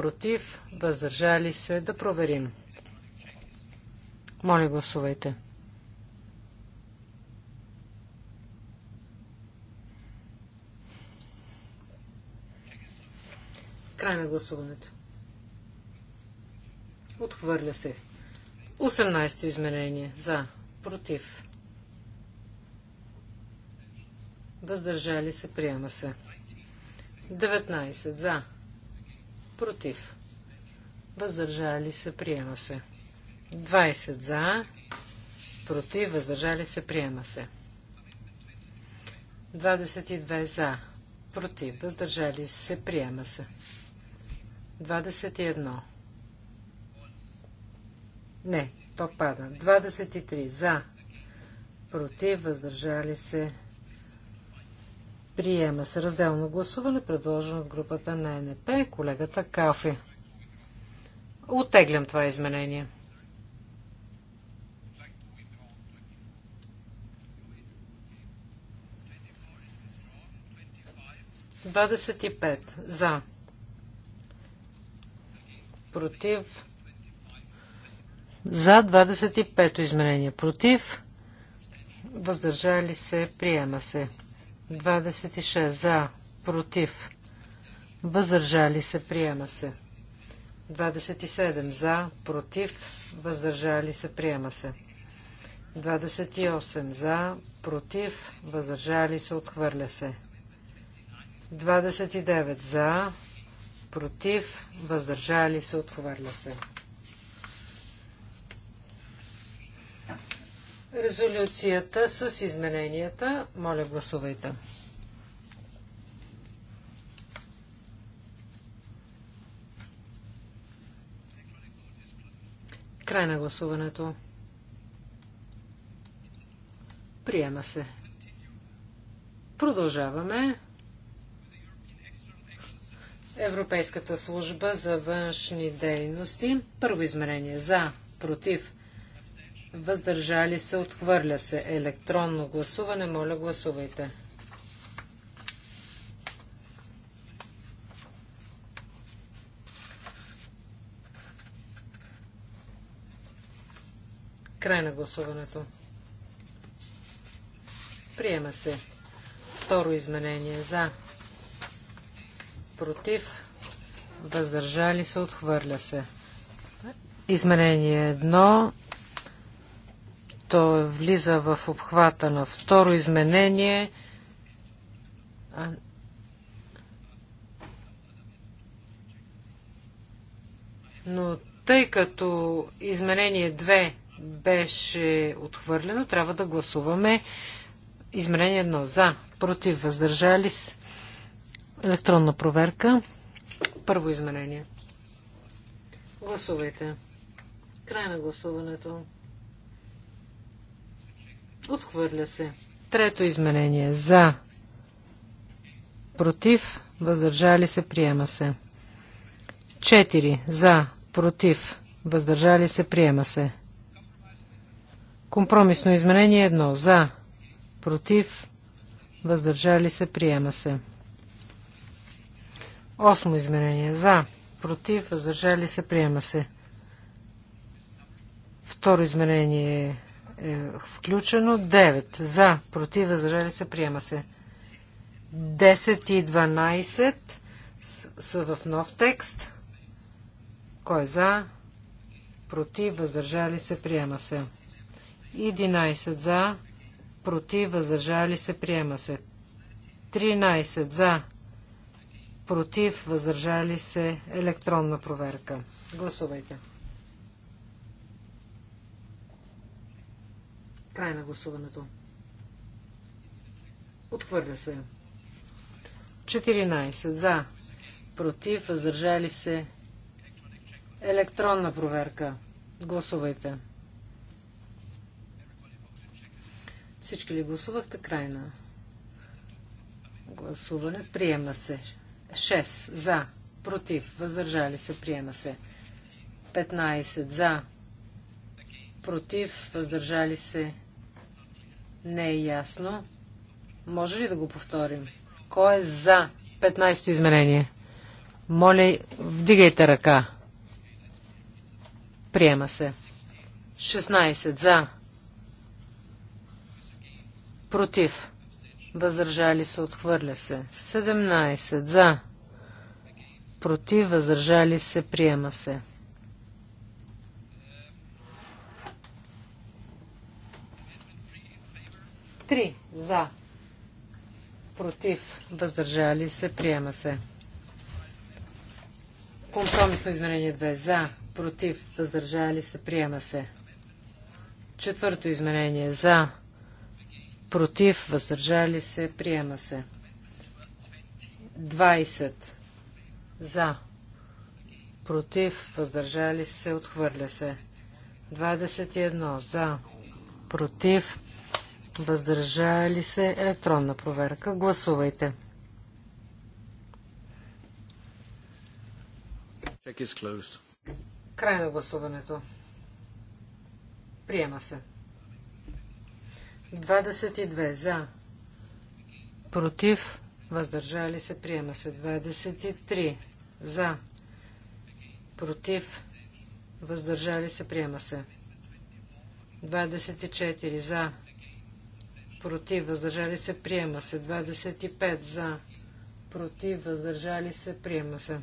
против, въздържали се, да проверим. Моля, гласувайте. Край на гласуването. Отхвърля се. 18-то изменение. За. Против. Въздържали се. Приема се. 19. За. Против. Въздържали се. Приема се. 20 за. Против. Въздържали се. Приема се. 22 за. Против. Въздържали се. Приема се. 21. Не, то пада. 23 за. Против. Въздържали се. Приема се разделно гласуване, предложено от групата на НП, колегата Кафи. Оттеглям това изменение. Двадесет и пет. За. Против. За 25-то изменение. Против. Въздържали се. Приема се. 26 за, против, въздържали се, приема се. 27 за, против, въздържали се, приема се. 28 за, против, въздържали се, отхвърля се. 29 за, против, въздържали се, отхвърля се. резолюцията с измененията. Моля, гласувайте. Край на гласуването. Приема се. Продължаваме. Европейската служба за външни дейности. Първо измерение за, против, въздържали се, отхвърля се. Електронно гласуване, моля гласувайте. Край на гласуването. Приема се. Второ изменение за. Против. Въздържали се. Отхвърля се. Изменение 1 то влиза в обхвата на второ изменение. Но тъй като изменение 2 беше отхвърлено, трябва да гласуваме изменение 1 за, против, въздържали с. Електронна проверка. Първо изменение. Гласувайте. Край на гласуването. Отхвърля се. Трето изменение. За. Против. Въздържали се. Приема се. Четири. За. Против. Въздържали се. Приема се. Компромисно изменение едно. За. Против. Въздържали се. Приема се. Осмо изменение. За. Против. Въздържали се. Приема се. Второ изменение е включено. 9 за, против, възражали се, приема се. 10 и 12 са в нов текст. Кой е за? Против, въздържали се, приема се. 11 за, против, въздържали се, приема се. 13 за, против, въздържали се, електронна проверка. Гласувайте. Край на гласуването. Отхвърля се. 14. За. Против. Въздържали се. Електронна проверка. Гласувайте. Всички ли гласувахте? Край на гласуване. Приема се. 6. За. Против. Въздържали се. Приема се. 15. За. Против. Въздържали се. Не е ясно. Може ли да го повторим? Кой е за 15-то изменение? Моля, вдигайте ръка. Приема се. 16 за. Против. Въздържали се. Отхвърля се. 17 за. Против. Въздържали се. Приема се. 3 за. Против. Въздържали се. Приема се. Компромисно изменение 2 за. Против. Въздържали се. Приема се. Четвърто изменение за. Против. Въздържали се. Приема се. 20 за. Против. Въздържали се. Отхвърля се. 21 за. Против въздържали се, електронна проверка. Гласувайте. Край на гласуването. Приема се. 22 за. Против. Въздържали се. Приема се. 23 за. Против. Въздържали се. Приема се. 24 за против, въздържали се, приема се. 25 за, против, въздържали се, приема се.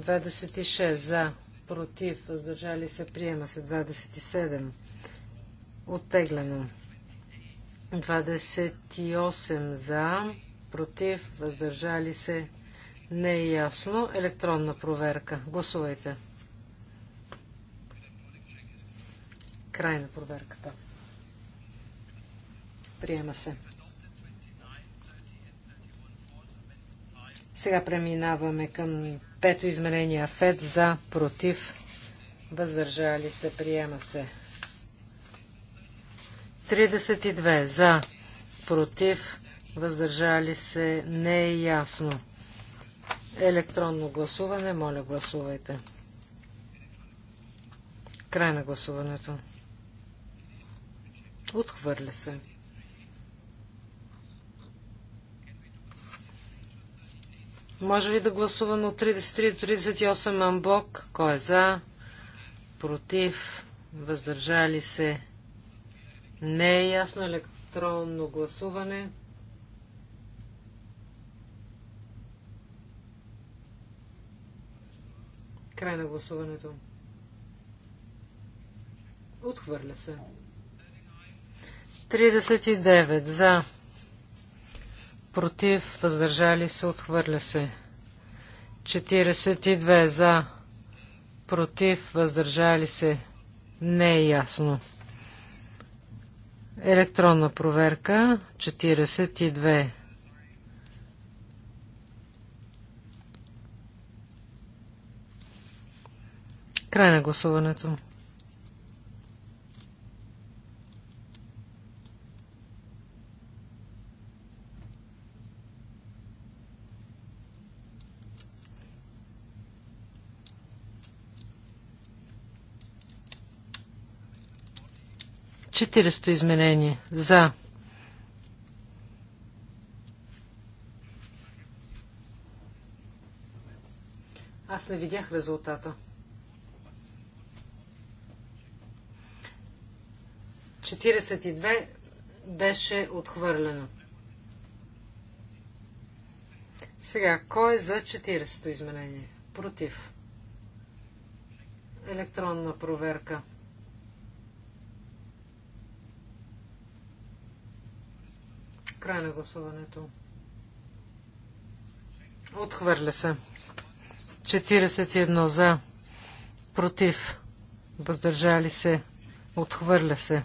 26 за, против, въздържали се, приема се. 27 оттеглено. 28 за, против, въздържали се, не е ясно. Електронна проверка. Гласувайте. Край на проверката. Приема се. Сега преминаваме към пето измерение Фед за, против, въздържали се, приема се. 32 за, против, въздържали се, не е ясно. Електронно гласуване, моля гласувайте. Край на гласуването. Отхвърля се. Може ли да гласуваме от 33 до 38 амбок? Кой е за? Против? Въздържали се? Не е ясно електронно гласуване. Край на гласуването. Отхвърля се. 39 за против, въздържали се, отхвърля се. 42 за, против, въздържали се, не е ясно. Електронна проверка 42. Край на гласуването. 40-то изменение. За. Аз не видях резултата. 42 беше отхвърлено. Сега, кой е за 40-то изменение? Против. Електронна проверка. Край на гласуването. Отхвърля се. 41 за. Против. Въздържали се. Отхвърля се.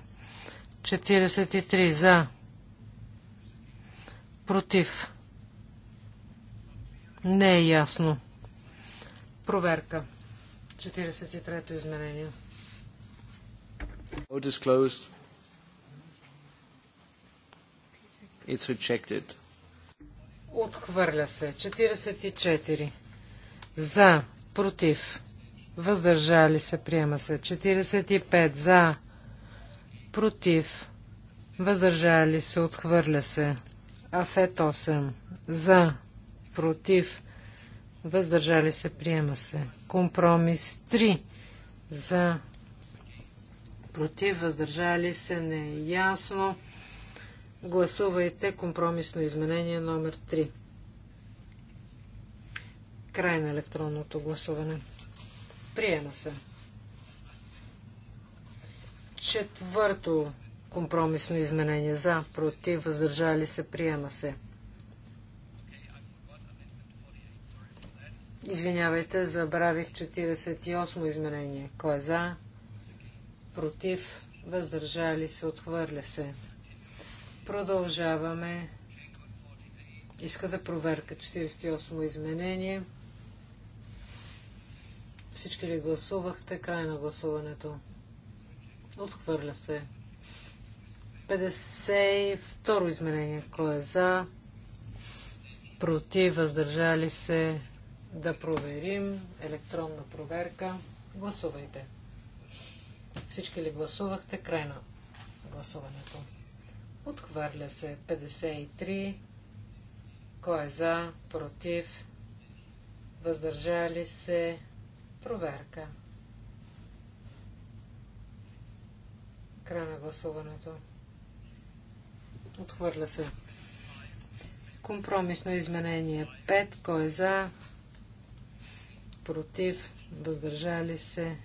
43 за. Против. Не е ясно. Проверка. 43-то изменение. Disclosed. It's rejected. Отхвърля се. 44. За. Против. Въздържали се. Приема се. 45. За. Против. Въздържали се. Отхвърля се. Афет 8. За. Против. Въздържали се. Приема се. Компромис 3. За. Против. Въздържали се. не е ясно. Гласувайте компромисно изменение номер 3. Край на електронното гласуване. Приема се. Четвърто компромисно изменение за, против, въздържали се, приема се. Извинявайте, забравих 48 изменение. Кой е за? Против, въздържали се, отхвърля се. Продължаваме. Искате да проверка. 48 изменение. Всички ли гласувахте? Край на гласуването. Отхвърля се. 52 изменение. Кой е за? Против, въздържали се. Да проверим. Електронна проверка. Гласувайте. Всички ли гласувахте? Край на гласуването. Отхвърля се 53. Кой е за? Против? Въздържали се? Проверка. Край на гласуването. Отхвърля се. Компромисно изменение 5. Кой е за? Против? Въздържали се?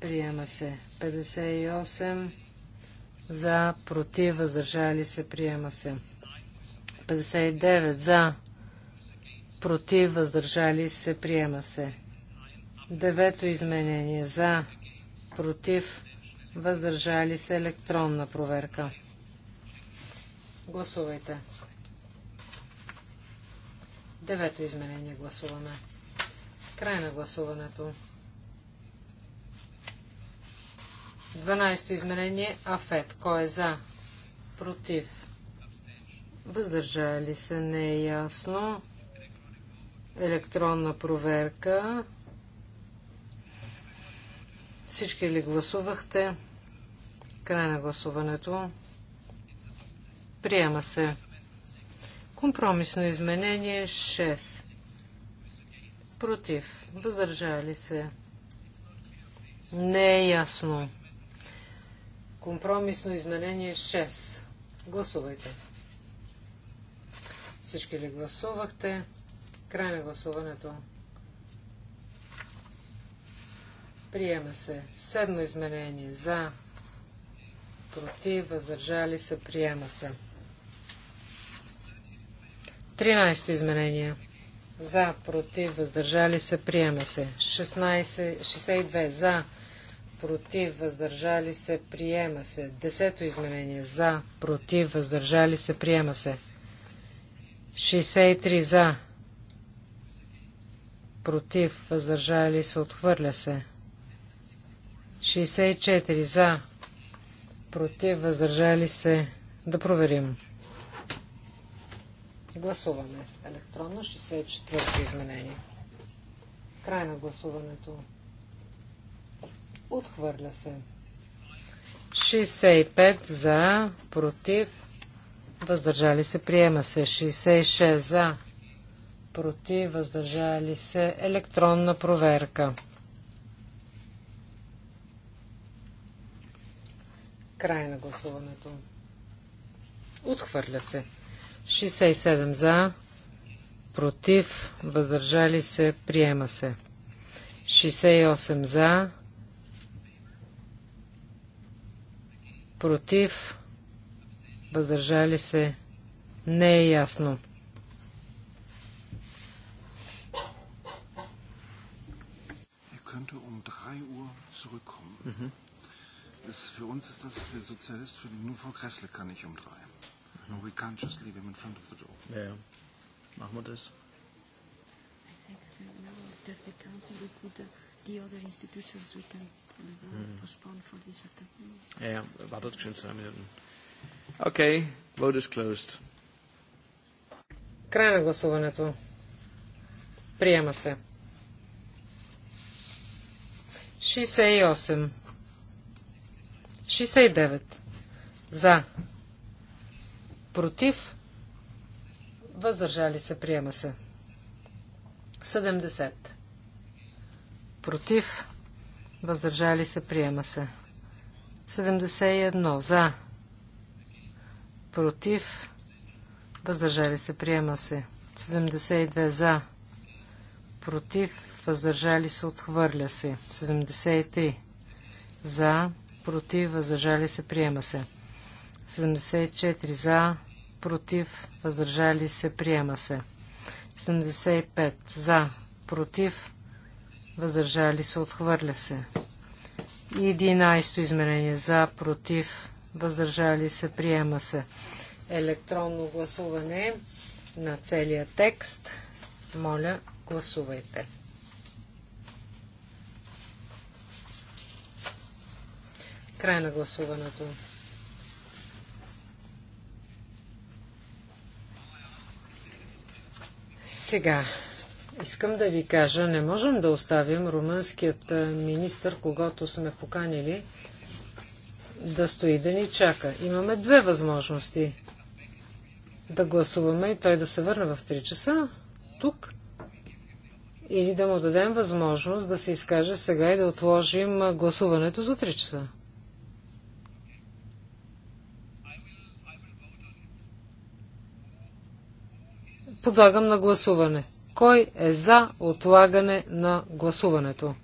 Приема се. 58 за, против, въздържали се, приема се. 59 за, против, въздържали се, приема се. Девето изменение за, против, въздържали се, електронна проверка. Гласувайте. Девето изменение гласуваме. Край на гласуването. 12-то изменение Афет. Кой е за? Против. Въздържали се не е ясно. Електронна проверка. Всички ли гласувахте? Край на гласуването. Приема се. Компромисно изменение 6. Против. Въздържали се. Не е ясно. Компромисно изменение 6. Гласувайте. Всички ли гласувахте? Край на гласуването. Приема се. Седмо изменение. За. Против. Въздържали се. Приема се. Тринайсто изменение. За. Против. Въздържали се. Приема се. 16, 62. За против, въздържали се, приема се. Десето изменение за, против, въздържали се, приема се. 63 за, против, въздържали се, отхвърля се. 64 за, против, въздържали се. Да проверим. Гласуваме електронно 64 изменение. Край на гласуването. Отхвърля се. 65 за, против, въздържали се, приема се. 66 за, против, въздържали се, електронна проверка. Край на гласуването. Отхвърля се. 67 за, против, въздържали се, приема се. 68 за, против, въздържали се, не е ясно. Mhm. Das, für uns ist das für Sozialist, für die, nur Frau Kressle kann ich um drei. Mhm. We can't just leave him in front of the door. Ja, ja. Machen wir das. I think the council, the other institutions, we can Mhm. Ja, wartet schön zwei Minuten. Okay, vote is closed. Край на гласуването. Приема се. 68. 69. За. Против. Въздържали се. Приема се. 70. Против въздържали се, приема се. 71 за, против, въздържали се, приема се. 72 за, против, въздържали се, отхвърля се. 73 за, против, въздържали се, приема се. 74 за, против, въздържали се, приема се. 75 за, против, въздържали се, отхвърля се. 11 измерение за, против, въздържали се, приема се. Електронно гласуване на целия текст. Моля, гласувайте. Край на гласуването. Сега Искам да ви кажа, не можем да оставим румънският министр, когато сме поканили, да стои да ни чака. Имаме две възможности. Да гласуваме и той да се върне в 3 часа, тук, или да му дадем възможност да се изкаже сега и да отложим гласуването за 3 часа. Подлагам на гласуване. Кой е за отлагане на гласуването?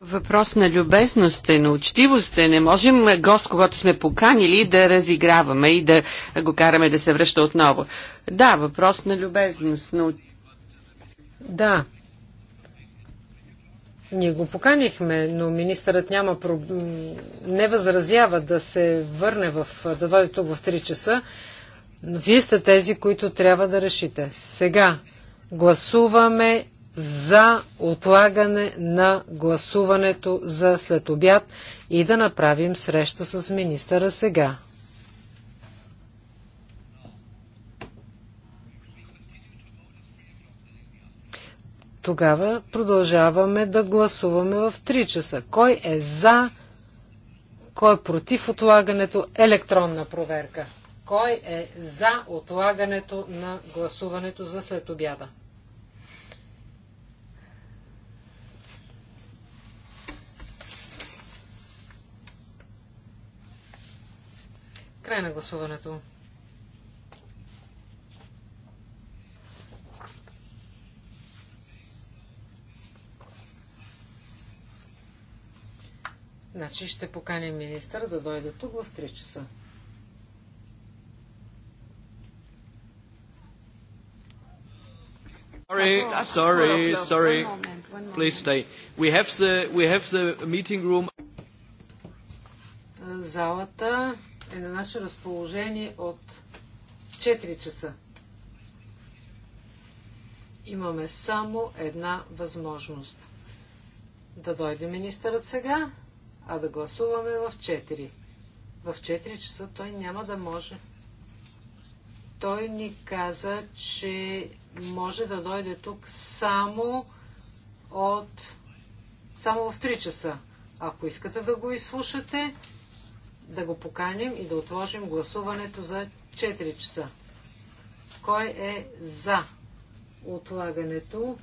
Въпрос на любезност е, на учтивост е. Не можем е, гост, когато сме поканили, да разиграваме и да го караме да се връща отново. Да, въпрос на любезност. Но... Да. Ние го поканихме, но министърът няма проб... Не възразява да се върне в... да дойде тук в 3 часа вие сте тези, които трябва да решите. Сега гласуваме за отлагане на гласуването за след обяд и да направим среща с министъра сега. Тогава продължаваме да гласуваме в 3 часа. Кой е за, кой е против отлагането електронна проверка? Кой е за отлагането на гласуването за след обяда? Край на гласуването. Значи ще поканим министър да дойде тук в 3 часа. Sorry, sorry, sorry. Please stay. We have the, we have the meeting room. Залата е на наше разположение от 4 часа. Имаме само една възможност. Да дойде министърът сега, а да гласуваме в 4. В 4 часа той няма да може. Той ни каза, че може да дойде тук само от само в 3 часа. Ако искате да го изслушате, да го поканим и да отложим гласуването за 4 часа. Кой е за отлагането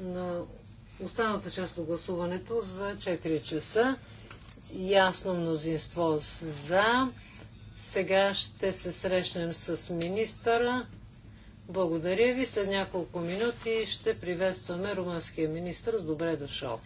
на останалата част от гласуването за 4 часа? Ясно мнозинство за. Сега ще се срещнем с министъра. Благодаря ви. След няколко минути ще приветстваме румънския министр с добре дошъл.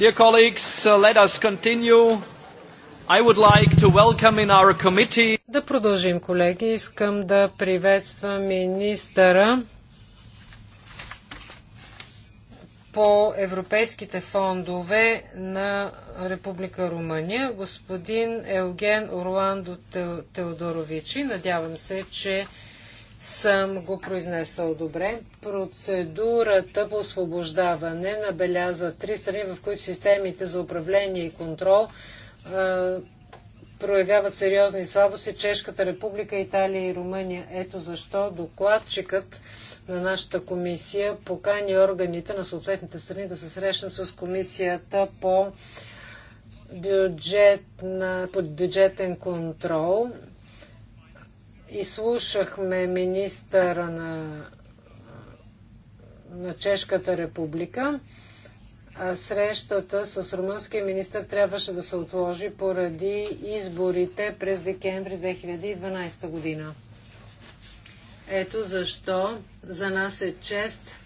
Dear colleagues, uh, let us continue. I would like to welcome in our committee. Да продължим, колеги. Искам да приветствам министъра по европейските фондове на Република Румъния, господин Елген Орландо Теодоровичи. Надявам се, че съм го произнесъл добре. Процедурата по освобождаване набеляза три страни, в които системите за управление и контрол проявяват сериозни слабости. Чешката република, Италия и Румъния. Ето защо докладчикът на нашата комисия покани органите на съответните страни да се срещнат с комисията по бюджет на, под бюджетен контрол изслушахме министъра на, на Чешката република. А срещата с румънския министър трябваше да се отложи поради изборите през декември 2012 година. Ето защо за нас е чест,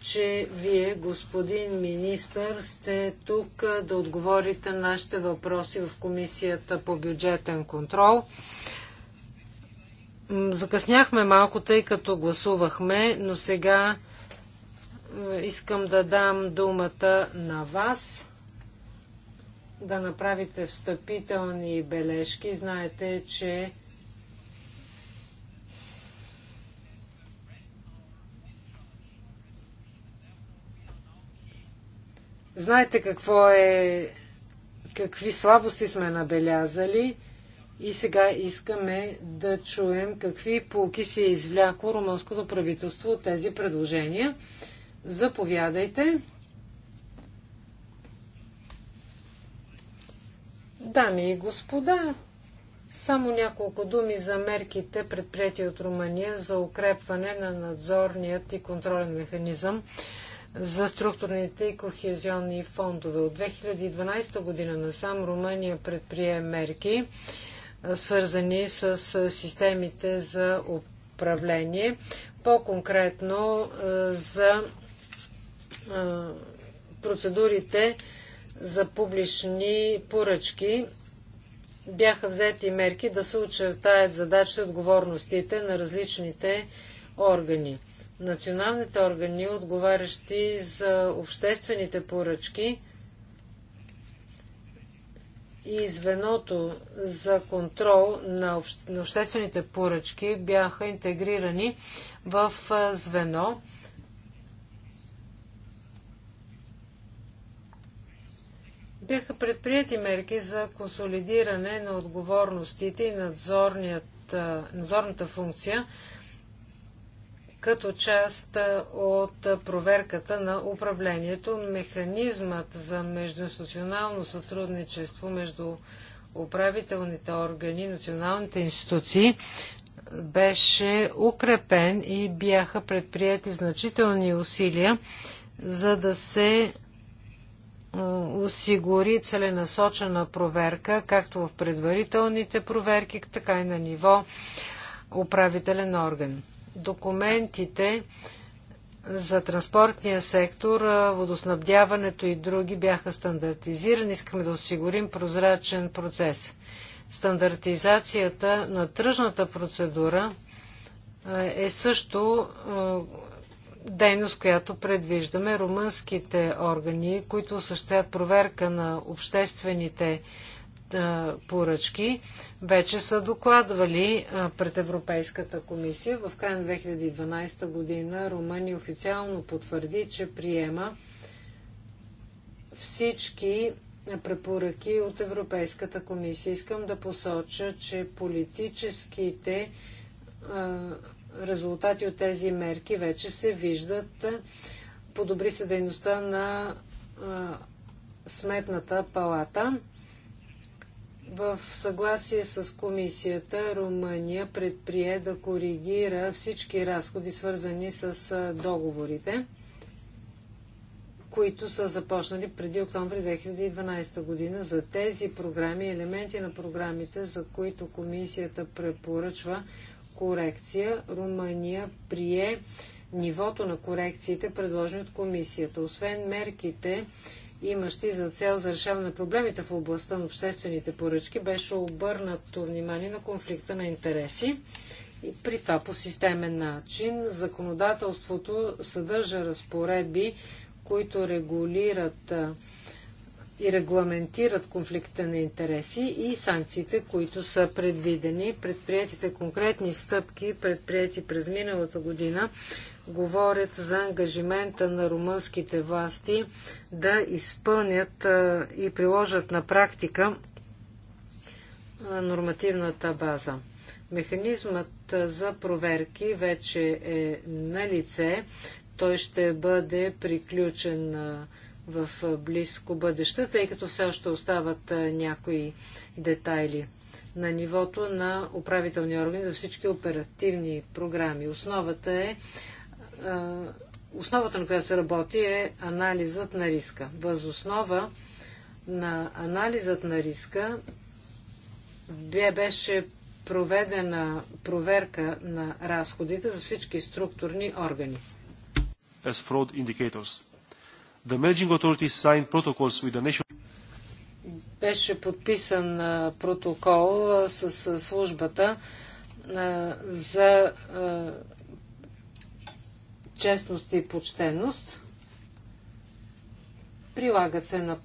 че вие, господин министър, сте тук да отговорите на нашите въпроси в Комисията по бюджетен контрол. Закъсняхме малко, тъй като гласувахме, но сега искам да дам думата на вас да направите встъпителни бележки. Знаете, че Знаете какво е, какви слабости сме набелязали. И сега искаме да чуем какви полки си е извляко румънското правителство от тези предложения. Заповядайте. Дами и господа, само няколко думи за мерките, предприяти от Румъния за укрепване на надзорният и контролен механизъм за структурните и кохезионни фондове. От 2012 година насам Румъния предприе мерки свързани с системите за управление, по-конкретно е, за е, процедурите за публични поръчки бяха взети мерки да се очертаят задачи и отговорностите на различните органи. Националните органи, отговарящи за обществените поръчки, и звеното за контрол на, обще, на обществените поръчки бяха интегрирани в звено. Бяха предприяти мерки за консолидиране на отговорностите и надзорната функция като част от проверката на управлението. Механизмът за междуинституционално сътрудничество между управителните органи, националните институции беше укрепен и бяха предприяти значителни усилия, за да се осигури целенасочена проверка, както в предварителните проверки, така и на ниво управителен орган документите за транспортния сектор, водоснабдяването и други бяха стандартизирани. Искаме да осигурим прозрачен процес. Стандартизацията на тръжната процедура е също дейност, която предвиждаме румънските органи, които осъществяват проверка на обществените е, поръчки вече са докладвали е, пред Европейската комисия. В края на 2012 година Румъния официално потвърди, че приема всички препоръки от Европейската комисия. Искам да посоча, че политическите е, резултати от тези мерки вече се виждат. Подобри се дейността на Сметната палата. В съгласие с комисията, Румъния предприе да коригира всички разходи, свързани с договорите, които са започнали преди октомври 2012 година. За тези програми, елементи на програмите, за които комисията препоръчва корекция, Румъния прие нивото на корекциите, предложени от комисията. Освен мерките, имащи за цел за решаване на проблемите в областта на обществените поръчки, беше обърнато внимание на конфликта на интереси и при това по системен начин. Законодателството съдържа разпоредби, които регулират и регламентират конфликта на интереси и санкциите, които са предвидени. Предприятите конкретни стъпки, предприяти през миналата година, говорят за ангажимента на румънските власти да изпълнят и приложат на практика нормативната база. Механизмът за проверки вече е на лице. Той ще бъде приключен в близко бъдеще, тъй като все още остават някои детайли на нивото на управителни органи за всички оперативни програми. Основата е основата, на която се работи, е анализът на риска. Въз основа на анализът на риска бе беше проведена проверка на разходите за всички структурни органи. As fraud indicators. The merging Authority signed protocols with the national беше подписан протокол с службата за честност и почтеност. Прилагат се на...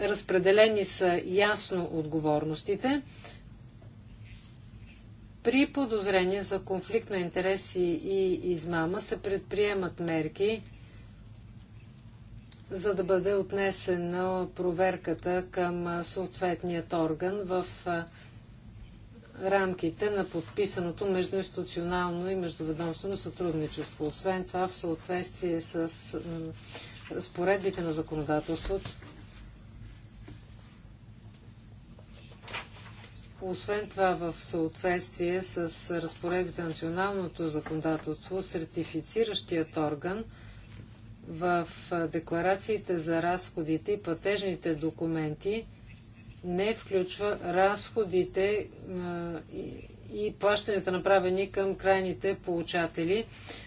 Разпределени са ясно отговорностите. При подозрение за конфликт на интереси и измама се предприемат мерки, за да бъде отнесена проверката към съответният орган в рамките на подписаното междуинституционално и междуведомствено сътрудничество. Освен това, в съответствие с разпоредбите на законодателството, Освен това, в съответствие с разпоредбите на националното законодателство, сертифициращият орган в декларациите за разходите и платежните документи – не включва разходите и плащанията направени към крайните получатели,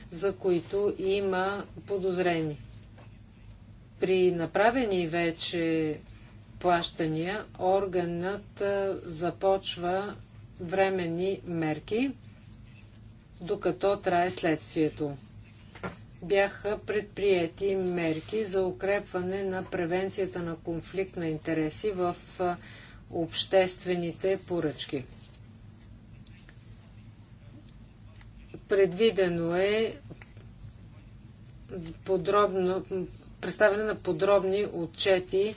за които има подозрени. При направени вече плащания органът започва временни мерки, докато трае следствието бяха предприяти мерки за укрепване на превенцията на конфликт на интереси в обществените поръчки. Предвидено е подробно, представяне на подробни отчети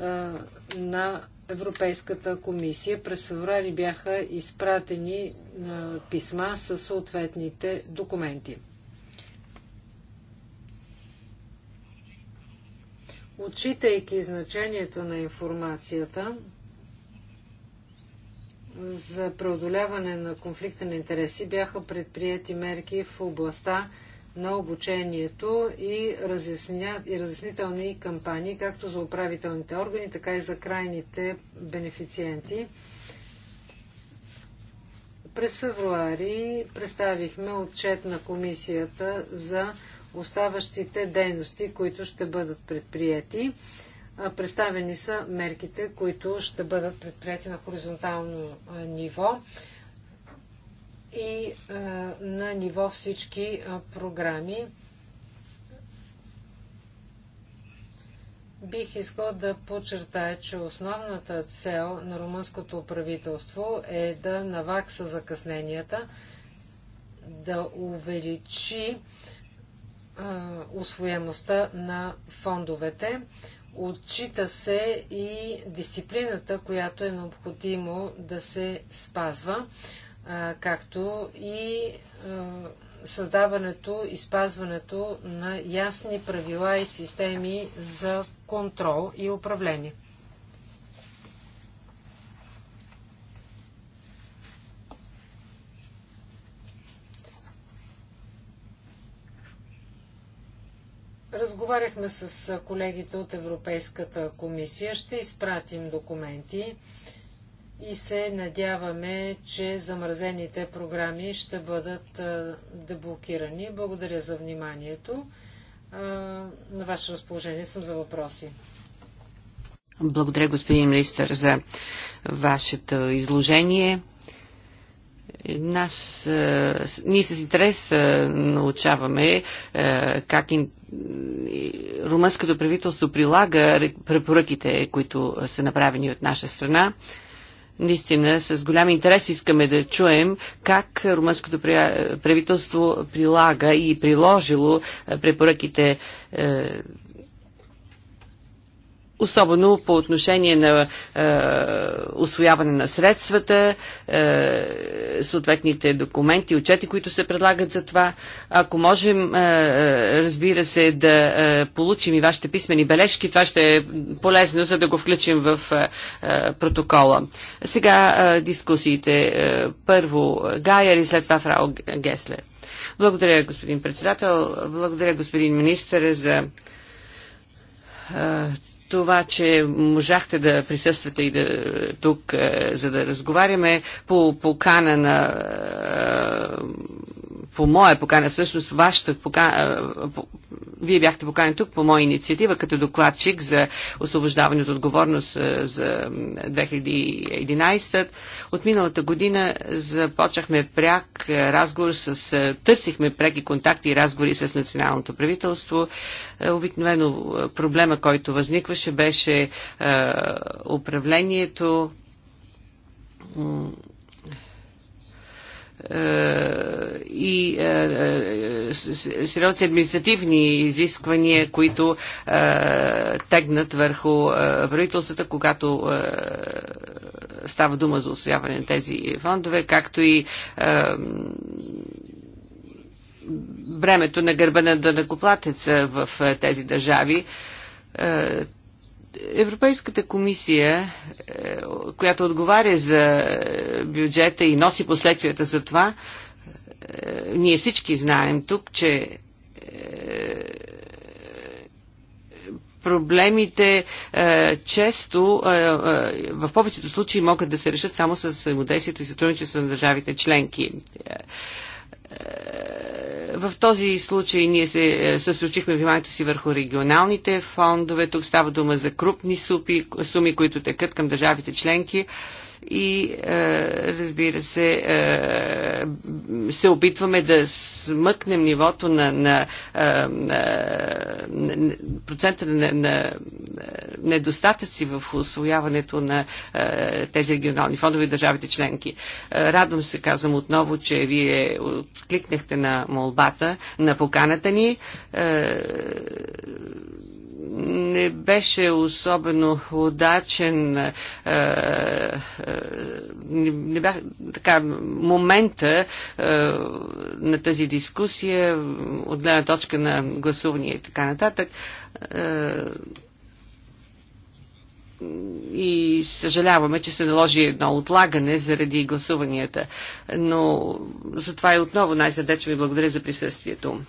а, на Европейската комисия. През феврари бяха изпратени а, писма със съответните документи. Отчитайки значението на информацията за преодоляване на конфликта на интереси, бяха предприяти мерки в областта на обучението и, разясня... и разяснителни кампании, както за управителните органи, така и за крайните бенефициенти. През февруари представихме отчет на комисията за оставащите дейности, които ще бъдат предприяти. Представени са мерките, които ще бъдат предприяти на хоризонтално ниво и на ниво всички програми. Бих искал да подчертая, че основната цел на румънското правителство е да навакса закъсненията, да увеличи освоемостта на фондовете. Отчита се и дисциплината, която е необходимо да се спазва, както и създаването и спазването на ясни правила и системи за контрол и управление. Разговаряхме с колегите от Европейската комисия. Ще изпратим документи и се надяваме, че замразените програми ще бъдат деблокирани. Благодаря за вниманието. На ваше разположение съм за въпроси. Благодаря, господин министър, за вашето изложение нас, а, е, ние с интерес а, е, научаваме а, е, как ин, румънското правителство прилага препоръките, които са направени от наша страна. Наистина, с голям интерес искаме да чуем как румънското правителство прилага и приложило препоръките особено по отношение на е, освояване на средствата, е, съответните документи, отчети, които се предлагат за това. Ако можем, е, е, разбира се, да е, получим и вашите писмени бележки, това ще е полезно, за да го включим в е, е, протокола. Сега е, дискусиите. Е, първо Гайер и след това Фрау Геслер. Благодаря, господин председател. Благодаря, господин министър, за е, това, че можахте да присъствате и да, тук, е, за да разговаряме по покана на е, по моя покана, всъщност вашата покана, по, вие бяхте покани тук по моя инициатива като докладчик за освобождаване от отговорност за 2011. От миналата година започнахме пряк разговор с, търсихме преки контакти и разговори с националното правителство. Обикновено проблема, който възникваше, беше управлението е, и е, е, сериозни административни изисквания, които тегнат върху правителствата, когато става дума за освояване на тези фондове, както и бремето на гърба на дънакоплатеца в тези държави Европейската комисия, е, която отговаря за бюджета и носи последствията за това, е, ние всички знаем тук, че е, проблемите често в повечето случаи могат да се решат само с взаимодействието и сътрудничество на държавите членки. Е, в този случай ние се е, съсочихме вниманието си върху регионалните фондове. Тук става дума за крупни супи, суми, които текат към държавите членки и е, разбира се е, се опитваме да смъкнем нивото на, на, е, на, на процента на, на недостатъци в освояването на тези регионални фондове и държавите членки. Радвам се, казвам отново, че вие откликнахте на молбата, на поканата ни не беше особено удачен а, е, а, е, не бях, така, момента а, е, на тази дискусия от гледна точка на гласуване и така нататък. и съжаляваме, че се наложи едно отлагане заради гласуванията. Но затова и отново най-сърдечно ви благодаря за присъствието.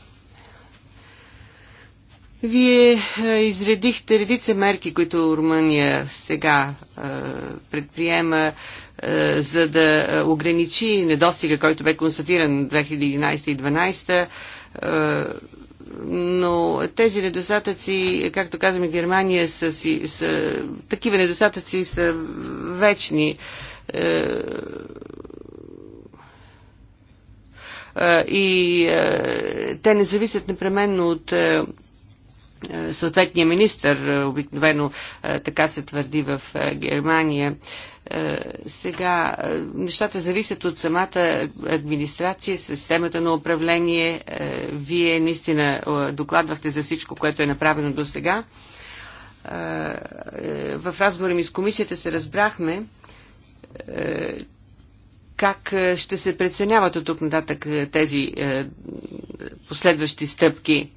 Вие е, изредихте редица мерки, които Румъния сега е, предприема е, за да ограничи недостига, който бе констатиран 2011 и 2012. но тези недостатъци, както казваме, Германия са, си, са такива недостатъци са вечни. и те не зависят непременно от е, съответния министр, е, обикновено е, така се твърди в Германия. Сега нещата зависят от самата администрация, системата на управление. Вие наистина докладвахте за всичко, което е направено до сега. В разговора ми с комисията се разбрахме, как ще се преценяват от тук нататък тези последващи стъпки.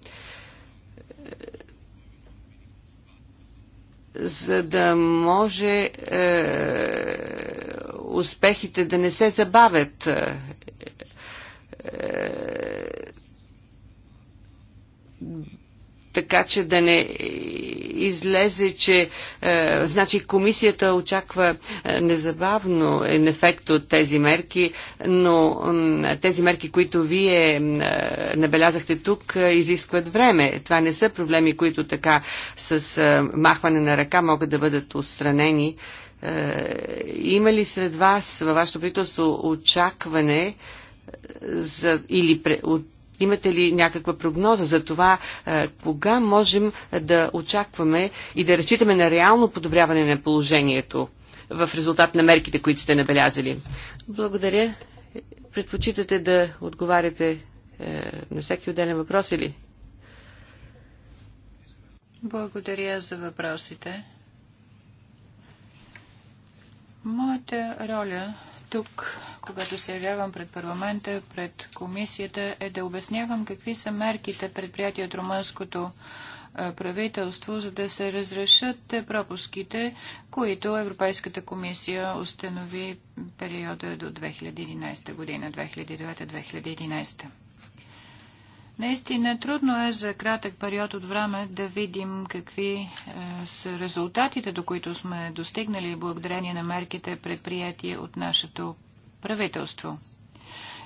за да може е, успехите да не се забавят. Е, е, така че да не излезе, че е, значи комисията очаква е, незабавно ефект от тези мерки, но е, тези мерки, които вие е, набелязахте тук, е, изискват време. Това не са проблеми, които така с е, махване на ръка могат да бъдат устранени. Е, има ли сред вас във вашето правителство очакване е, за, или пре, от Имате ли някаква прогноза за това, е, кога можем е, да очакваме и да разчитаме на реално подобряване на положението в резултат на мерките, които сте набелязали? Благодаря. Предпочитате да отговаряте е, на всеки отделен въпрос или? Благодаря за въпросите. Моята роля тук, когато се явявам пред парламента, пред комисията, е да обяснявам какви са мерките предприятия от румънското правителство, за да се разрешат пропуските, които Европейската комисия установи периода до 2011 година, 2009-2011. Наистина трудно е за кратък период от време да видим какви е, са резултатите, до които сме достигнали благодарение на мерките предприяти от нашето правителство.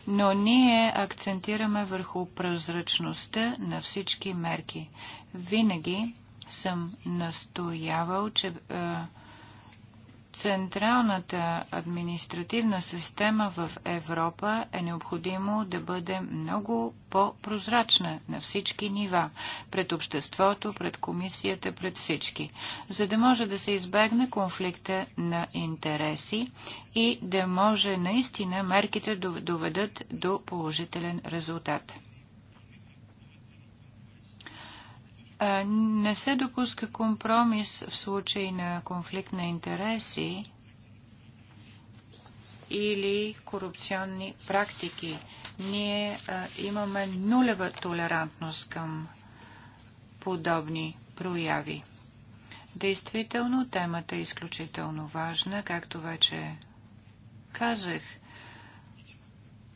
Но ние акцентираме върху прозрачността на всички мерки. Винаги съм настоявал, че е, централната административна система в Европа е необходимо да бъде много по-прозрачна на всички нива, пред обществото, пред комисията, пред всички, за да може да се избегне конфликта на интереси и да може наистина мерките доведат до положителен резултат. Не се допуска компромис в случай на конфликт на интереси или корупционни практики. Ние а, имаме нулева толерантност към подобни прояви. Действително, темата е изключително важна, както вече казах.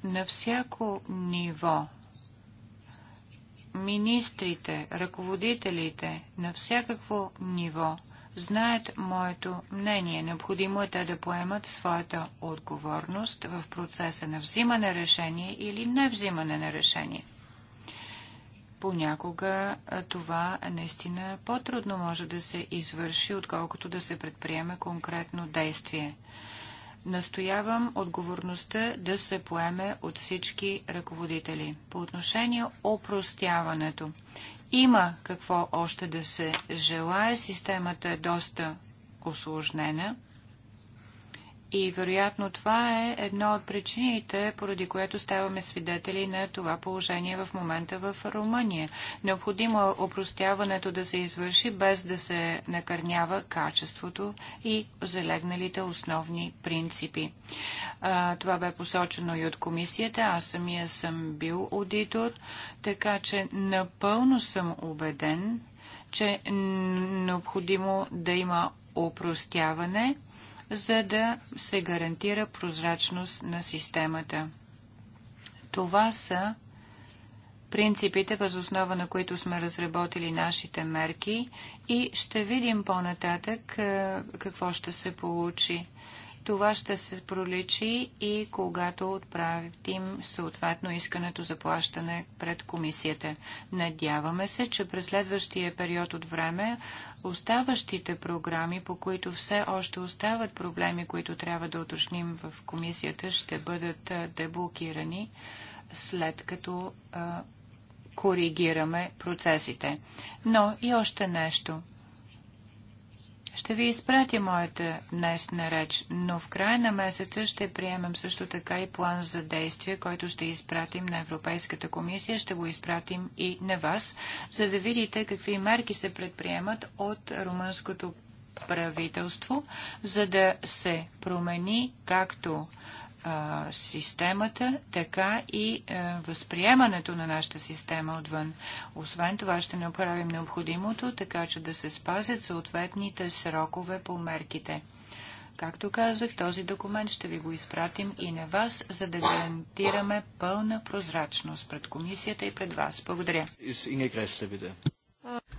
На всяко ниво министрите, ръководителите на всякакво ниво знаят моето мнение. Необходимо е те да поемат своята отговорност в процеса на взимане решение или не взимане на решение. Понякога това наистина по-трудно може да се извърши, отколкото да се предприеме конкретно действие. Настоявам отговорността да се поеме от всички ръководители. По отношение опростяването. Има какво още да се желае. Системата е доста осложнена. И вероятно това е едно от причините, поради което ставаме свидетели на това положение в момента в Румъния. Необходимо е опростяването да се извърши без да се накърнява качеството и залегналите основни принципи. А, това бе посочено и от комисията. Аз самия съм бил аудитор, така че напълно съм убеден, че необходимо да има опростяване за да се гарантира прозрачност на системата. Това са принципите, възоснова на които сме разработили нашите мерки и ще видим по-нататък какво ще се получи. Това ще се проличи и когато отправим съответно искането за плащане пред комисията. Надяваме се, че през следващия период от време оставащите програми, по които все още остават проблеми, които трябва да уточним в комисията, ще бъдат деблокирани след като а, коригираме процесите. Но и още нещо – ще ви изпратя моята днешна реч, но в края на месеца ще приемем също така и план за действие, който ще изпратим на Европейската комисия, ще го изпратим и на вас, за да видите какви мерки се предприемат от румънското правителство, за да се промени както системата, така и възприемането на нашата система отвън. Освен това ще направим необходимото, така че да се спазят съответните срокове по мерките. Както казах, този документ ще ви го изпратим и на вас, за да гарантираме пълна прозрачност пред комисията и пред вас. Благодаря.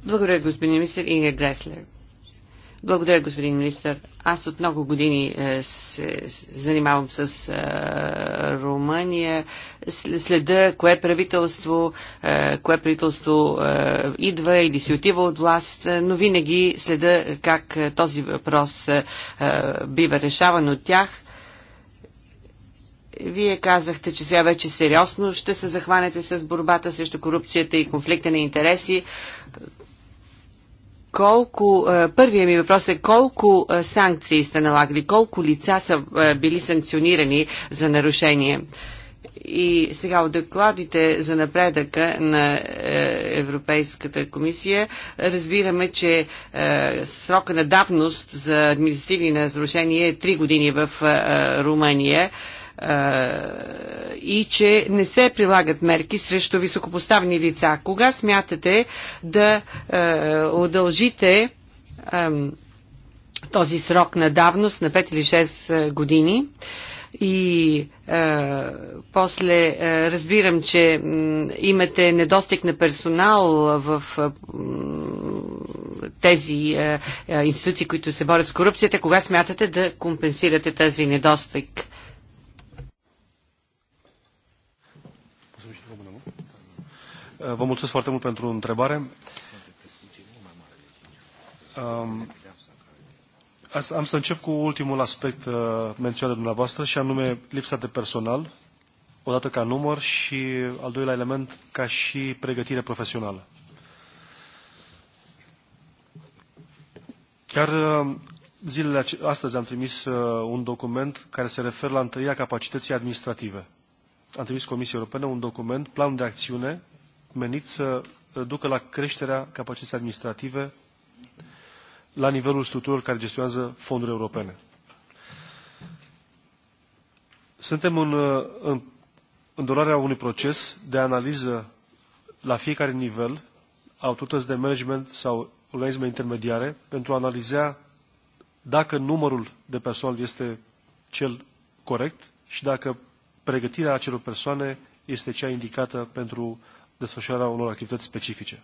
Благодаря, господин министр Инга Греслер. Благодаря, господин министр. Аз от много години е, се занимавам с е, Румъния. Следа кое правителство, е, кое правителство идва или си отива от власт, но винаги следа как този въпрос бива решаван от тях. Вие казахте, че сега вече сериозно ще се захванете с борбата срещу корупцията и конфликта на интереси колко, е, първият ми въпрос е колко е, санкции сте налагали, колко лица са е, били санкционирани за нарушение? И сега от докладите за напредъка на Европейската комисия разбираме, че срока на давност за административни нарушения е 3 години в Румъния и че не се прилагат мерки срещу високопоставени лица. Кога смятате да удължите този срок на давност на 5 или 6 години? и е, после е, разбирам, че е, имате недостиг на персонал в е, тези е, институции, които се борят с корупцията. Кога смятате да компенсирате тази недостиг? Vă mulțumesc foarte mult pentru întrebare. Am să încep cu ultimul aspect menționat de dumneavoastră și anume lipsa de personal, odată ca număr și al doilea element ca și pregătire profesională. Chiar zilele astăzi am trimis un document care se referă la întărirea capacității administrative. Am trimis Comisiei Europene un document, plan de acțiune menit să ducă la creșterea capacității administrative la nivelul structurilor care gestionează fonduri europene. Suntem în, în, în dorarea unui proces de analiză la fiecare nivel, autorități de management sau organisme intermediare, pentru a analiza dacă numărul de persoane este cel corect și dacă pregătirea acelor persoane este cea indicată pentru desfășurarea unor activități specifice.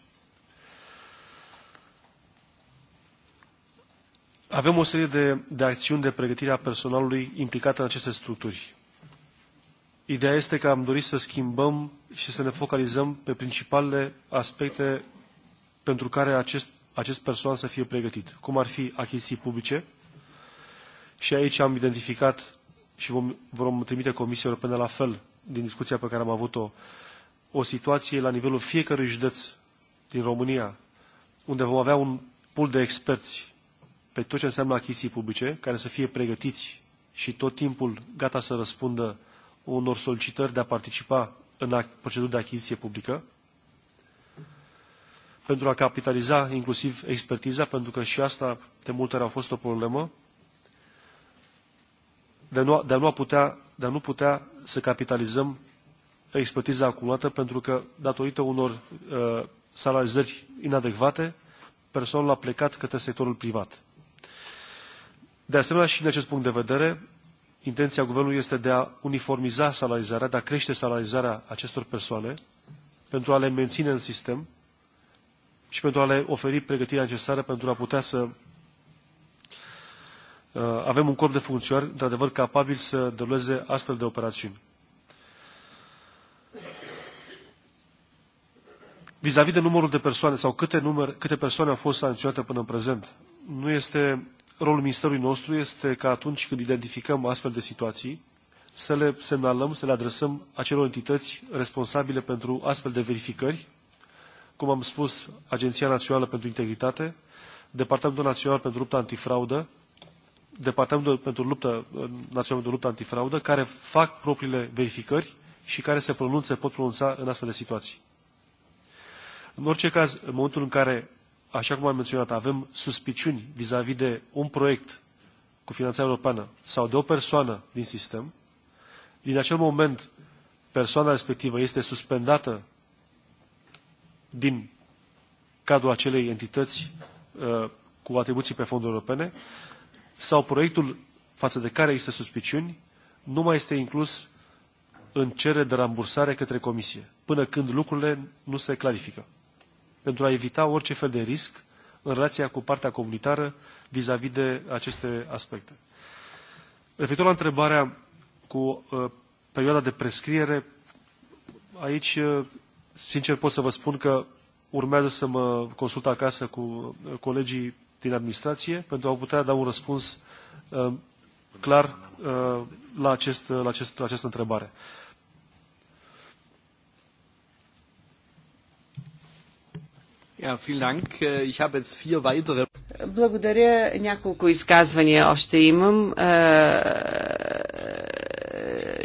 Avem o serie de, de acțiuni de pregătire a personalului implicat în aceste structuri. Ideea este că am dorit să schimbăm și să ne focalizăm pe principalele aspecte pentru care acest, acest personal să fie pregătit, cum ar fi achiziții publice, și aici am identificat și vom, vom trimite Comisia Europeană la fel din discuția pe care am avut-o uh, o situație la nivelul fiecărui județ din România, unde vom avea un pool de experți pe tot ce înseamnă achiziții publice, care să fie pregătiți și tot timpul gata să răspundă unor solicitări de a participa în proceduri de achiziție publică, pentru a capitaliza inclusiv expertiza, pentru că și asta de multe ori a fost o problemă, de a nu, de a nu, putea, de a nu putea să capitalizăm expertiza acumulată, pentru că, datorită unor salarizări inadecvate, personal a plecat către sectorul privat. De asemenea, și în acest punct de vedere, intenția Guvernului este de a uniformiza salarizarea, de a crește salarizarea acestor persoane, pentru a le menține în sistem și pentru a le oferi pregătirea necesară pentru a putea să avem un corp de funcționari, într-adevăr, capabil să deruleze astfel de operațiuni. Vis-a-vis -vis de numărul de persoane sau câte, număr, câte persoane au fost sancționate până în prezent, nu este rolul ministerului nostru este ca atunci când identificăm astfel de situații, să le semnalăm, să le adresăm acelor entități responsabile pentru astfel de verificări, cum am spus, Agenția Națională pentru Integritate, Departamentul Național pentru Lupta Antifraudă, Departamentul pentru luptă, Național pentru Lupta Antifraudă, care fac propriile verificări și care se pronunță, pot pronunța în astfel de situații. În orice caz, în momentul în care, așa cum am menționat, avem suspiciuni vis-a-vis -vis de un proiect cu finanțarea europeană sau de o persoană din sistem, din acel moment persoana respectivă este suspendată din cadrul acelei entități cu atribuții pe fonduri europene sau proiectul față de care există suspiciuni nu mai este inclus în cerere de rambursare către Comisie, până când lucrurile nu se clarifică pentru a evita orice fel de risc în relația cu partea comunitară vis-a-vis -vis de aceste aspecte. Referitor la întrebarea cu uh, perioada de prescriere, aici, uh, sincer, pot să vă spun că urmează să mă consult acasă cu colegii din administrație pentru a putea da un răspuns uh, clar la, acest, la, acest, la această întrebare. Äh, Благодаря. Няколко изказвания още имам. Е,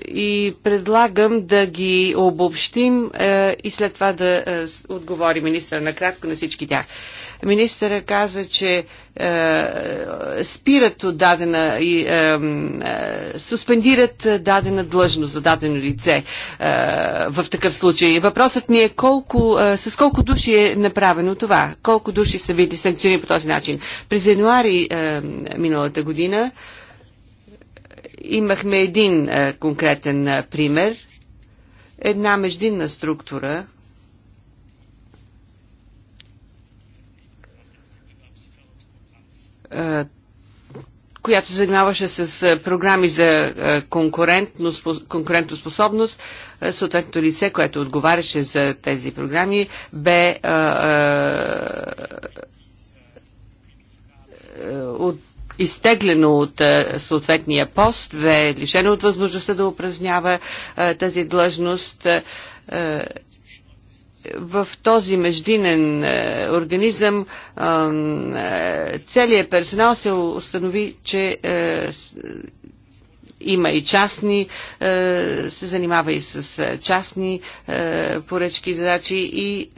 и предлагам да ги обобщим е, и след това да е, отговори министра накратко на всички тях. Министъра каза, че е, спират от дадена и е, е, суспендират дадена длъжност за дадено лице е, в такъв случай. Въпросът ми е колко, е, с колко души е направено това? Колко души са били санкционирани по този начин? През януари е, миналата година имахме един е, конкретен е, пример. Една междинна структура, която се занимаваше с програми за конкурентоспособност, съответното лице, което отговаряше за тези програми, бе а, а, от, изтеглено от съответния пост, бе лишено от възможността да упражнява тази длъжност в този междинен е, организъм е, целият персонал се установи, че е, има и частни, е, се занимава и с е, частни е, поръчки, задачи и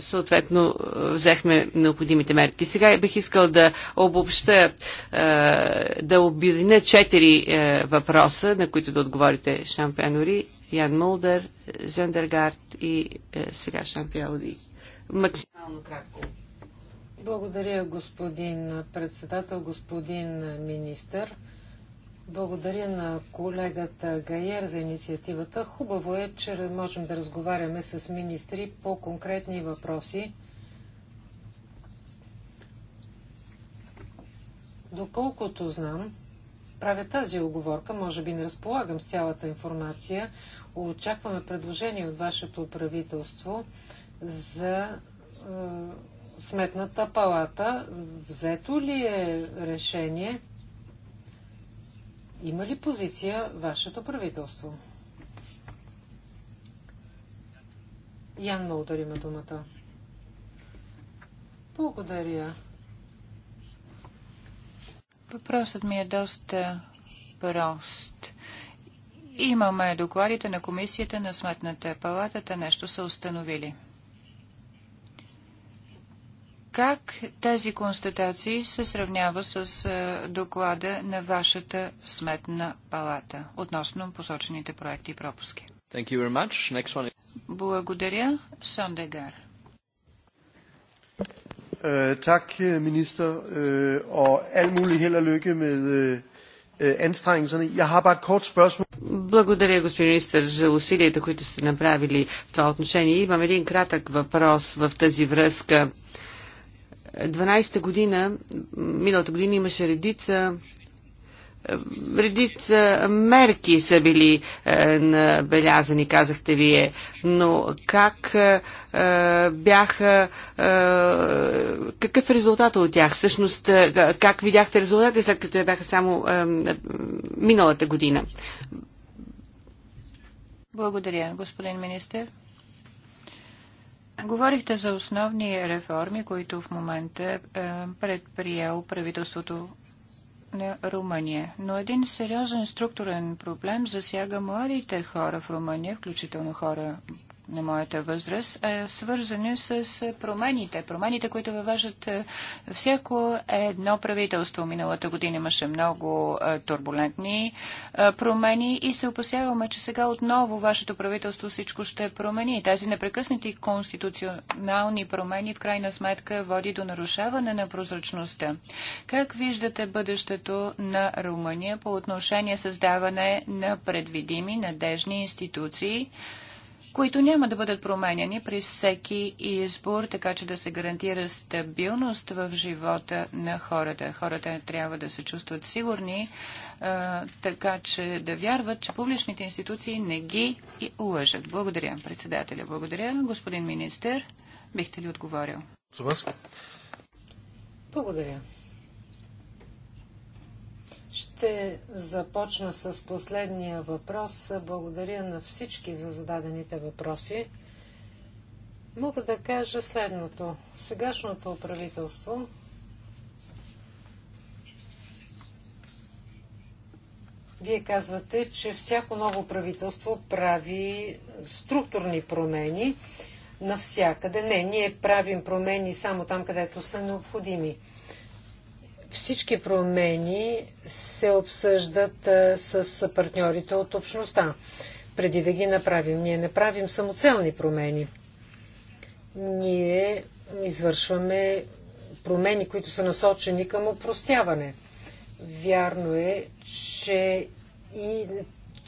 съответно взехме необходимите мерки. Сега бих искал да обобща, да обедина четири въпроса, на които да отговорите, Шампенори. Ян Мулдър, Зендергард и е, сега Шампиауди. Максимално кратко. Благодаря, господин председател, господин министър. Благодаря на колегата Гайер за инициативата. Хубаво е, че можем да разговаряме с министри по конкретни въпроси. Доколкото знам, правя тази оговорка. Може би не разполагам с цялата информация. Очакваме предложение от вашето правителство за е, сметната палата. Взето ли е решение? Има ли позиция вашето правителство? Ян Молдър има думата. Благодаря. Въпросът ми е доста прост. Имаме докладите на комисията на сметната палата, те нещо са установили. Как тези констатации се сравнява с е, доклада на вашата сметна палата относно посочените проекти и пропуски? Благодаря, Сондегар. Øh, tak, øh, minister, øh, og alt muligt held og lykke med anstrengelserne. Jeg har bare et kort spørgsmål. Благодаря, господин министр, за усилията, които сте направили в това отношение. Имам един кратък въпрос в тази връзка. 12-та година, миналата година имаше редица редица мерки са били е, набелязани, казахте вие, но как е, е бяха, е, какъв е резултат от тях? Всъщност, е, как видяхте резултати, след като я бяха само е, миналата година? Благодаря, господин министр. Говорихте за основни реформи, които в момента е предприел правителството на Румъния. Но един сериозен структурен проблем засяга младите хора в Румъния, включително хора, на моята възраст, е свързани с промените. Промените, които въвеждат всяко едно правителство. Миналата година имаше много турбулентни промени и се опасяваме, че сега отново вашето правителство всичко ще промени. Тези непрекъснати конституционални промени в крайна сметка води до нарушаване на прозрачността. Как виждате бъдещето на Румъния по отношение създаване на предвидими, надежни институции? които няма да бъдат променяни при всеки избор, така че да се гарантира стабилност в живота на хората. Хората трябва да се чувстват сигурни, така че да вярват, че публичните институции не ги и лъжат. Благодаря, председателя. Благодаря, господин министр. Бихте ли отговорил? Благодаря. Ще започна с последния въпрос. Благодаря на всички за зададените въпроси. Мога да кажа следното. Сегашното правителство Вие казвате, че всяко ново правителство прави структурни промени навсякъде. Не, ние правим промени само там, където са необходими. Всички промени се обсъждат с партньорите от общността, преди да ги направим. Ние не правим самоцелни промени. Ние извършваме промени, които са насочени към опростяване. Вярно е, че, и,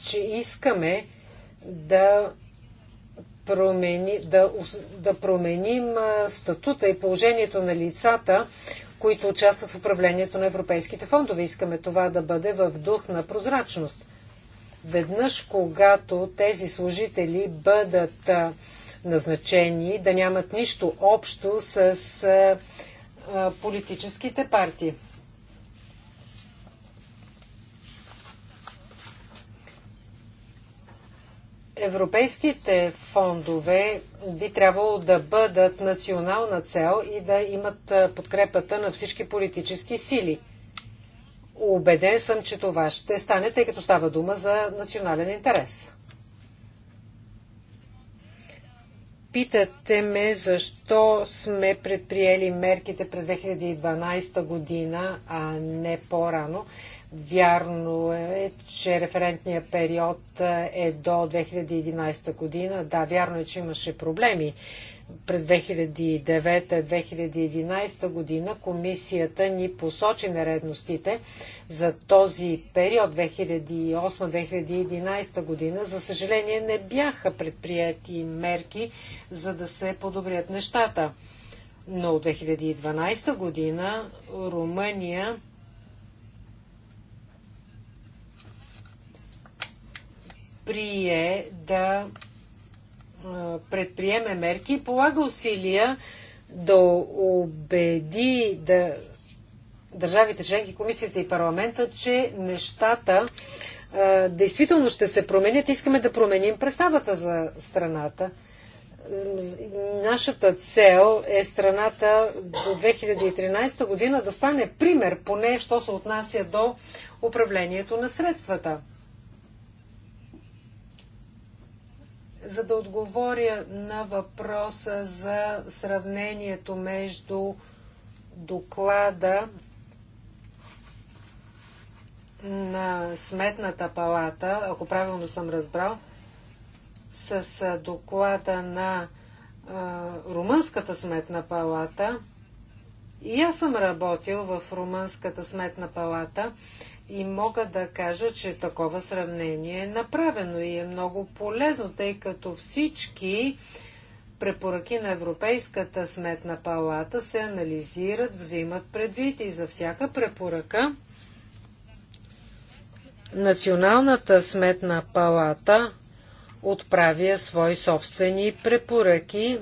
че искаме да, промени, да, да променим статута и положението на лицата, които участват в управлението на европейските фондове. Искаме това да бъде в дух на прозрачност. Веднъж, когато тези служители бъдат назначени, да нямат нищо общо с политическите партии. Европейските фондове би трябвало да бъдат национална цел и да имат подкрепата на всички политически сили. Убеден съм, че това ще стане, тъй като става дума за национален интерес. Питате ме защо сме предприели мерките през 2012 година, а не по-рано. Вярно е, че референтният период е, е до 2011 година. Да, вярно е, че имаше проблеми. През 2009-2011 година комисията ни посочи наредностите за този период 2008-2011 година. За съжаление не бяха предприяти мерки, за да се подобрят нещата. Но от 2012 година Румъния прие да предприеме мерки и полага усилия да убеди да държавите членки, комисията и парламента, че нещата а, действително ще се променят. Искаме да променим представата за страната. Нашата цел е страната до 2013 година да стане пример, поне що се отнася до управлението на средствата. за да отговоря на въпроса за сравнението между доклада на Сметната палата, ако правилно съм разбрал, с доклада на а, Румънската Сметна палата. И аз съм работил в Румънската Сметна палата и мога да кажа, че такова сравнение е направено и е много полезно, тъй като всички препоръки на Европейската сметна палата се анализират, взимат предвид и за всяка препоръка Националната сметна палата отправя свои собствени препоръки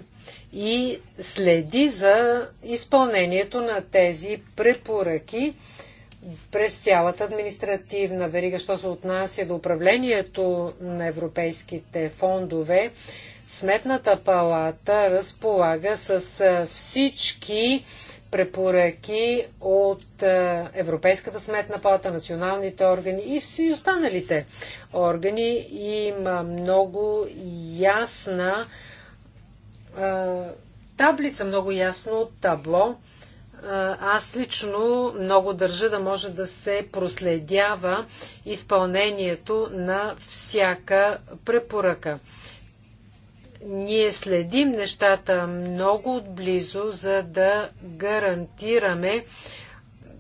и следи за изпълнението на тези препоръки през цялата административна верига, що се отнася до управлението на европейските фондове, Сметната палата разполага с всички препоръки от Европейската сметна палата, националните органи и всички останалите органи. Има много ясна таблица, много ясно табло е, аз лично много държа да може да се проследява изпълнението на всяка препоръка. Ние следим нещата много отблизо, за да гарантираме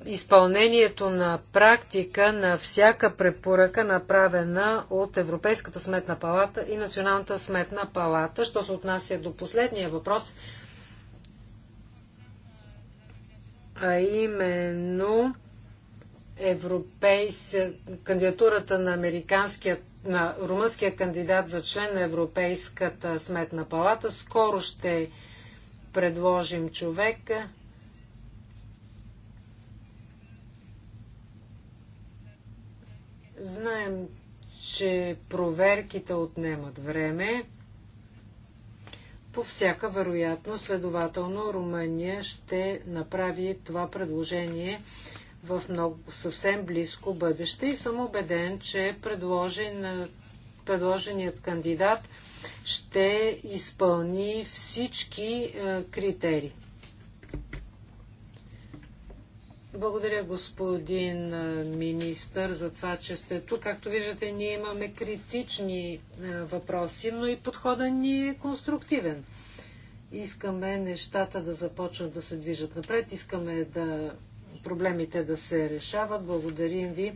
изпълнението на практика на всяка препоръка, направена от Европейската сметна палата и Националната сметна палата. Що се отнася до последния въпрос – а именно европейс... кандидатурата на американския на румънския кандидат за член на Европейската сметна палата. Скоро ще предложим човека. Знаем, че проверките отнемат време по всяка вероятност. Следователно, Румъния ще направи това предложение в много, съвсем близко бъдеще и съм убеден, че предложен, предложеният кандидат ще изпълни всички е, критерии. Благодаря, господин министър, за това, че сте тук. Както виждате, ние имаме критични въпроси, но и подходът ни е конструктивен. Искаме нещата да започнат да се движат напред, искаме да проблемите да се решават. Благодарим ви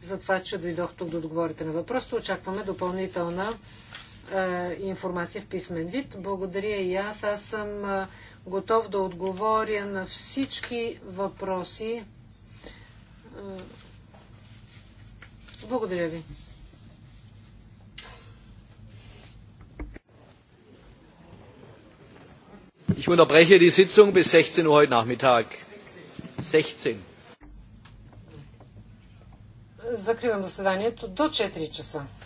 за това, че дойдох тук да отговорите на въпросите. Очакваме допълнителна информация в писмен вид. Благодаря и аз. Аз съм готов да отговоря на всички въпроси. Е, благодаря ви. Ich unterbreche die Sitzung bis 16 Uhr heute Nachmittag. 16. Закривам заседанието до 4 часа.